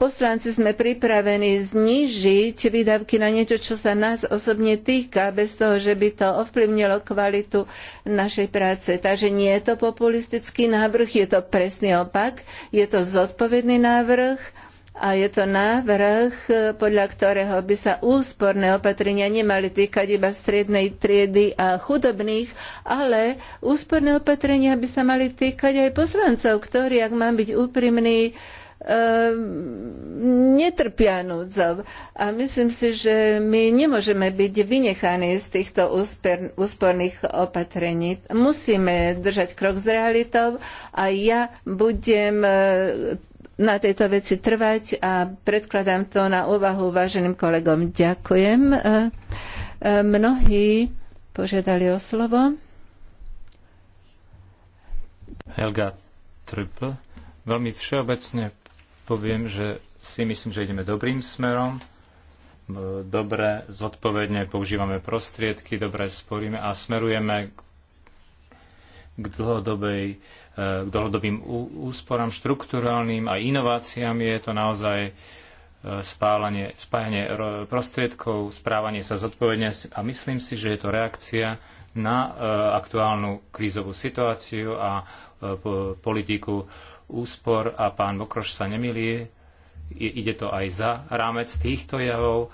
poslanci sme pripravení znížiť výdavky na niečo, čo sa nás osobne týka, bez toho, že by to ovplyvnilo kvalitu našej práce. Takže nie je to populistický návrh, je to presný opak, je to zodpovedný návrh a je to návrh, e, podľa ktorého by sa úsporné opatrenia nemali týkať iba strednej triedy a chudobných, ale úsporné opatrenia by sa mali týkať aj poslancov, ktorí, ak mám byť úprimný, e, netrpia núdzov. A myslím si, že my nemôžeme byť vynechaní z týchto úsporných opatrení. Musíme držať krok s realitou a ja budem e, na tejto veci trvať a predkladám to na úvahu váženým kolegom. Ďakujem. E, e, mnohí požiadali o slovo.
Helga Trüppel. Veľmi všeobecne poviem, že si myslím, že ideme dobrým smerom. Dobre, zodpovedne používame prostriedky, dobre sporíme a smerujeme k dlhodobej k eh, dlhodobým úsporám štruktúrálnym a inováciám. Je to naozaj eh, spálanie, spájanie prostriedkov, správanie sa zodpovedne a myslím si, že je to reakcia na eh, aktuálnu krízovú situáciu a politiku úspor a pán Bokroš sa nemilí. Ide to aj za rámec týchto javov.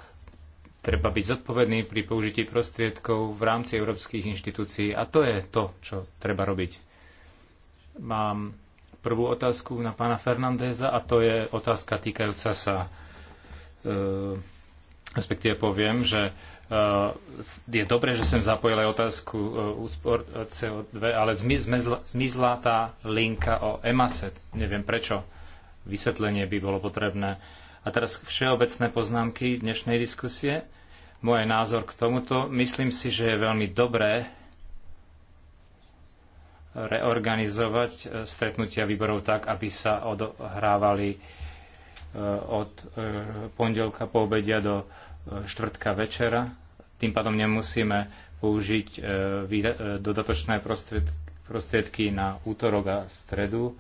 Treba byť zodpovedný pri použití prostriedkov v rámci európskych inštitúcií a to je to, čo treba robiť. Mám prvú otázku na pána Fernandéza a to je otázka týkajúca sa e, respektíve poviem, že e, je dobré, že sem zapojil aj otázku e, úspor e, CO2, ale zmizla, zmizla tá linka o Emaset. Neviem prečo. Vysvetlenie by bolo potrebné. A teraz všeobecné poznámky dnešnej diskusie. Môj názor k tomuto. Myslím si, že je veľmi dobré, reorganizovať e, stretnutia výborov tak, aby sa odohrávali e, od e, pondelka po obedia do štvrtka večera. Tým pádom nemusíme použiť dodatočné prostriedky na útorok a stredu.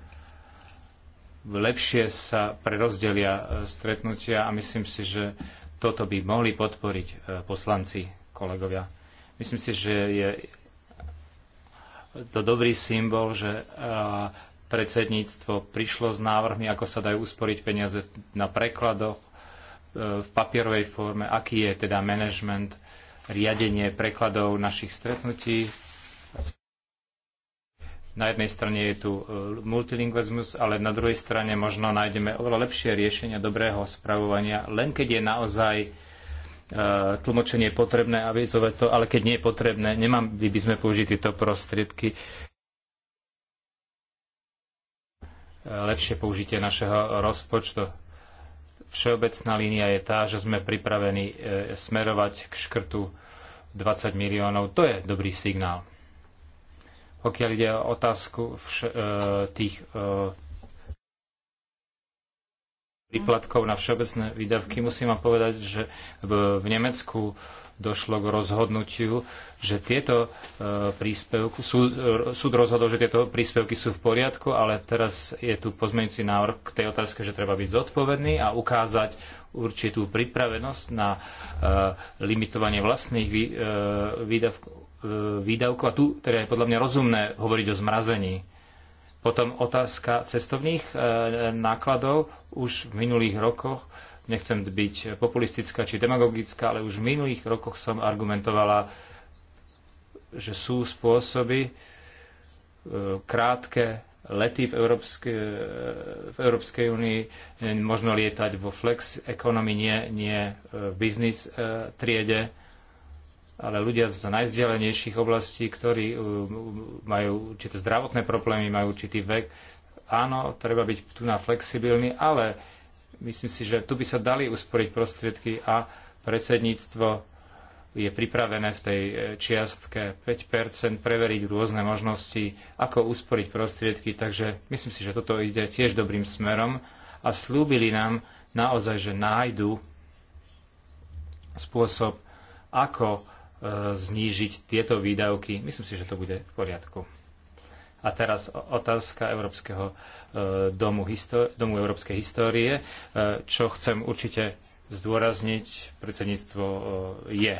Lepšie sa prerozdelia stretnutia a myslím si, že toto by mohli podporiť poslanci, kolegovia. Myslím si, že je to dobrý symbol, že predsedníctvo prišlo s návrhmi, ako sa dajú usporiť peniaze na prekladoch e, v papierovej forme, aký je teda manažment, riadenie prekladov našich stretnutí. Na jednej strane je tu e, multilingvizmus, ale na druhej strane možno nájdeme oveľa lepšie riešenia dobrého spravovania, len keď je naozaj E, tlmočenie je potrebné, avizovať to, ale keď nie je potrebné, nemám, by sme použiť tieto prostriedky. E, lepšie použitie našeho rozpočtu. Všeobecná línia je tá, že sme pripravení e, smerovať k škrtu 20 miliónov. To je dobrý signál. Pokiaľ ide o otázku tých príplatkov na všeobecné výdavky, musím vám povedať, že v Nemecku došlo k rozhodnutiu, že tieto e, príspevky, súd, e, súd rozhodol, že tieto príspevky sú v poriadku, ale teraz je tu pozmeňujúci návrh k tej otázke, že treba byť zodpovedný a ukázať určitú pripravenosť na e, limitovanie vlastných výdavkov. výdavkov. A tu teda je podľa mňa rozumné hovoriť o zmrazení potom otázka cestovných e, nákladov už v minulých rokoch, nechcem byť populistická či demagogická, ale už v minulých rokoch som argumentovala, že sú spôsoby e, krátke lety v, Európskej, e, v Európskej únii, možno lietať vo flex ekonomii, nie, nie v biznis triede ale ľudia z najzdelenejších oblastí, ktorí um, um, majú určité zdravotné problémy, majú určitý vek, áno, treba byť tu na flexibilný, ale myslím si, že tu by sa dali usporiť prostriedky a predsedníctvo je pripravené v tej e, čiastke 5% preveriť rôzne možnosti, ako usporiť prostriedky, takže myslím si, že toto ide tiež dobrým smerom a slúbili nám naozaj, že nájdu spôsob, ako E, znížiť tieto výdavky. Myslím si, že to bude v poriadku. A teraz otázka Európskeho e, domu, histórie, domu Európskej histórie. E, čo chcem určite zdôrazniť, predsedníctvo je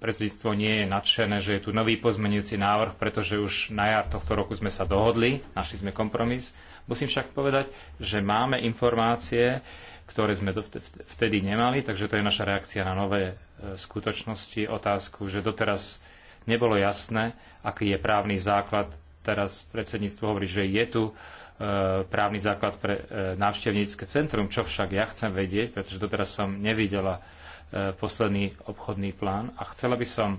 predsedníctvo nie je nadšené, že je tu nový pozmenujúci návrh, pretože už na jar tohto roku sme sa dohodli, našli sme kompromis. Musím však povedať, že máme informácie, ktoré sme vtedy nemali, takže to je naša reakcia na nové e, skutočnosti, otázku, že doteraz nebolo jasné, aký je právny základ. Teraz predsedníctvo hovorí, že je tu e, právny základ pre e, návštevnícke centrum, čo však ja chcem vedieť, pretože doteraz som nevidela posledný obchodný plán a chcela by som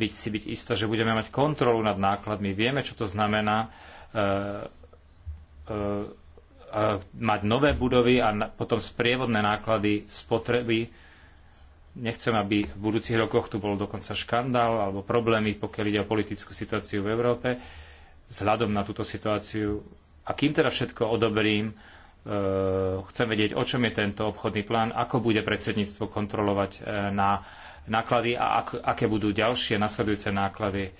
byť, si byť istá, že budeme mať kontrolu nad nákladmi. Vieme, čo to znamená mať nové budovy a potom sprievodné náklady spotreby. Nechcem, aby v budúcich rokoch tu bol dokonca škandál alebo problémy, pokiaľ ide o politickú situáciu v Európe, vzhľadom na túto situáciu. A kým teda všetko odoberím, e, chcem vedieť, o čom je tento obchodný plán, ako bude predsedníctvo kontrolovať e, na náklady a ak, aké budú ďalšie nasledujúce náklady.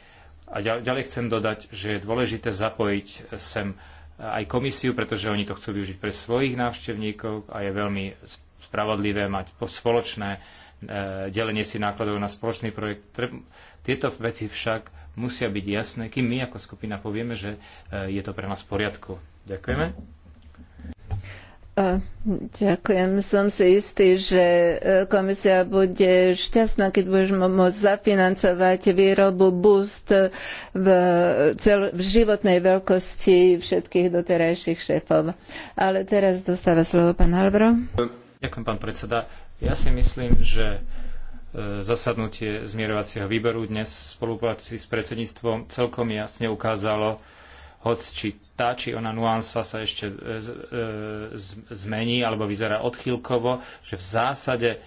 A ďalej chcem dodať, že je dôležité zapojiť sem aj komisiu, pretože oni to chcú využiť pre svojich návštevníkov a je veľmi spravodlivé mať spoločné e, delenie si nákladov na spoločný projekt. Tieto veci však musia byť jasné, kým my ako skupina povieme, že e, je to pre nás v poriadku. Ďakujeme.
Ďakujem. Som si istý, že e, komisia bude šťastná, keď budeme môcť zafinancovať výrobu boost v, cel- v životnej veľkosti všetkých doterajších šéfov. Ale teraz dostáva slovo pán Albro.
Ďakujem, pán predseda. Ja si myslím, že e, zasadnutie zmierovacieho výboru dnes v spolupráci s predsedníctvom celkom jasne ukázalo, hoc či tá či ona nuansa sa ešte e, e, zmení alebo vyzerá odchýlkovo, že v zásade e,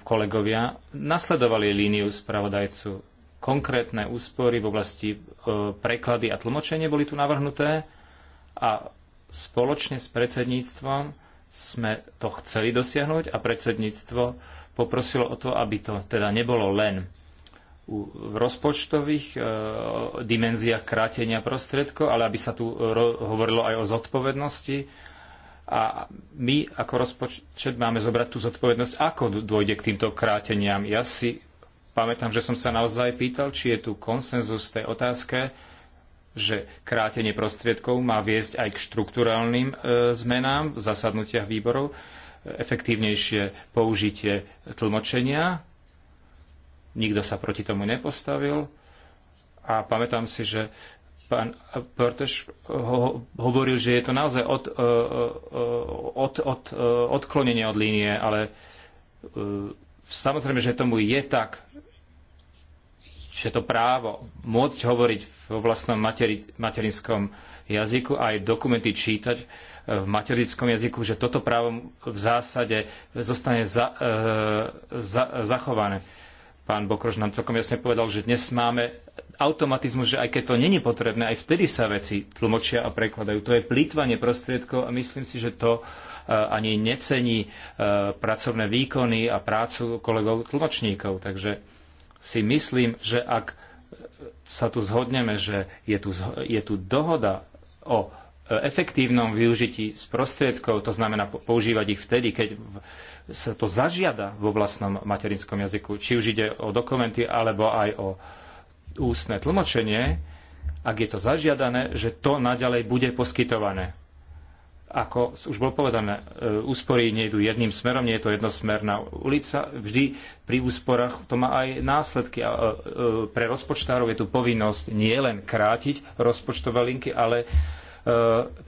kolegovia nasledovali líniu spravodajcu. Konkrétne úspory v oblasti preklady a tlmočenie boli tu navrhnuté a spoločne s predsedníctvom sme to chceli dosiahnuť a predsedníctvo poprosilo o to, aby to teda nebolo len v rozpočtových e, dimenziách krátenia prostriedkov, ale aby sa tu e, hovorilo aj o zodpovednosti. A my ako rozpočet máme zobrať tú zodpovednosť, ako dôjde k týmto kráteniam. Ja si pamätám, že som sa naozaj pýtal, či je tu konsenzus v tej otázke, že krátenie prostriedkov má viesť aj k štrukturálnym e, zmenám v zasadnutiach výborov, efektívnejšie použitie tlmočenia, Nikto sa proti tomu nepostavil a pamätám si, že pán Porteš ho, hovoril, že je to naozaj od, e, e, e, od, od, odklonenie od línie, ale samozrejme, že tomu je tak, že to právo môcť hovoriť vo vlastnom materi, materinskom jazyku aj dokumenty čítať v materinskom jazyku, že toto právo v zásade zostane za, za, zachované. Pán Bokrož nám celkom jasne povedal, že dnes máme automatizmus, že aj keď to není potrebné, aj vtedy sa veci tlmočia a prekladajú. To je plýtvanie prostriedkov a myslím si, že to eh, ani necení eh, pracovné výkony a prácu kolegov tlmočníkov. Takže si myslím, že ak eh, sa tu zhodneme, že je tu, je tu dohoda o efektívnom využití prostriedkov, to znamená používať ich vtedy, keď v, sa to zažiada vo vlastnom materinskom jazyku, či už ide o dokumenty alebo aj o ústne tlmočenie, ak je to zažiadané, že to naďalej bude poskytované. Ako už bolo povedané, e, úspory nejdu jedným smerom, nie je to jednosmerná ulica. Vždy pri úsporách to má aj následky. E, e, pre rozpočtárov je tu povinnosť nielen krátiť rozpočtové linky, ale E,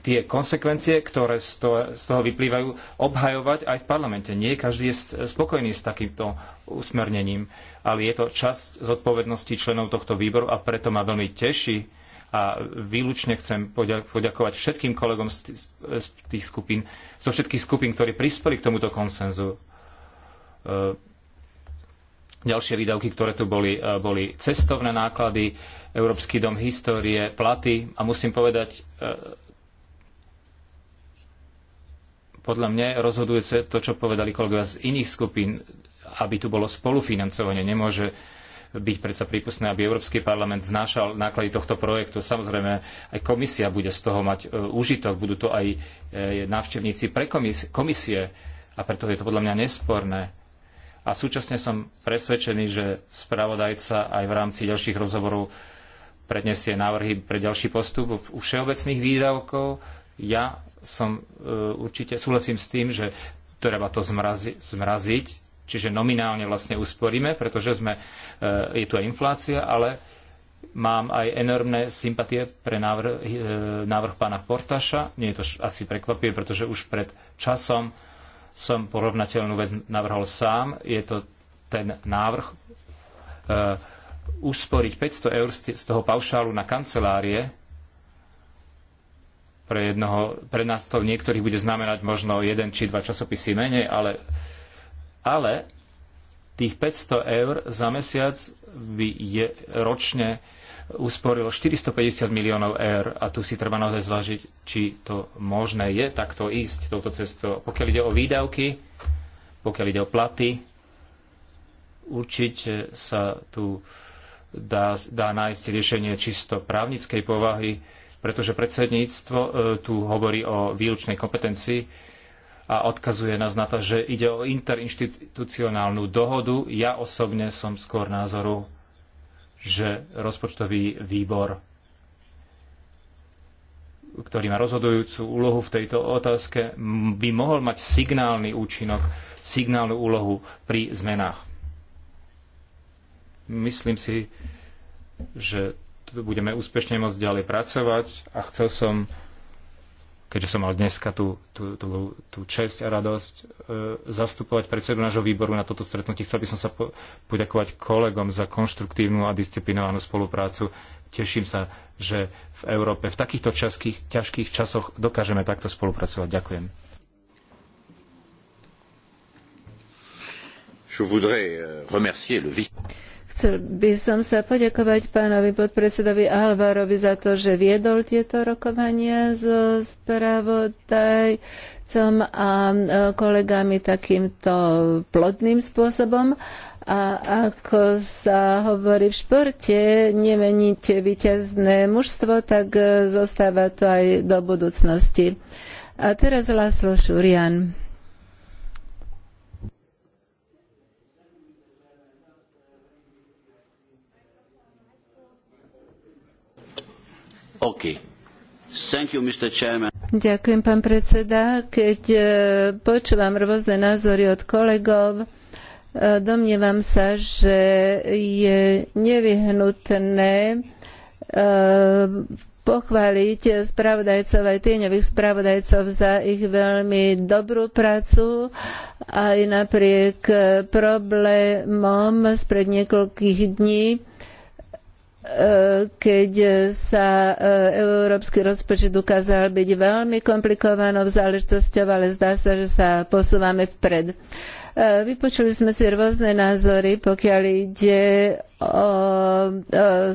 tie konsekvencie, ktoré z toho, vyplývajú, obhajovať aj v parlamente. Nie každý je spokojný s takýmto usmernením, ale je to časť zodpovednosti členov tohto výboru a preto ma veľmi teší a výlučne chcem poďakovať všetkým kolegom z tých skupín, zo všetkých skupín, ktorí prispeli k tomuto konsenzu. E, ďalšie výdavky, ktoré tu boli, e, boli cestovné náklady, Európsky dom histórie, platy a musím povedať, e, podľa mňa rozhodujúce to, čo povedali kolegovia z iných skupín, aby tu bolo spolufinancovanie. Nemôže byť predsa prípustné, aby Európsky parlament znášal náklady tohto projektu. Samozrejme, aj komisia bude z toho mať e, úžitok, budú to aj e, návštevníci pre komisie a preto je to podľa mňa nesporné. A súčasne som presvedčený, že spravodajca aj v rámci ďalších rozhovorov prednesie návrhy pre ďalší postup u všeobecných výdavkov. Ja som e, určite súhlasím s tým, že treba to zmrazi, zmraziť, čiže nominálne vlastne usporíme, pretože sme, e, je tu aj inflácia, ale mám aj enormné sympatie pre návrh, e, návrh pána Portaša. Nie je to asi prekvapivé, pretože už pred časom som porovnateľnú vec navrhol sám. Je to ten návrh usporiť 500 eur z toho paušálu na kancelárie, pre, jednoho, pre nás to niektorých bude znamenať možno jeden či dva časopisy menej, ale, ale tých 500 eur za mesiac by je, ročne usporilo 450 miliónov eur a tu si treba naozaj zvážiť, či to možné je takto ísť touto cestou. Pokiaľ ide o výdavky, pokiaľ ide o platy, určite sa tu dá, dá nájsť riešenie čisto právnickej povahy, pretože predsedníctvo e, tu hovorí o výlučnej kompetencii a odkazuje nás na to, že ide o interinštitucionálnu dohodu. Ja osobne som skôr názoru, že rozpočtový výbor ktorý má rozhodujúcu úlohu v tejto otázke, by mohol mať signálny účinok, signálnu úlohu pri zmenách. Myslím si, že budeme úspešne môcť ďalej pracovať a chcel som, keďže som mal dneska tú, tú, tú, tú čest a radosť e, zastupovať predsedu nášho výboru na toto stretnutie, chcel by som sa po, poďakovať kolegom za konštruktívnu a disciplinovanú spoluprácu. Teším sa, že v Európe v takýchto čaských, ťažkých časoch dokážeme takto spolupracovať. Ďakujem. Je voudrais euh, remercier le vice
Chcel by som sa poďakovať pánovi podpredsedovi Alvarovi za to, že viedol tieto rokovania so spravodajcom a e, kolegami takýmto plodným spôsobom. A ako sa hovorí v športe, nemeníte víťazné mužstvo, tak e, zostáva to aj do budúcnosti. A teraz Laslo Šurian. Ďakujem, pán predseda. Keď e, počúvam rôzne názory od kolegov, e, domnievam sa, že je nevyhnutné e, pochváliť spravodajcov aj tieňových spravodajcov za ich veľmi dobrú prácu aj napriek problémom spred niekoľkých dní E, keď sa e, európsky rozpočet ukázal byť veľmi komplikovanou záležitosťou, ale zdá sa, že sa posúvame vpred. E, vypočuli sme si rôzne názory, pokiaľ ide o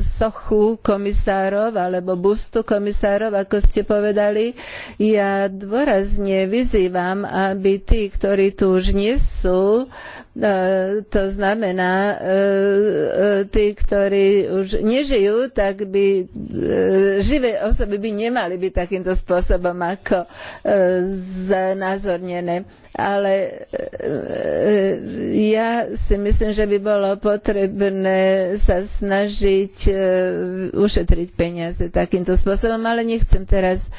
sochu komisárov alebo bustu komisárov, ako ste povedali. Ja dôrazne vyzývam, aby tí, ktorí tu už nie sú, e, to znamená e, tí, ktorí už nežijú, tak by živé osoby by nemali byť takýmto spôsobom ako znázornené ale e, e, ja si myslím, že by bolo potrebné sa snažiť e, ušetriť peniaze takýmto spôsobom, ale nechcem teraz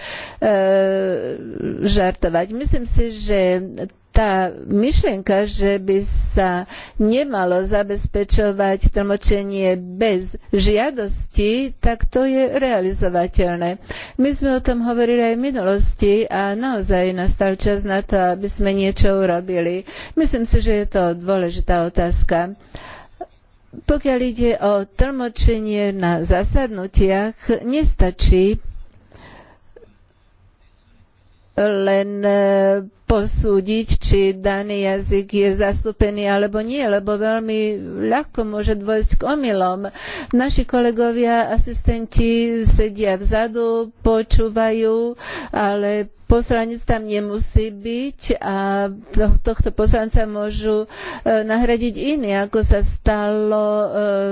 žartovať. Myslím si, že tá myšlienka, že by sa nemalo zabezpečovať tlmočenie bez žiadosti, tak to je realizovateľné. My sme o tom hovorili aj v minulosti a naozaj nastal čas na to, aby sme niečo urobili. Myslím si, že je to dôležitá otázka. Pokiaľ ide o tlmočenie na zasadnutiach, nestačí len e, posúdiť, či daný jazyk je zastúpený alebo nie, lebo veľmi ľahko môže dôjsť k omylom. Naši kolegovia, asistenti sedia vzadu, počúvajú, ale poslanec tam nemusí byť a tohto poslanca môžu e, nahradiť iní, ako sa stalo e,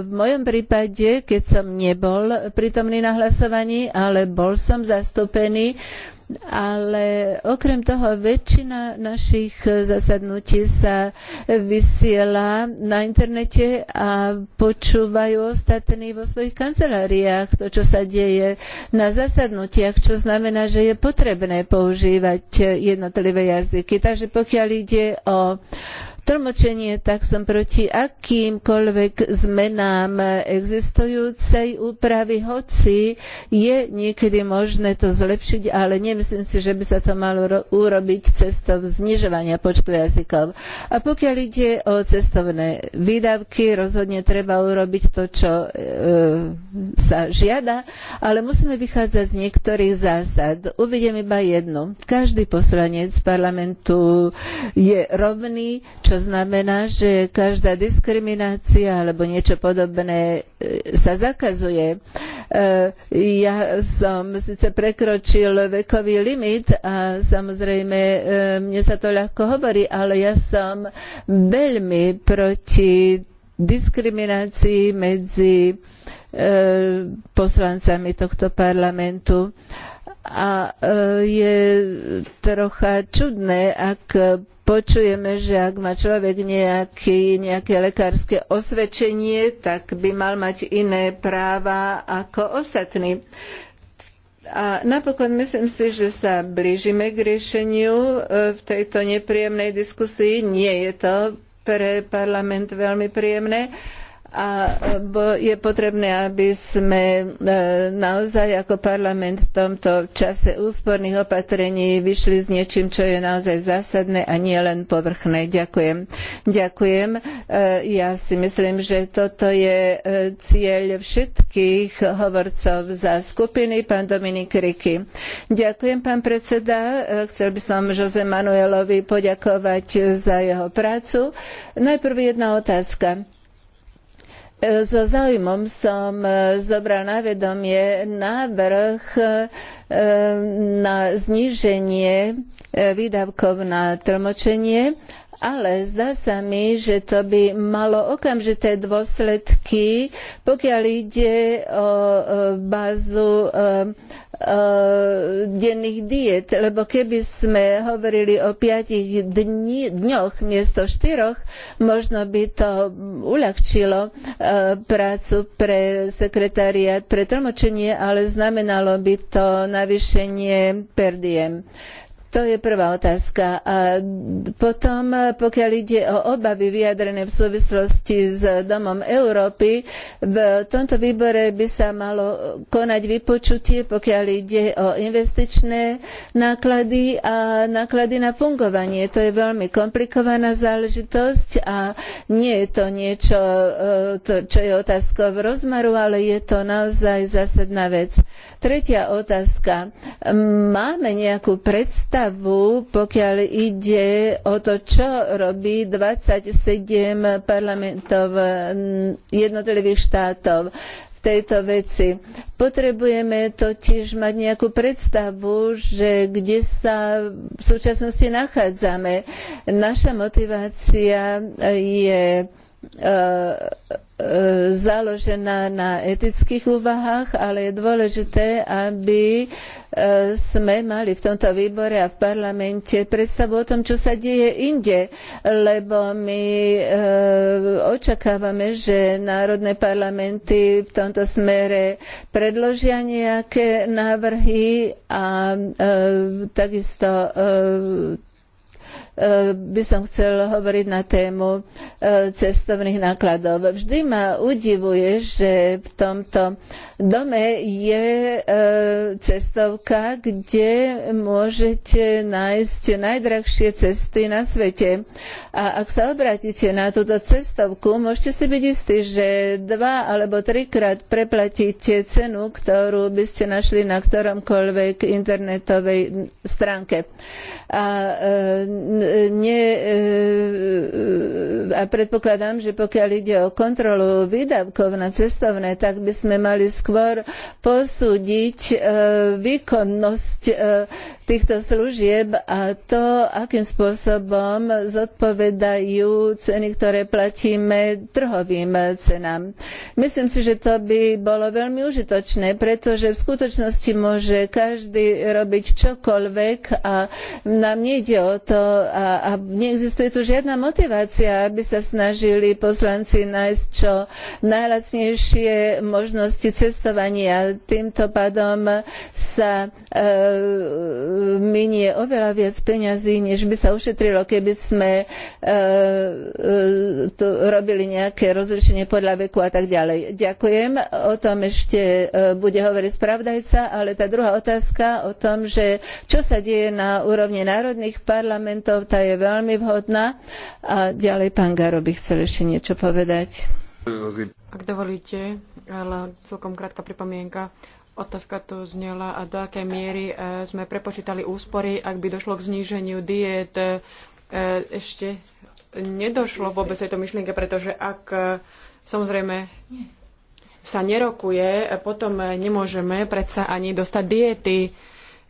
v mojom prípade, keď som nebol prítomný na hlasovaní, ale bol som zastúpený ale okrem toho väčšina našich zasadnutí sa vysiela na internete a počúvajú ostatní vo svojich kanceláriách to, čo sa deje na zasadnutiach, čo znamená, že je potrebné používať jednotlivé jazyky. Takže pokiaľ ide o tlmočenie, tak som proti akýmkoľvek zmenám existujúcej úpravy, hoci je niekedy možné to zlepšiť, ale nemyslím si, že by sa to malo urobiť cestou znižovania počtu jazykov. A pokiaľ ide o cestovné výdavky, rozhodne treba urobiť to, čo e, sa žiada, ale musíme vychádzať z niektorých zásad. Uvidím iba jednu. Každý poslanec parlamentu je rovný, čo to znamená, že každá diskriminácia alebo niečo podobné e, sa zakazuje. E, ja som síce prekročil vekový limit a samozrejme e, mne sa to ľahko hovorí, ale ja som veľmi proti diskriminácii medzi poslancami tohto parlamentu a e, je trocha čudné, ak počujeme, že ak má človek nejaký, nejaké lekárske osvedčenie, tak by mal mať iné práva ako ostatní. A napokon myslím si, že sa blížime k riešeniu e, v tejto nepríjemnej diskusii. Nie je to pre parlament veľmi príjemné a je potrebné, aby sme e, naozaj ako parlament v tomto čase úsporných opatrení vyšli s niečím, čo je naozaj zásadné a nie len povrchné. Ďakujem. Ďakujem. E, ja si myslím, že toto je e, cieľ všetkých hovorcov za skupiny. Pán Dominik Riky. Ďakujem, pán predseda. Chcel by som Jose Manuelovi poďakovať za jeho prácu. Najprv jedna otázka so záujmom som e, zobral na vedomie návrh e, na zníženie e, výdavkov na tlmočenie ale zdá sa mi, že to by malo okamžité dôsledky, pokiaľ ide o bázu denných diet, lebo keby sme hovorili o piatich dňoch miesto štyroch, možno by to uľahčilo e, prácu pre sekretariat, pre tlmočenie, ale znamenalo by to navýšenie per diem. To je prvá otázka. A potom, pokiaľ ide o obavy vyjadrené v súvislosti s Domom Európy, v tomto výbore by sa malo konať vypočutie, pokiaľ ide o investičné náklady a náklady na fungovanie. To je veľmi komplikovaná záležitosť a nie je to niečo, e, čo je otázkou v rozmaru, ale je to naozaj zásadná vec. Tretia otázka. Máme nejakú predstavu, ústavu, pokiaľ ide o to, čo robí 27 parlamentov jednotlivých štátov v tejto veci. Potrebujeme totiž mať nejakú predstavu, že kde sa v súčasnosti nachádzame. Naša motivácia je e, E, založená na etických úvahách, ale je dôležité, aby e, sme mali v tomto výbore a v parlamente predstavu o tom, čo sa deje inde, lebo my e, očakávame, že národné parlamenty v tomto smere predložia nejaké návrhy a takisto Eh, by som chcel hovoriť na tému eh, cestovných nákladov. Vždy ma udivuje, že v tomto dome je eh, cestovka, kde môžete nájsť najdrahšie cesty na svete. A ak sa obratíte na túto cestovku, môžete si byť istí, že dva alebo trikrát preplatíte cenu, ktorú by ste našli na ktoromkoľvek internetovej stránke. A e, ne, e, a predpokladám, že pokiaľ ide o kontrolu výdavkov na cestovné, tak by sme mali skôr posúdiť e, výkonnosť e, týchto služieb a to, akým spôsobom zodpovedajú ceny, ktoré platíme trhovým cenám. Myslím si, že to by bolo veľmi užitočné, pretože v skutočnosti môže každý robiť čokoľvek a nám nejde o to, a, a neexistuje tu žiadna motivácia, aby sa snažili poslanci nájsť čo najlacnejšie možnosti cestovania. Týmto pádom sa e, minie oveľa viac peňazí, než by sa ušetrilo, keby sme e, e tu robili nejaké rozlišenie podľa veku a tak ďalej. Ďakujem. O tom ešte e, bude hovoriť spravodajca, ale tá druhá otázka o tom, že čo sa deje na úrovni národných parlamentov, lehota je veľmi vhodná. A ďalej pán Garo by chcel ešte niečo povedať. Ak
dovolíte, ale celkom krátka pripomienka. Otázka tu znela, a do akej miery e, sme prepočítali úspory, ak by došlo k zníženiu diet. E, ešte nedošlo vôbec tejto myšlienke, pretože ak e, samozrejme sa nerokuje, potom nemôžeme predsa ani dostať diety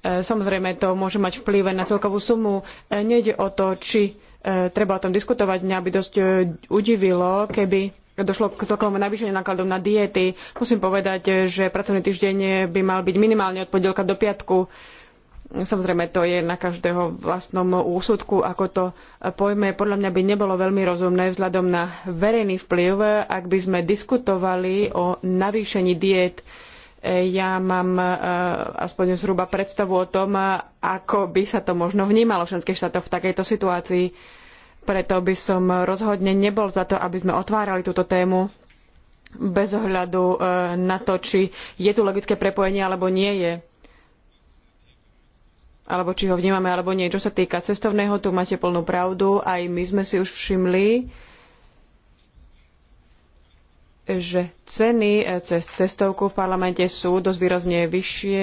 E, samozrejme, to môže mať vplyv na celkovú sumu. E, nejde o to, či e, treba o tom diskutovať. Mňa by dosť udivilo, keby došlo k celkovému navýšeniu nákladov na diety. Musím povedať, že pracovný týždeň by mal byť minimálne od pondelka do piatku. Samozrejme, to je na každého vlastnom úsudku, ako to pojme. Podľa mňa by nebolo veľmi rozumné vzhľadom na verejný vplyv, ak by sme diskutovali o navýšení diét ja mám e, aspoň zhruba predstavu o tom, e, ako by sa to možno vnímalo v členských štátoch v takejto situácii. Preto by som rozhodne nebol za to, aby sme otvárali túto tému bez ohľadu e, na to, či je tu logické prepojenie alebo nie je alebo či ho vnímame alebo nie. Čo sa týka cestovného, tu máte plnú pravdu. Aj my sme si už všimli, že ceny e, cez cestovku v parlamente sú dosť výrazne vyššie.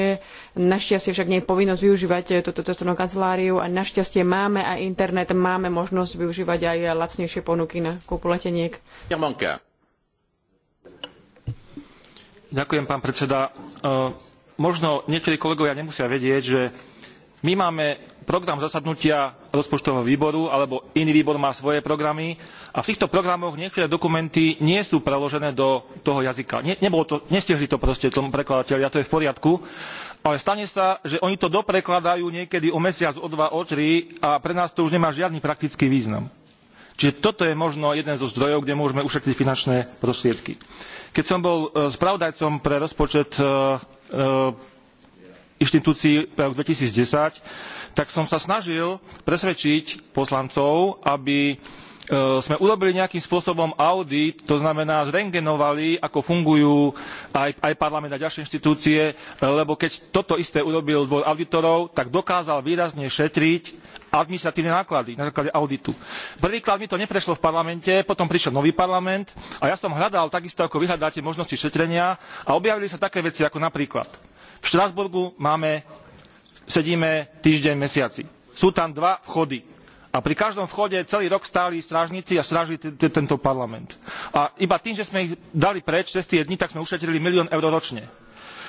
Našťastie však nie je povinnosť využívať e, túto cestovnú kanceláriu a našťastie máme aj internet, máme možnosť využívať aj lacnejšie ponuky na kúpu leteniek.
Ďakujem, pán predseda. E, možno niektorí kolegovia nemusia vedieť, že my máme program zasadnutia rozpočtového výboru alebo iný výbor má svoje programy a v týchto programoch niektoré dokumenty nie sú preložené do toho jazyka. Ne, to, nestihli to proste tomu prekladateľi to je v poriadku, ale stane sa, že oni to doprekladajú niekedy o mesiac, o dva, o tri a pre nás to už nemá žiadny praktický význam. Čiže toto je možno jeden zo zdrojov, kde môžeme ušetriť finančné prostriedky. Keď som bol e, spravodajcom pre rozpočet e, e, inštitúcií pre rok 2010, tak som sa snažil presvedčiť poslancov, aby e, sme urobili nejakým spôsobom audit, to znamená zrengenovali, ako fungujú aj, aj parlament a ďalšie inštitúcie, lebo keď toto isté urobil dvor auditorov, tak dokázal výrazne šetriť administratívne náklady na základe auditu. Prvýkrát mi to neprešlo v parlamente, potom prišiel nový parlament a ja som hľadal takisto, ako vyhľadáte možnosti šetrenia a objavili sa také veci ako napríklad v Štrasburgu máme sedíme týždeň, mesiaci. Sú tam dva vchody. A pri každom vchode celý rok stáli strážnici a strážili tento parlament. A iba tým, že sme ich dali preč cez tie dni, tak sme ušetrili milión eur ročne.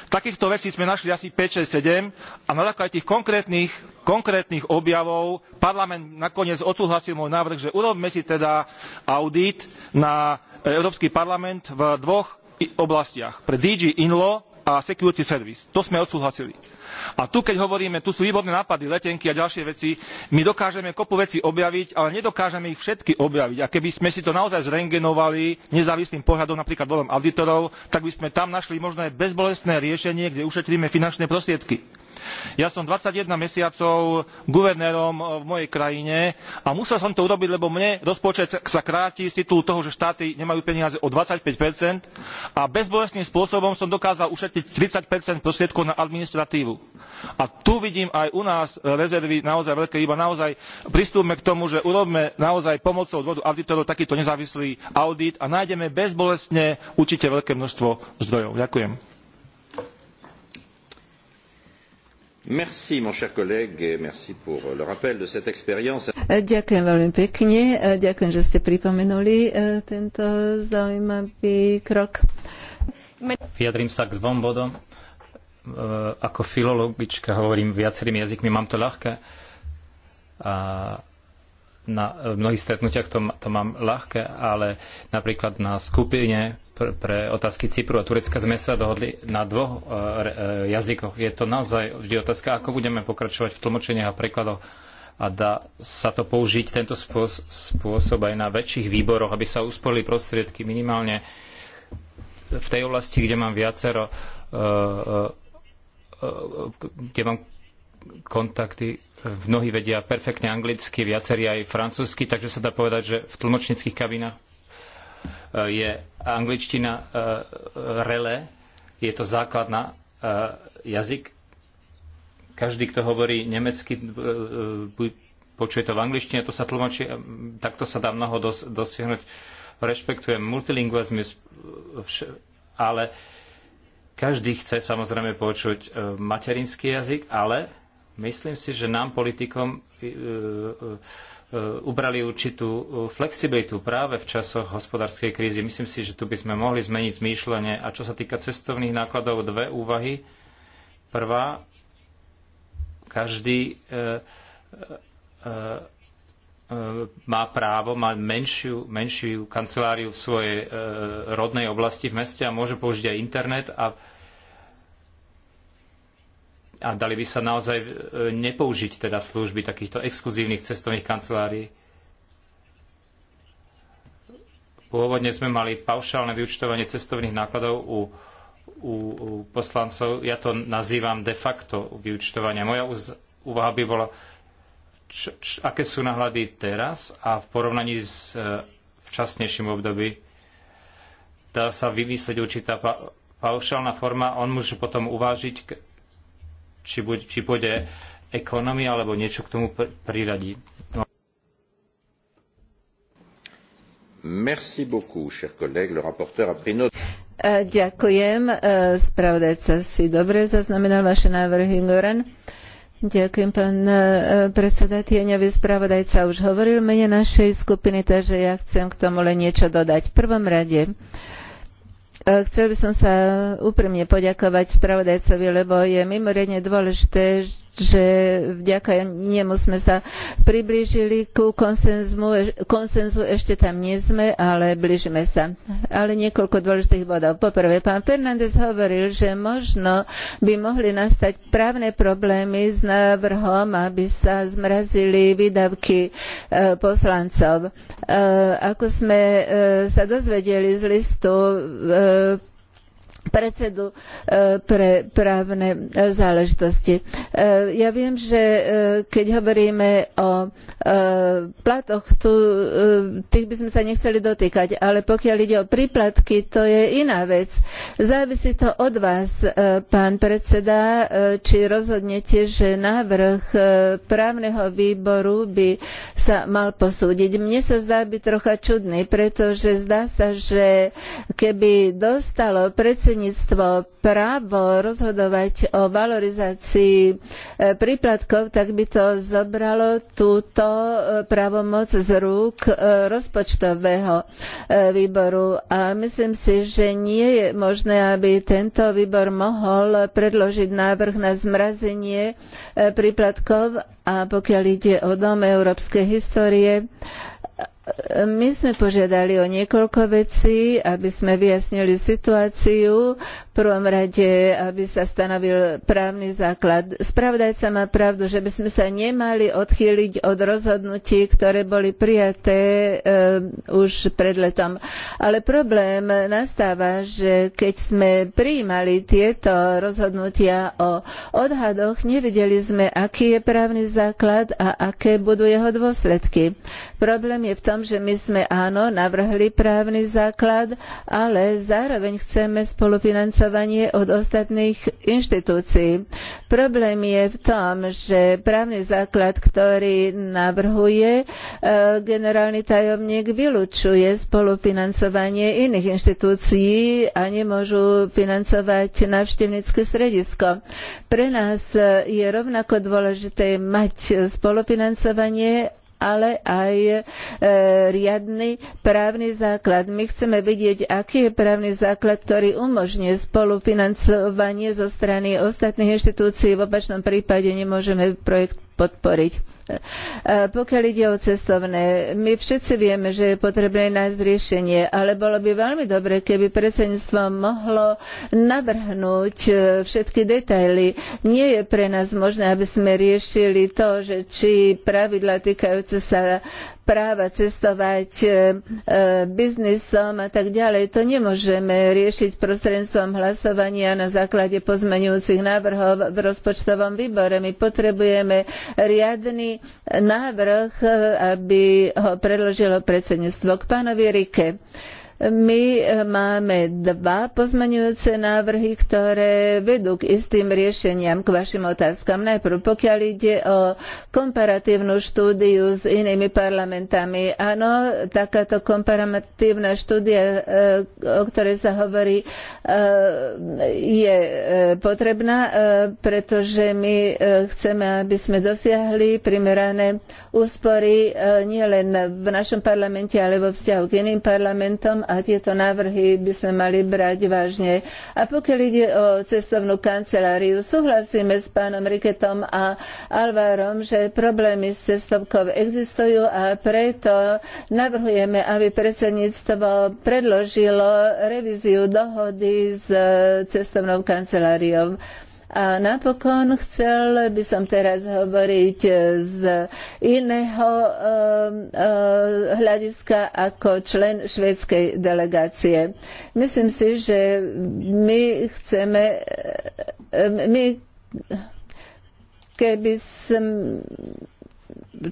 Takýchto vecí sme našli asi 5, 6, 7 a na základe tých konkrétnych, konkrétnych objavov parlament nakoniec odsúhlasil môj návrh, že urobme si teda audit na Európsky parlament v dvoch oblastiach. Pre DG Inlo a security service. To sme odsúhlasili. A tu, keď hovoríme, tu sú výborné nápady, letenky a ďalšie veci, my dokážeme kopu veci objaviť, ale nedokážeme ich všetky objaviť. A keby sme si to naozaj zrengenovali nezávislým pohľadom, napríklad volom auditorov, tak by sme tam našli možné bezbolestné riešenie, kde ušetríme finančné prostriedky. Ja som one mesiacov guvernérom eh, v mojej krajine a musel som to urobiť, lebo mne rozpočet sa kráti z titulu toho, že štáty nemajú peniaze o five a bezbolestným spôsobom som dokázal ušetriť 30 prostriedkov na administratívu. A tu vidím aj u nás rezervy naozaj veľké, iba naozaj pristúpme k tomu, že urobme naozaj pomocou dvoru auditorov takýto nezávislý audit a nájdeme bezbolestne určite veľké množstvo zdrojov. Ďakujem. Merci, mon cher collègue,
et merci pour le rappel de cette expérience.
E, ďakujem veľmi pekne. E, ďakujem, že ste pripomenuli e, tento zaujímavý krok.
Vyjadrím sa k dvom bodom. Ako filologička hovorím viacerými jazykmi, mám to ľahké. A na mnohých stretnutiach to, to mám ľahké, ale napríklad na skupine pre otázky Cypru a Turecka sme sa dohodli na dvoch e, e, jazykoch. Je to naozaj vždy otázka, ako budeme pokračovať v tlmočeniach a prekladoch a dá sa to použiť tento spôsob aj na väčších výboroch, aby sa usporili prostriedky minimálne v tej oblasti, kde mám viacero, e, kde mám kontakty, mnohí vedia perfektne anglicky, viacerí aj francúzsky, takže sa dá povedať, že v tlmočníckých kabinách je angličtina e, rele, je to základná e, jazyk. Každý, kto hovorí nemecky, e, počuje to v angličtine, to sa tlmočí, takto sa dá mnoho dos- dosiahnuť. Rešpektujem multilingualizmus, ale každý chce samozrejme počuť materinský jazyk, ale Myslím si, že nám politikom e, e, e, ubrali určitú flexibilitu práve v časoch hospodárskej krízy. Myslím si, že tu by sme mohli zmeniť zmýšľanie. A čo sa týka cestovných nákladov, dve úvahy. Prvá, každý má právo mať menšiu, menšiu kanceláriu v svojej rodnej oblasti v meste a môže použiť aj internet a a dali by sa naozaj e, nepoužiť teda služby takýchto exkluzívnych cestovných kancelárií. Pôvodne sme mali paušálne vyúčtovanie cestovných nákladov u, u, u poslancov. Ja to nazývam de facto vyúčtovania. Moja úvaha by bola, č, č, aké sú náhľady teraz a v porovnaní s e, včasnejším období dá sa vymyslieť určitá pa, paušálna forma. On môže potom uvážiť, či, buď, či pôjde ekonomia alebo niečo k tomu pr- priradí. No. Merci beaucoup, cher collègue. Le rapporteur a pris note.
E, ďakujem. E, spravodajca si dobre zaznamenal vaše návrhy, Goran. Ďakujem, pán e, predseda Tieňovi. spravodajca už hovoril mene našej skupiny, takže ja chcem k tomu len niečo dodať. V prvom rade, uh, E, chcel by som sa úprimne poďakovať spravodajcovi, lebo je mimoriadne dôležité, že vďaka nemu sme sa priblížili ku konsenzmu, konsenzu, ešte tam nie sme, ale blížime sa. Ale niekoľko dôležitých bodov. Poprvé, pán Fernández hovoril, že možno by mohli nastať právne problémy s návrhom, aby sa zmrazili výdavky e, poslancov. E, ako sme e, sa dozvedeli z listu predsedu e, pre právne e, záležitosti. E, ja viem, že keď hovoríme o platoch, tu, tých by sme sa nechceli dotýkať, ale pokiaľ ide o príplatky, to je iná vec. Závisí to od vás, pán predseda, či rozhodnete, že návrh právneho výboru by sa mal posúdiť. Mne sa zdá byť trocha čudný, pretože zdá sa, že keby dostalo predsedníctvo predsedníctvo právo rozhodovať o valorizácii e, príplatkov, tak by to zobralo túto e, právomoc z rúk e, rozpočtového výboru. A myslím si, že nie je možné, aby tento výbor mohol predložiť návrh na zmrazenie príplatkov a pokiaľ ide o dom európskej histórie, my sme požiadali o niekoľko vecí, aby sme vyjasnili situáciu. V prvom rade, aby sa stanovil právny základ. Spravodajca má pravdu, že by sme sa nemali odchýliť od rozhodnutí, ktoré boli prijaté e, už pred letom. Ale problém nastáva, že keď sme prijímali tieto rozhodnutia o odhadoch, nevedeli sme, aký je právny základ a aké budú jeho dôsledky. Problém je v tom, tom, že my sme áno navrhli právny základ, ale zároveň chceme spolufinancovanie od ostatných inštitúcií. Problém je v tom, že právny základ, ktorý navrhuje e, generálny tajomník, vylučuje spolufinancovanie iných inštitúcií a nemôžu financovať návštevnícke stredisko. Pre nás e, je rovnako dôležité mať spolufinancovanie ale aj e, riadny právny základ. My chceme vedieť, aký je právny základ, ktorý umožňuje spolufinancovanie zo strany ostatných inštitúcií. V opačnom prípade nemôžeme projekt podporiť. E, pokiaľ ide o cestovné, my všetci vieme, že je potrebné nájsť riešenie, ale bolo by veľmi dobre, keby predsedníctvo mohlo navrhnúť e, všetky detaily. Nie je pre nás možné, aby sme riešili to, že či pravidla týkajúce sa práva cestovať e, e, biznisom a tak ďalej. To nemôžeme riešiť prostredstvom hlasovania na základe pozmenujúcich návrhov v rozpočtovom výbore. My potrebujeme riadny návrh, e, aby ho predložilo predsedníctvo. K pánovi Rike. My e, máme dva pozmeňujúce návrhy, ktoré vedú k istým riešeniam k vašim otázkam. Najprv, pokiaľ ide o komparatívnu štúdiu s inými parlamentami. Áno, takáto komparatívna štúdia, e, o ktorej sa hovorí, e, je potrebná, pretože my chceme, aby sme dosiahli primerané úspory nielen v našom parlamente, ale vo vzťahu k iným parlamentom a tieto návrhy by sme mali brať vážne. A pokiaľ ide o cestovnú kanceláriu, súhlasíme s pánom Riketom a Alvárom, že problémy s cestovkou existujú a preto navrhujeme, aby predsedníctvo predložilo revíziu dohody s cestovnou kanceláriou. A napokon chcel by som teraz hovoriť z iného um, uh, hľadiska ako člen švedskej delegácie. Myslím si, že my chceme, uh, my keby sme Um,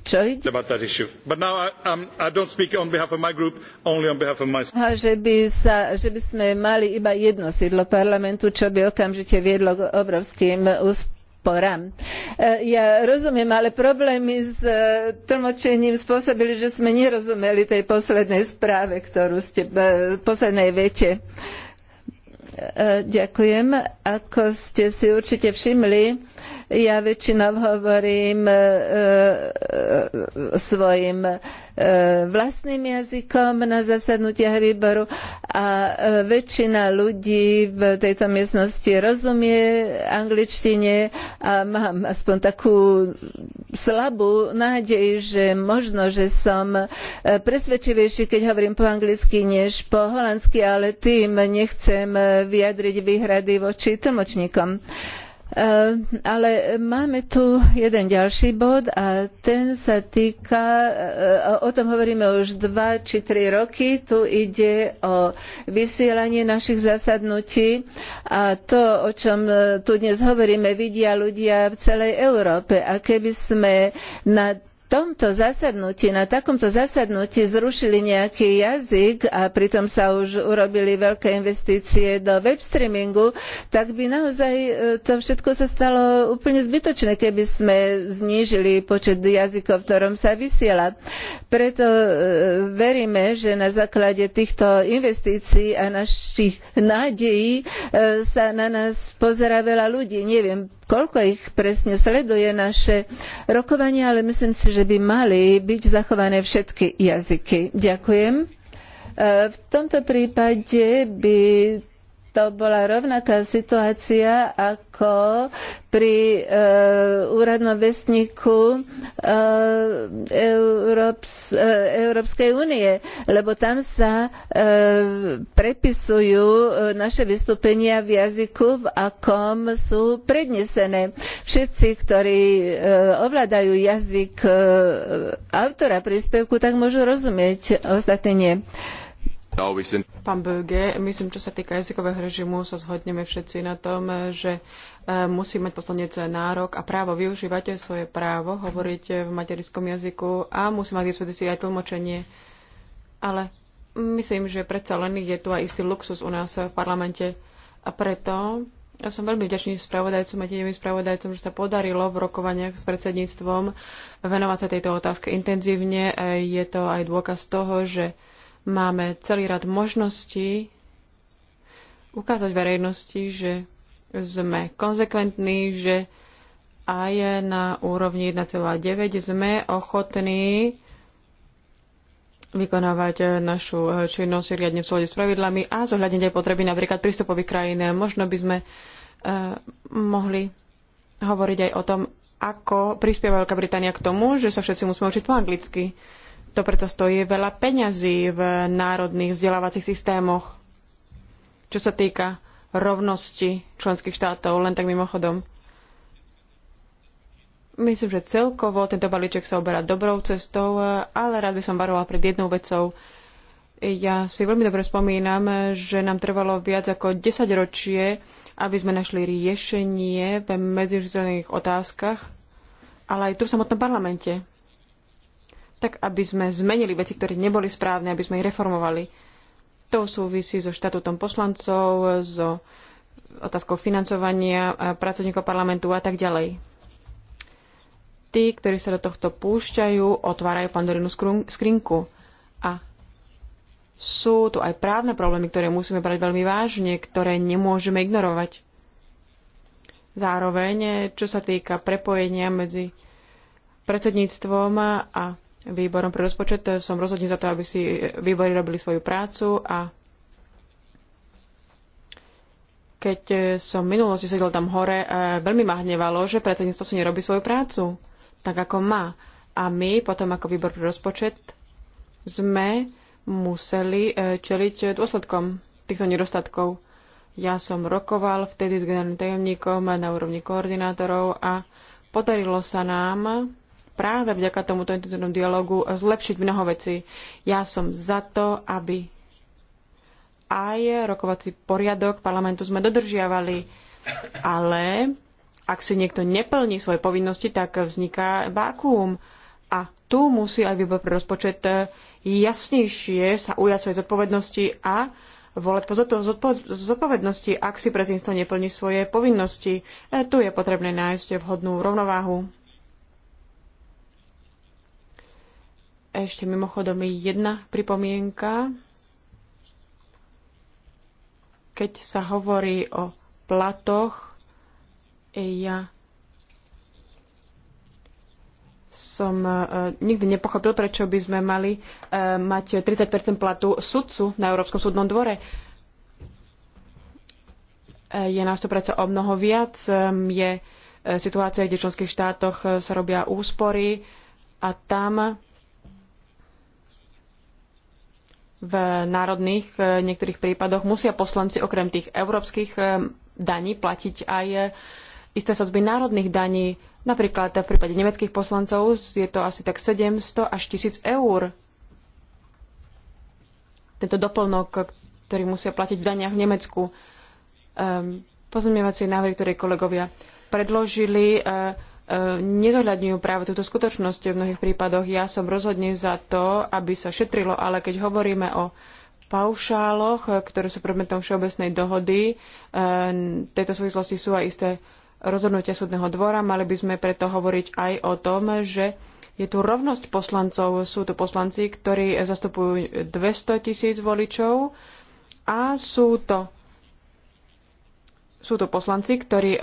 že by, sa, že by sme mali iba jedno sídlo parlamentu, čo by okamžite viedlo k obrovským úsporám. E, ja rozumiem, ale problémy s e, tlmočením spôsobili, že sme nerozumeli tej poslednej správe, ktorú ste, e, poslednej vete. Ďakujem. Ako ste si určite všimli, ja väčšinou hovorím e, e, svojim e, vlastným jazykom na zasadnutiach výboru a väčšina ľudí v tejto miestnosti rozumie angličtine a mám aspoň takú slabú nádej, že možno, že som presvedčivejší, keď hovorím po anglicky než po holandsky, ale tým nechcem vyjadriť výhrady voči tlmočníkom. Eh, ale máme tu jeden ďalší bod a ten sa týka, eh, o tom hovoríme už dva či tri roky, tu ide o vysielanie našich zasadnutí a to, o čom eh, tu dnes hovoríme, vidia ľudia v celej Európe. A keby sme na tomto zasadnutí, na takomto zasadnutí zrušili nejaký jazyk a pritom sa už urobili veľké investície do web streamingu, tak by naozaj e, to všetko sa stalo úplne zbytočné, keby sme znížili počet jazykov, v ktorom sa vysiela. Preto e, veríme, že na základe týchto investícií a našich nádejí e, sa na nás pozerá veľa ľudí. Neviem, koľko ich presne sleduje naše rokovanie, ale myslím si, že by mali byť zachované všetky jazyky. Ďakujem. E, v tomto prípade by to bola rovnaká situácia ako pri e, úradnom vestníku e, Európs, e, Európskej únie, lebo tam sa e, prepisujú naše vystúpenia v jazyku, v akom sú prednesené. Všetci, ktorí e, ovládajú jazyk e, autora príspevku, tak môžu rozumieť, ostatní nie. No,
Pán Böge, myslím, čo sa týka jazykového režimu, sa zhodneme všetci na tom, že e, musí mať poslanec nárok a právo využívať svoje právo hovoriť v materiskom jazyku a musí mať dispozícii aj tlmočenie. Ale myslím, že predsa len je tu aj istý luxus u nás v parlamente a preto ja som veľmi vďačný spravodajcom a tým spravodajcom, že sa podarilo v rokovaniach s predsedníctvom venovať sa tejto otázke intenzívne. E, je to aj dôkaz toho, že Máme celý rad možností ukázať verejnosti, že sme konzekventní, že aj na úrovni 1,9 sme ochotní vykonávať našu činnosť riadne v súlade s pravidlami a zohľadniť aj potreby napríklad prístupových krajín. Možno by sme uh, mohli hovoriť aj o tom, ako prispieva Veľká Británia k tomu, že sa všetci musíme učiť po anglicky. Uh, to preto stojí veľa peňazí v národných vzdelávacích systémoch. Čo sa týka rovnosti členských štátov, len tak mimochodom. Myslím, že celkovo tento balíček sa oberá dobrou cestou, ale rád by som varoval pred jednou vecou. Ja si veľmi dobre spomínam, že nám trvalo viac ako 10 ročie, aby sme našli riešenie v medzižiteľných otázkach, ale aj tu v samotnom parlamente tak aby sme zmenili veci, ktoré neboli správne, aby sme ich reformovali. To súvisí so štatutom poslancov, so otázkou financovania pracovníkov parlamentu a tak ďalej. Tí, ktorí sa do tohto púšťajú, otvárajú pandorinu skrinku. A sú tu aj právne problémy, ktoré musíme brať veľmi vážne, ktoré nemôžeme ignorovať. Zároveň, čo sa týka prepojenia medzi predsedníctvom a výborom pre rozpočet. Som rozhodný za to, aby si výbory robili svoju prácu a keď som v minulosti sedel tam hore, eh, veľmi ma hnevalo, že predsedníctvo si nerobí svoju prácu, tak ako má. A my potom ako výbor pre rozpočet sme museli eh, čeliť dôsledkom týchto nedostatkov. Ja som rokoval vtedy s generálnym tajomníkom na úrovni koordinátorov a podarilo sa nám práve vďaka tomuto intenzívnom dialogu zlepšiť mnoho vecí. Ja som za to, aby aj rokovací poriadok parlamentu sme dodržiavali, ale ak si niekto neplní svoje povinnosti, tak vzniká vákuum. A tu musí aj výbor pre rozpočet jasnejšie sa ujať svojej zodpovednosti a volať toho zodpovednosti, ak si predsedníctvo neplní svoje povinnosti. E, tu je potrebné nájsť vhodnú rovnováhu. Ešte mimochodom jedna pripomienka. Keď sa hovorí o platoch, ja som uh, nikdy nepochopil, prečo by sme mali uh, mať 30 platu sudcu na Európskom súdnom dvore. Uh, je nás to predsa o mnoho viac. Um, je uh, situácia, kde v členských štátoch uh, sa robia úspory a tam uh, v národných e, niektorých prípadoch musia poslanci okrem tých európskych e, daní platiť aj e, isté sadzby národných daní. Napríklad v prípade nemeckých poslancov je to asi tak 700 až 1000 eur. Tento doplnok, ktorý musia platiť v daniach v Nemecku. Um, pozmeňovacie návrhy, ktoré kolegovia predložili, uh, nezohľadňujú práve túto skutočnosť v mnohých prípadoch. Ja som rozhodne za to, aby sa šetrilo, ale keď hovoríme o paušáloch, ktoré sú predmetom všeobecnej dohody, v e, tejto súvislosti sú aj isté rozhodnutia súdneho dvora. Mali by sme preto hovoriť aj o tom, že je tu rovnosť poslancov. Sú tu poslanci, ktorí zastupujú 200 tisíc voličov a sú to, sú to poslanci, ktorí e,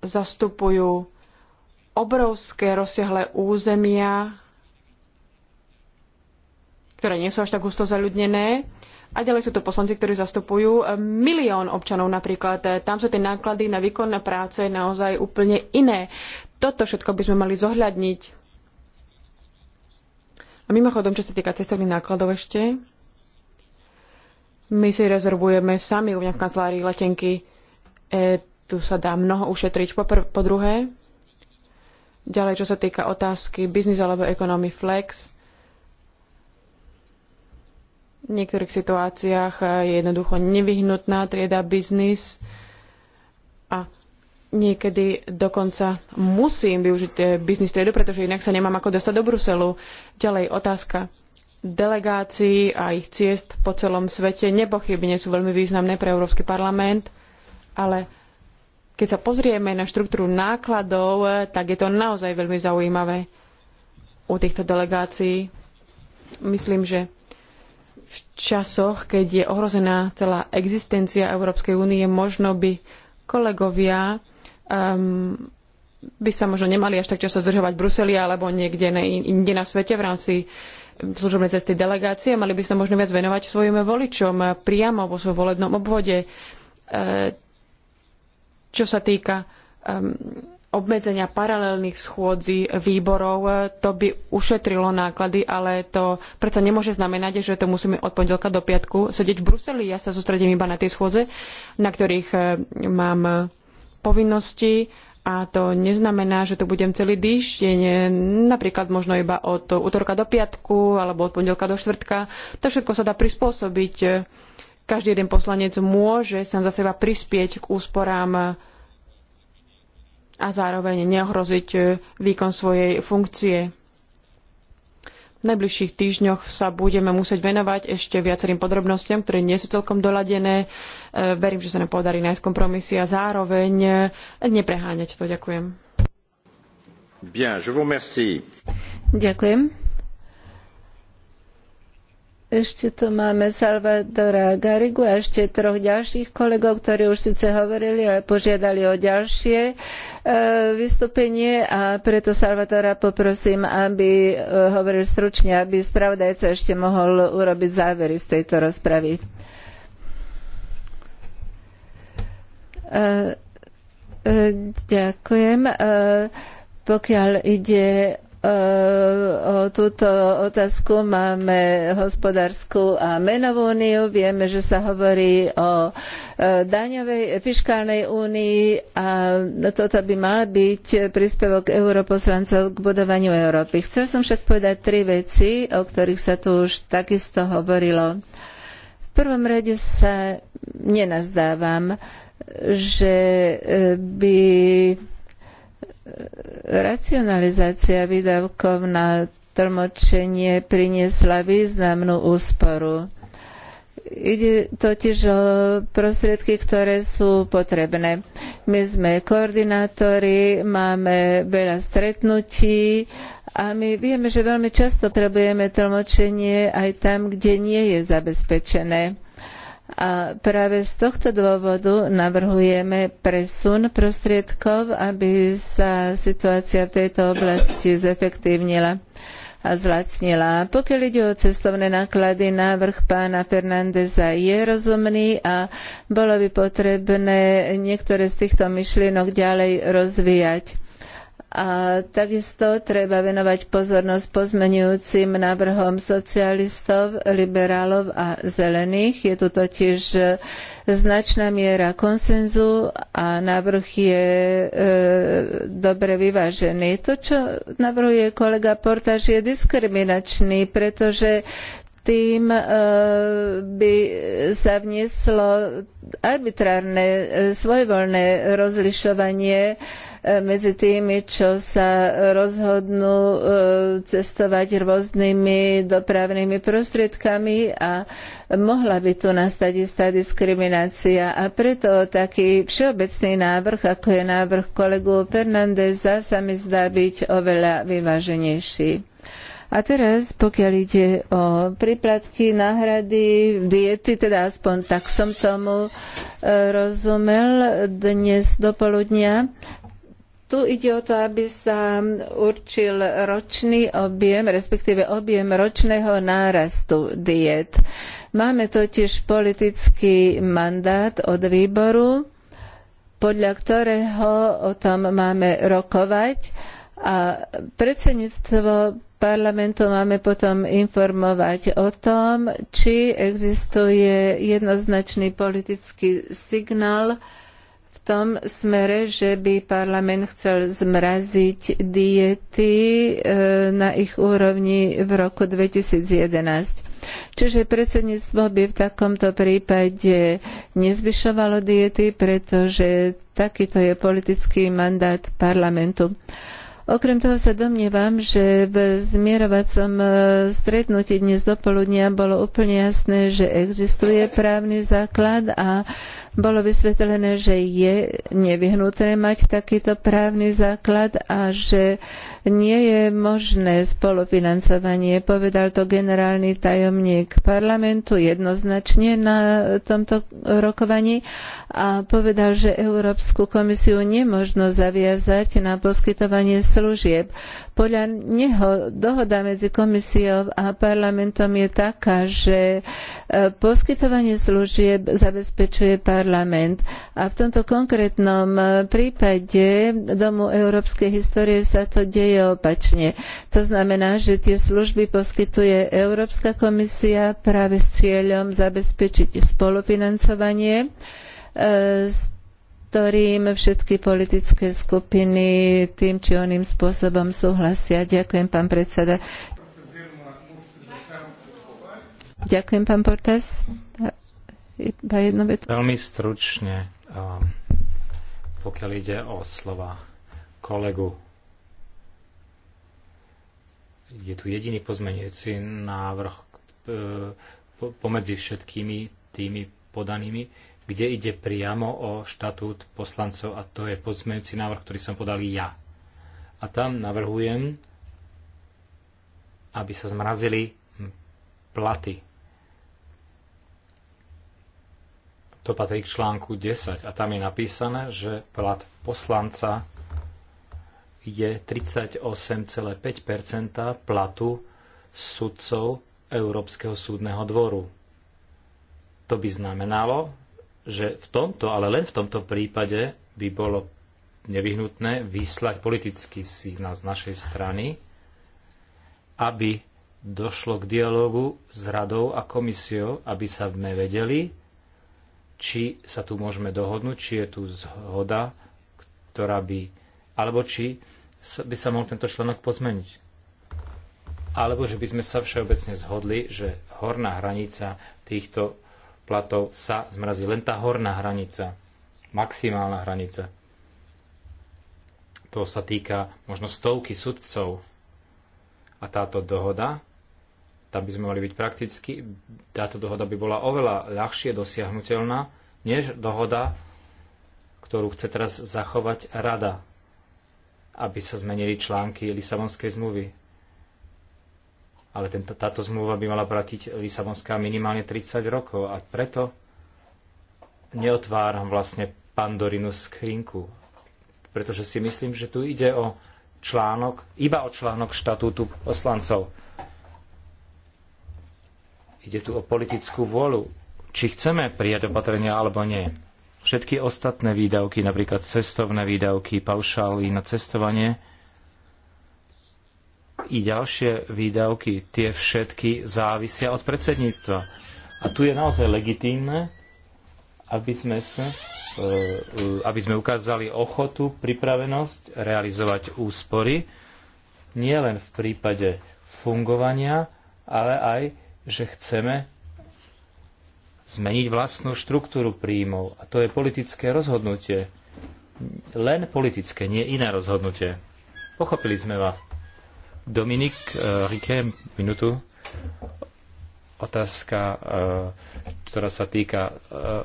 zastupujú obrovské rozsiahle územia, ktoré nie sú až tak husto zaľudnené. A ďalej sú to poslanci, ktorí zastupujú eh, milión občanov napríklad. Eh, tam sú tie náklady na výkon na práce naozaj úplne iné. Toto všetko by sme mali zohľadniť. A mimochodom, čo sa týka cestovných nákladov ešte, my si rezervujeme sami u mňa v kancelárii letenky. E, tu sa dá mnoho ušetriť. Po, po druhé, Ďalej, čo sa týka otázky biznis alebo economy flex, v niektorých situáciách eh, je jednoducho nevyhnutná trieda biznis a niekedy dokonca musím využiť eh, biznis triedu, pretože inak sa nemám ako dostať do Bruselu. Ďalej otázka delegácií a ich ciest po celom svete nepochybne sú veľmi významné pre Európsky parlament, ale keď sa pozrieme na štruktúru nákladov, eh, tak je to naozaj veľmi zaujímavé u týchto delegácií. Myslím, že v časoch, keď je ohrozená celá existencia Európskej únie, možno by kolegovia um, by sa možno nemali až tak často zdržovať v Bruseli alebo niekde na, inde na svete v rámci ehm, služobnej cesty delegácie, mali by sa možno viac venovať svojim voličom eh, priamo vo svojom volebnom obvode. E, čo sa týka um, obmedzenia paralelných schôdzí výborov, e, to by ušetrilo náklady, ale to predsa nemôže znamenať, že to musíme od pondelka do piatku sedieť v Bruseli. Ja sa sústredím iba na tie schôdze, na ktorých e, mám povinnosti a to neznamená, že tu budem celý týždeň, e, napríklad možno iba od útorka do piatku alebo od pondelka do štvrtka. To všetko sa dá prispôsobiť každý jeden poslanec môže sám za seba prispieť k úsporám a zároveň neohroziť výkon svojej funkcie. V najbližších týždňoch sa budeme musieť venovať ešte viacerým podrobnostiam, ktoré nie sú celkom doladené. E, verím, že sa nám podarí nájsť kompromisy a zároveň e, nepreháňať to. Ďakujem.
Bien,
Ďakujem. Ešte tu máme Salvadora Garigu a ešte troch ďalších kolegov, ktorí už síce hovorili, ale požiadali o ďalšie e, vystúpenie a preto Salvadora poprosím, aby e, hovoril stručne, aby spravodajca ešte mohol urobiť závery z tejto rozpravy. E, ďakujem. Pokiaľ ide o túto otázku máme hospodárskú a menovú úniu. Vieme, že sa hovorí o e, daňovej, fiskálnej únii a toto by mal byť príspevok europoslancov k budovaniu Európy. Chcel som však povedať tri veci, o ktorých sa tu už takisto hovorilo. V prvom rade sa nenazdávam, že e, by e, racionalizácia výdavkov na tlmočenie priniesla významnú úsporu. Ide totiž o prostriedky, ktoré sú potrebné. My sme koordinátori, máme veľa stretnutí a my vieme, že veľmi často potrebujeme tlmočenie aj tam, kde nie je zabezpečené. A práve z tohto dôvodu navrhujeme presun prostriedkov, aby sa situácia v tejto oblasti zefektívnila zlacnila. Pokiaľ ide o cestovné náklady, návrh pána Fernandeza je rozumný a bolo by potrebné niektoré z týchto myšlienok ďalej rozvíjať. A takisto treba venovať pozornosť pozmenujúcim návrhom socialistov, liberálov a zelených. Je tu totiž značná miera konsenzu a návrh je e, dobre vyvážený. To, čo navrhuje kolega Portáž, je diskriminačný, pretože tým e, by sa vnieslo arbitrárne, e, svojvoľné rozlišovanie medzi tými, čo sa rozhodnú e, cestovať rôznymi dopravnými prostriedkami a mohla by tu nastať istá diskriminácia. A preto taký všeobecný návrh, ako je návrh kolegu Fernandeza, sa mi zdá byť oveľa vyváženejší. A teraz, pokiaľ ide o príplatky, náhrady, diety, teda aspoň tak som tomu e, rozumel dnes do poludnia, tu ide o to, aby sa určil ročný objem, respektíve objem ročného nárastu diet. Máme totiž politický mandát od výboru, podľa ktorého o tom máme rokovať a predsedníctvo parlamentu máme potom informovať o tom, či existuje jednoznačný politický signál, tom smere, že by parlament chcel zmraziť diety e, na ich úrovni v roku 2011. Čiže predsedníctvo by v takomto prípade nezvyšovalo diety, pretože takýto je politický mandát parlamentu. Okrem toho sa domnievam, že v zmierovacom e, stretnutí dnes poludnia bolo úplne jasné, že existuje právny základ a bolo vysvetlené, že je nevyhnutné mať takýto právny základ a že nie je možné spolufinancovanie, povedal to generálny tajomník parlamentu jednoznačne na tomto rokovaní a povedal, že Európsku komisiu nemožno zaviazať na poskytovanie služieb. Podľa neho dohoda medzi komisiou a parlamentom je taká, že e, poskytovanie služieb zabezpečuje parlament. A v tomto konkrétnom e, prípade Domu európskej histórie sa to deje opačne. To znamená, že tie služby poskytuje Európska komisia práve s cieľom zabezpečiť spolufinancovanie z e, ktorým všetky politické skupiny tým či oným spôsobom súhlasia. Ďakujem, pán predseda. Ďakujem, pán Portas. Iba jedno vetu.
Veľmi stručne, um, pokiaľ ide o slova kolegu. Je tu jediný pozmenujúci návrh uh, pomedzi všetkými tými podanými kde ide priamo o štatút poslancov a to je pozmejúci návrh, ktorý som podal ja. A tam navrhujem, aby sa zmrazili platy. To patrí k článku 10 a tam je napísané, že plat poslanca je 38,5 platu sudcov Európskeho súdneho dvoru. To by znamenalo, že v tomto, ale len v tomto prípade by bolo nevyhnutné vyslať politický signál z našej strany, aby došlo k dialogu s radou a komisiou, aby sa sme vedeli, či sa tu môžeme dohodnúť, či je tu zhoda, ktorá by, alebo či by sa mohol tento článok pozmeniť. Alebo že by sme sa všeobecne zhodli, že horná hranica týchto platov sa zmrazí. Len tá horná hranica, maximálna hranica. To sa týka možno stovky sudcov. A táto dohoda, tam by sme mali byť prakticky, táto dohoda by bola oveľa ľahšie dosiahnutelná, než dohoda, ktorú chce teraz zachovať rada, aby sa zmenili články Lisabonskej zmluvy ale tento, táto zmluva by mala platiť Lisabonská minimálne 30 rokov a preto neotváram vlastne Pandorinu skrinku, pretože si myslím, že tu ide o článok, iba o článok štatútu poslancov. Ide tu o politickú vôľu, či chceme prijať opatrenia alebo nie. Všetky ostatné výdavky, napríklad cestovné výdavky, paušály na cestovanie, i ďalšie výdavky, tie všetky závisia od predsedníctva. A tu je naozaj legitímne, aby sme, sa, e, aby sme ukázali ochotu, pripravenosť realizovať úspory, nielen v prípade fungovania, ale aj, že chceme zmeniť vlastnú štruktúru príjmov. A to je politické rozhodnutie. Len politické, nie iné rozhodnutie. Pochopili sme vás. Dominik eh, Rike, minútu. Otázka, eh, ktorá sa týka eh,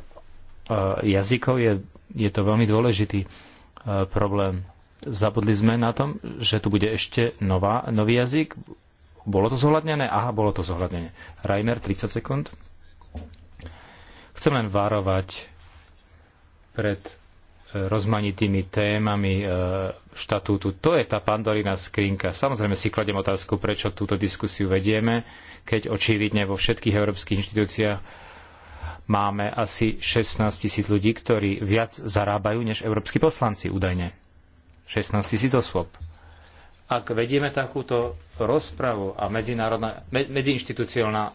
jazykov, je, je to veľmi dôležitý problém. Zabudli sme na tom, že tu bude ešte nová, nový jazyk. Bolo to zohľadnené? Aha, bolo to zohľadnené. Reimer, 30 sekúnd. Chcem len varovať pred rozmanitými témami e, štatútu. To je tá pandorína skrinka. Samozrejme si kladem otázku, prečo túto diskusiu vedieme, keď očividne vo všetkých európskych inštitúciách máme asi 16 tisíc ľudí, ktorí viac zarábajú než európski poslanci údajne. 16 tisíc osôb. Ak vedieme takúto rozpravu a medzinárodná, medziinštitucionálna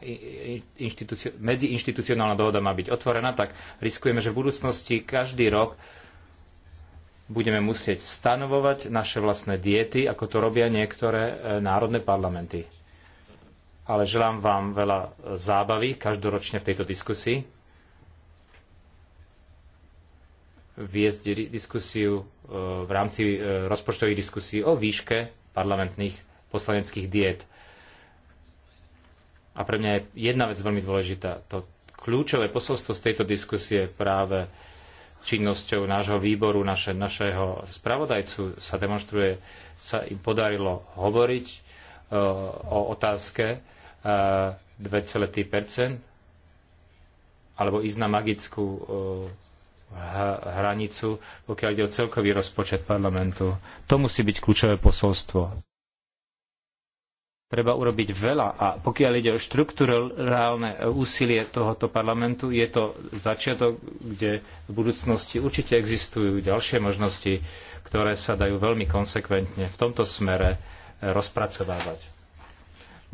medziinstitucionálna dohoda má byť otvorená, tak riskujeme, že v budúcnosti každý rok budeme musieť stanovovať naše vlastné diety, ako to robia niektoré e, národné parlamenty. Ale želám vám veľa zábavy každoročne v tejto diskusii. Viesť diskusiu e, v rámci e, rozpočtových diskusí o výške parlamentných poslaneckých diet. A pre mňa je jedna vec veľmi dôležitá. To kľúčové posolstvo z tejto diskusie práve činnosťou nášho výboru, naše, našeho spravodajcu sa demonstruje, sa im podarilo hovoriť e, o otázke e, 2,3 alebo ísť na magickú e, hranicu, pokiaľ ide o celkový rozpočet parlamentu. To musí byť kľúčové posolstvo treba urobiť veľa. A pokiaľ ide o štrukturálne e, úsilie tohoto parlamentu, je to začiatok, kde v budúcnosti určite existujú ďalšie možnosti, ktoré sa dajú veľmi konsekventne v tomto smere e, rozpracovávať.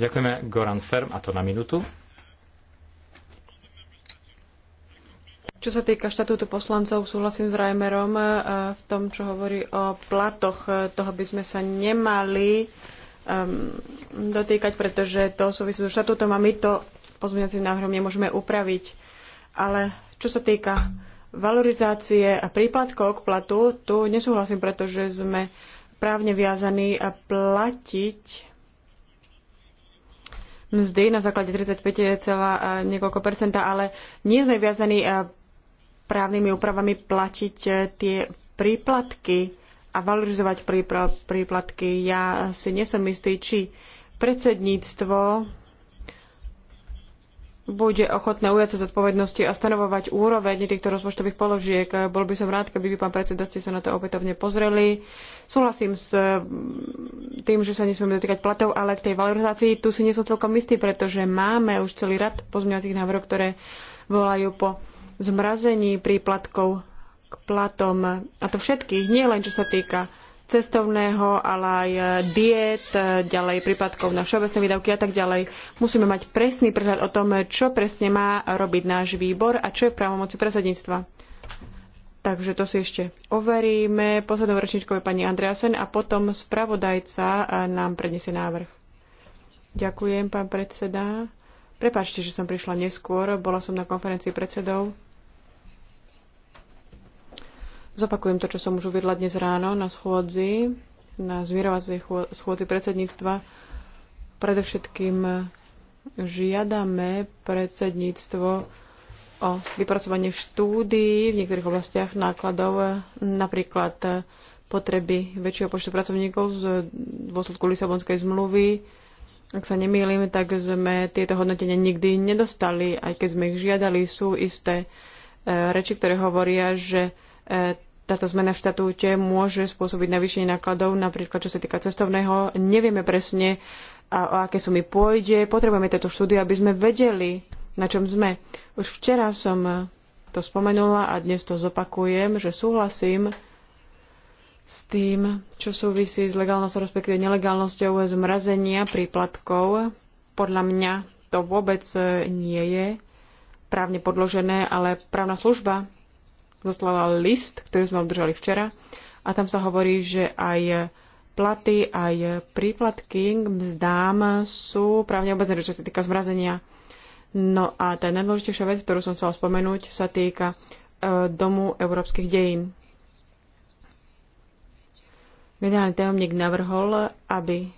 Ďakujeme Goran Ferm a to na minútu.
Čo sa týka štatútu poslancov, súhlasím s Reimerom e, v tom, čo hovorí o platoch. Toho by sme sa nemali um, dotýkať, pretože to súvisí so štatútom a my to pozmeňacím návrhom nemôžeme upraviť. Ale čo sa týka valorizácie a príplatkov k platu, tu nesúhlasím, pretože sme právne viazaní platiť mzdy na základe 35, niekoľko percenta, ale nie sme viazaní právnymi úpravami platiť e, tie príplatky a valorizovať príplatky. Ja si nesom istý, či predsedníctvo bude ochotné ujať sa zodpovednosti a stanovovať úroveň týchto rozpočtových položiek. Bol by som rád, keby vy, pán predseda, ste sa na to opätovne pozreli. Súhlasím s mm, tým, že sa nesmieme dotýkať platov, ale k tej valorizácii tu si nie som celkom istý, pretože máme už celý rad pozmeňovacích návrhov, ktoré volajú po zmrazení príplatkov k platom, a to všetkých, nie len čo sa týka cestovného, ale aj e, diet, e, ďalej prípadkov na všeobecné výdavky a tak ďalej. Musíme mať presný prehľad o tom, čo presne má robiť náš výbor a čo je v právomoci predsedníctva. Takže to si ešte overíme. Poslednou rečničkou je pani Andreasen a potom spravodajca e, nám predniesie návrh. Ďakujem, pán predseda. Prepačte, že som prišla neskôr. Bola som na konferencii predsedov. Zopakujem to, čo som už uvedla dnes ráno na schôdzi, na zmierovacej schôdzi predsedníctva. Predovšetkým žiadame predsedníctvo o vypracovanie štúdií v niektorých oblastiach nákladov, napríklad potreby väčšieho počtu pracovníkov z dôsledku Lisabonskej zmluvy. Ak sa nemýlim, tak sme tieto hodnotenia nikdy nedostali, aj keď sme ich žiadali. Sú isté eh, reči, ktoré hovoria, že E, táto zmena v štatúte môže spôsobiť navýšenie nákladov, napríklad čo sa týka cestovného. Nevieme presne, a, o aké sumy pôjde. Potrebujeme tieto štúdie, aby sme vedeli, na čom sme. Už včera som to spomenula a dnes to zopakujem, že súhlasím s tým, čo súvisí s legálnosťou, respektíve nelegálnosťou zmrazenia príplatkov. Podľa mňa to vôbec e, nie je právne podložené, ale právna služba zaslala list, ktorý sme obdržali včera a tam sa hovorí, že aj platy, aj príplatky k mzdám sú právne obecné, čo sa týka zmrazenia. No a tá najdôležitejšia vec, ktorú som chcela spomenúť, sa týka e, Domu európskych dejín. Generálny tajomník navrhol, aby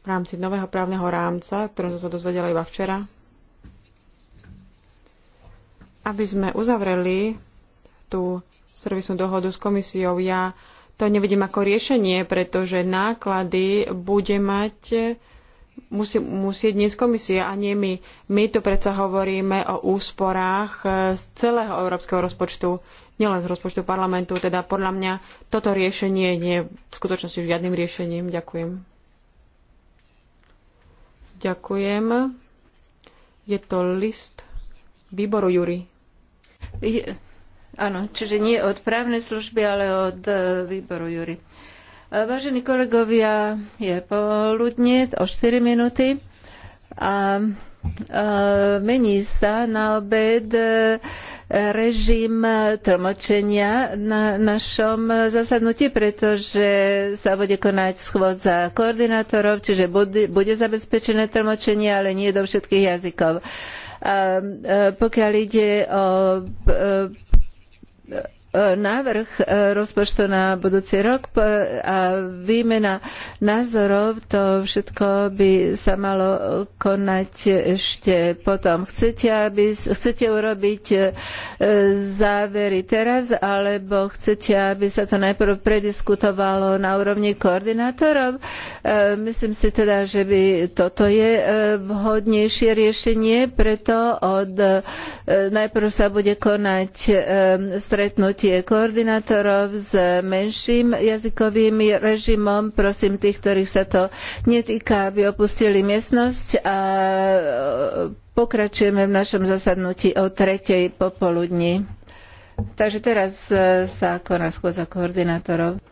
v rámci nového právneho rámca, ktorý som sa dozvedela iba včera, aby sme uzavreli tú servisnú dohodu s komisiou, ja to nevidím ako riešenie, pretože náklady bude mať musí, musieť dnes komisia a nie my. My tu predsa hovoríme o úsporách z celého európskeho rozpočtu, nielen z rozpočtu parlamentu. Teda podľa mňa toto riešenie nie je v skutočnosti žiadnym riešením. Ďakujem. Ďakujem. Je to list
výboru Jury. Je, áno, čiže nie od právnej služby, ale od e, výboru Jury. E, vážení kolegovia, je poludne o 4 minúty a e, mení sa na obed režim tlmočenia na našom zasadnutí, pretože sa bude konať schôdza koordinátorov, čiže bude, bude zabezpečené tlmočenie, ale nie do všetkých jazykov. Ehm, e, pokiaľ ide o e, návrh e, rozpočtu na budúci rok a výmena názorov, to všetko by sa malo konať ešte potom. Chcete, aby, chcete urobiť e, závery teraz, alebo chcete, aby sa to najprv prediskutovalo na úrovni koordinátorov? E, myslím si teda, že by toto je vhodnejšie riešenie, preto od najprv sa bude konať stretnutie stretnutie koordinátorov s menším jazykovým režimom. Prosím tých, ktorých sa to netýka, aby opustili miestnosť a e, pokračujeme v našom zasadnutí o tretej popoludní. Takže teraz e, sa koná schôdza koordinátorov.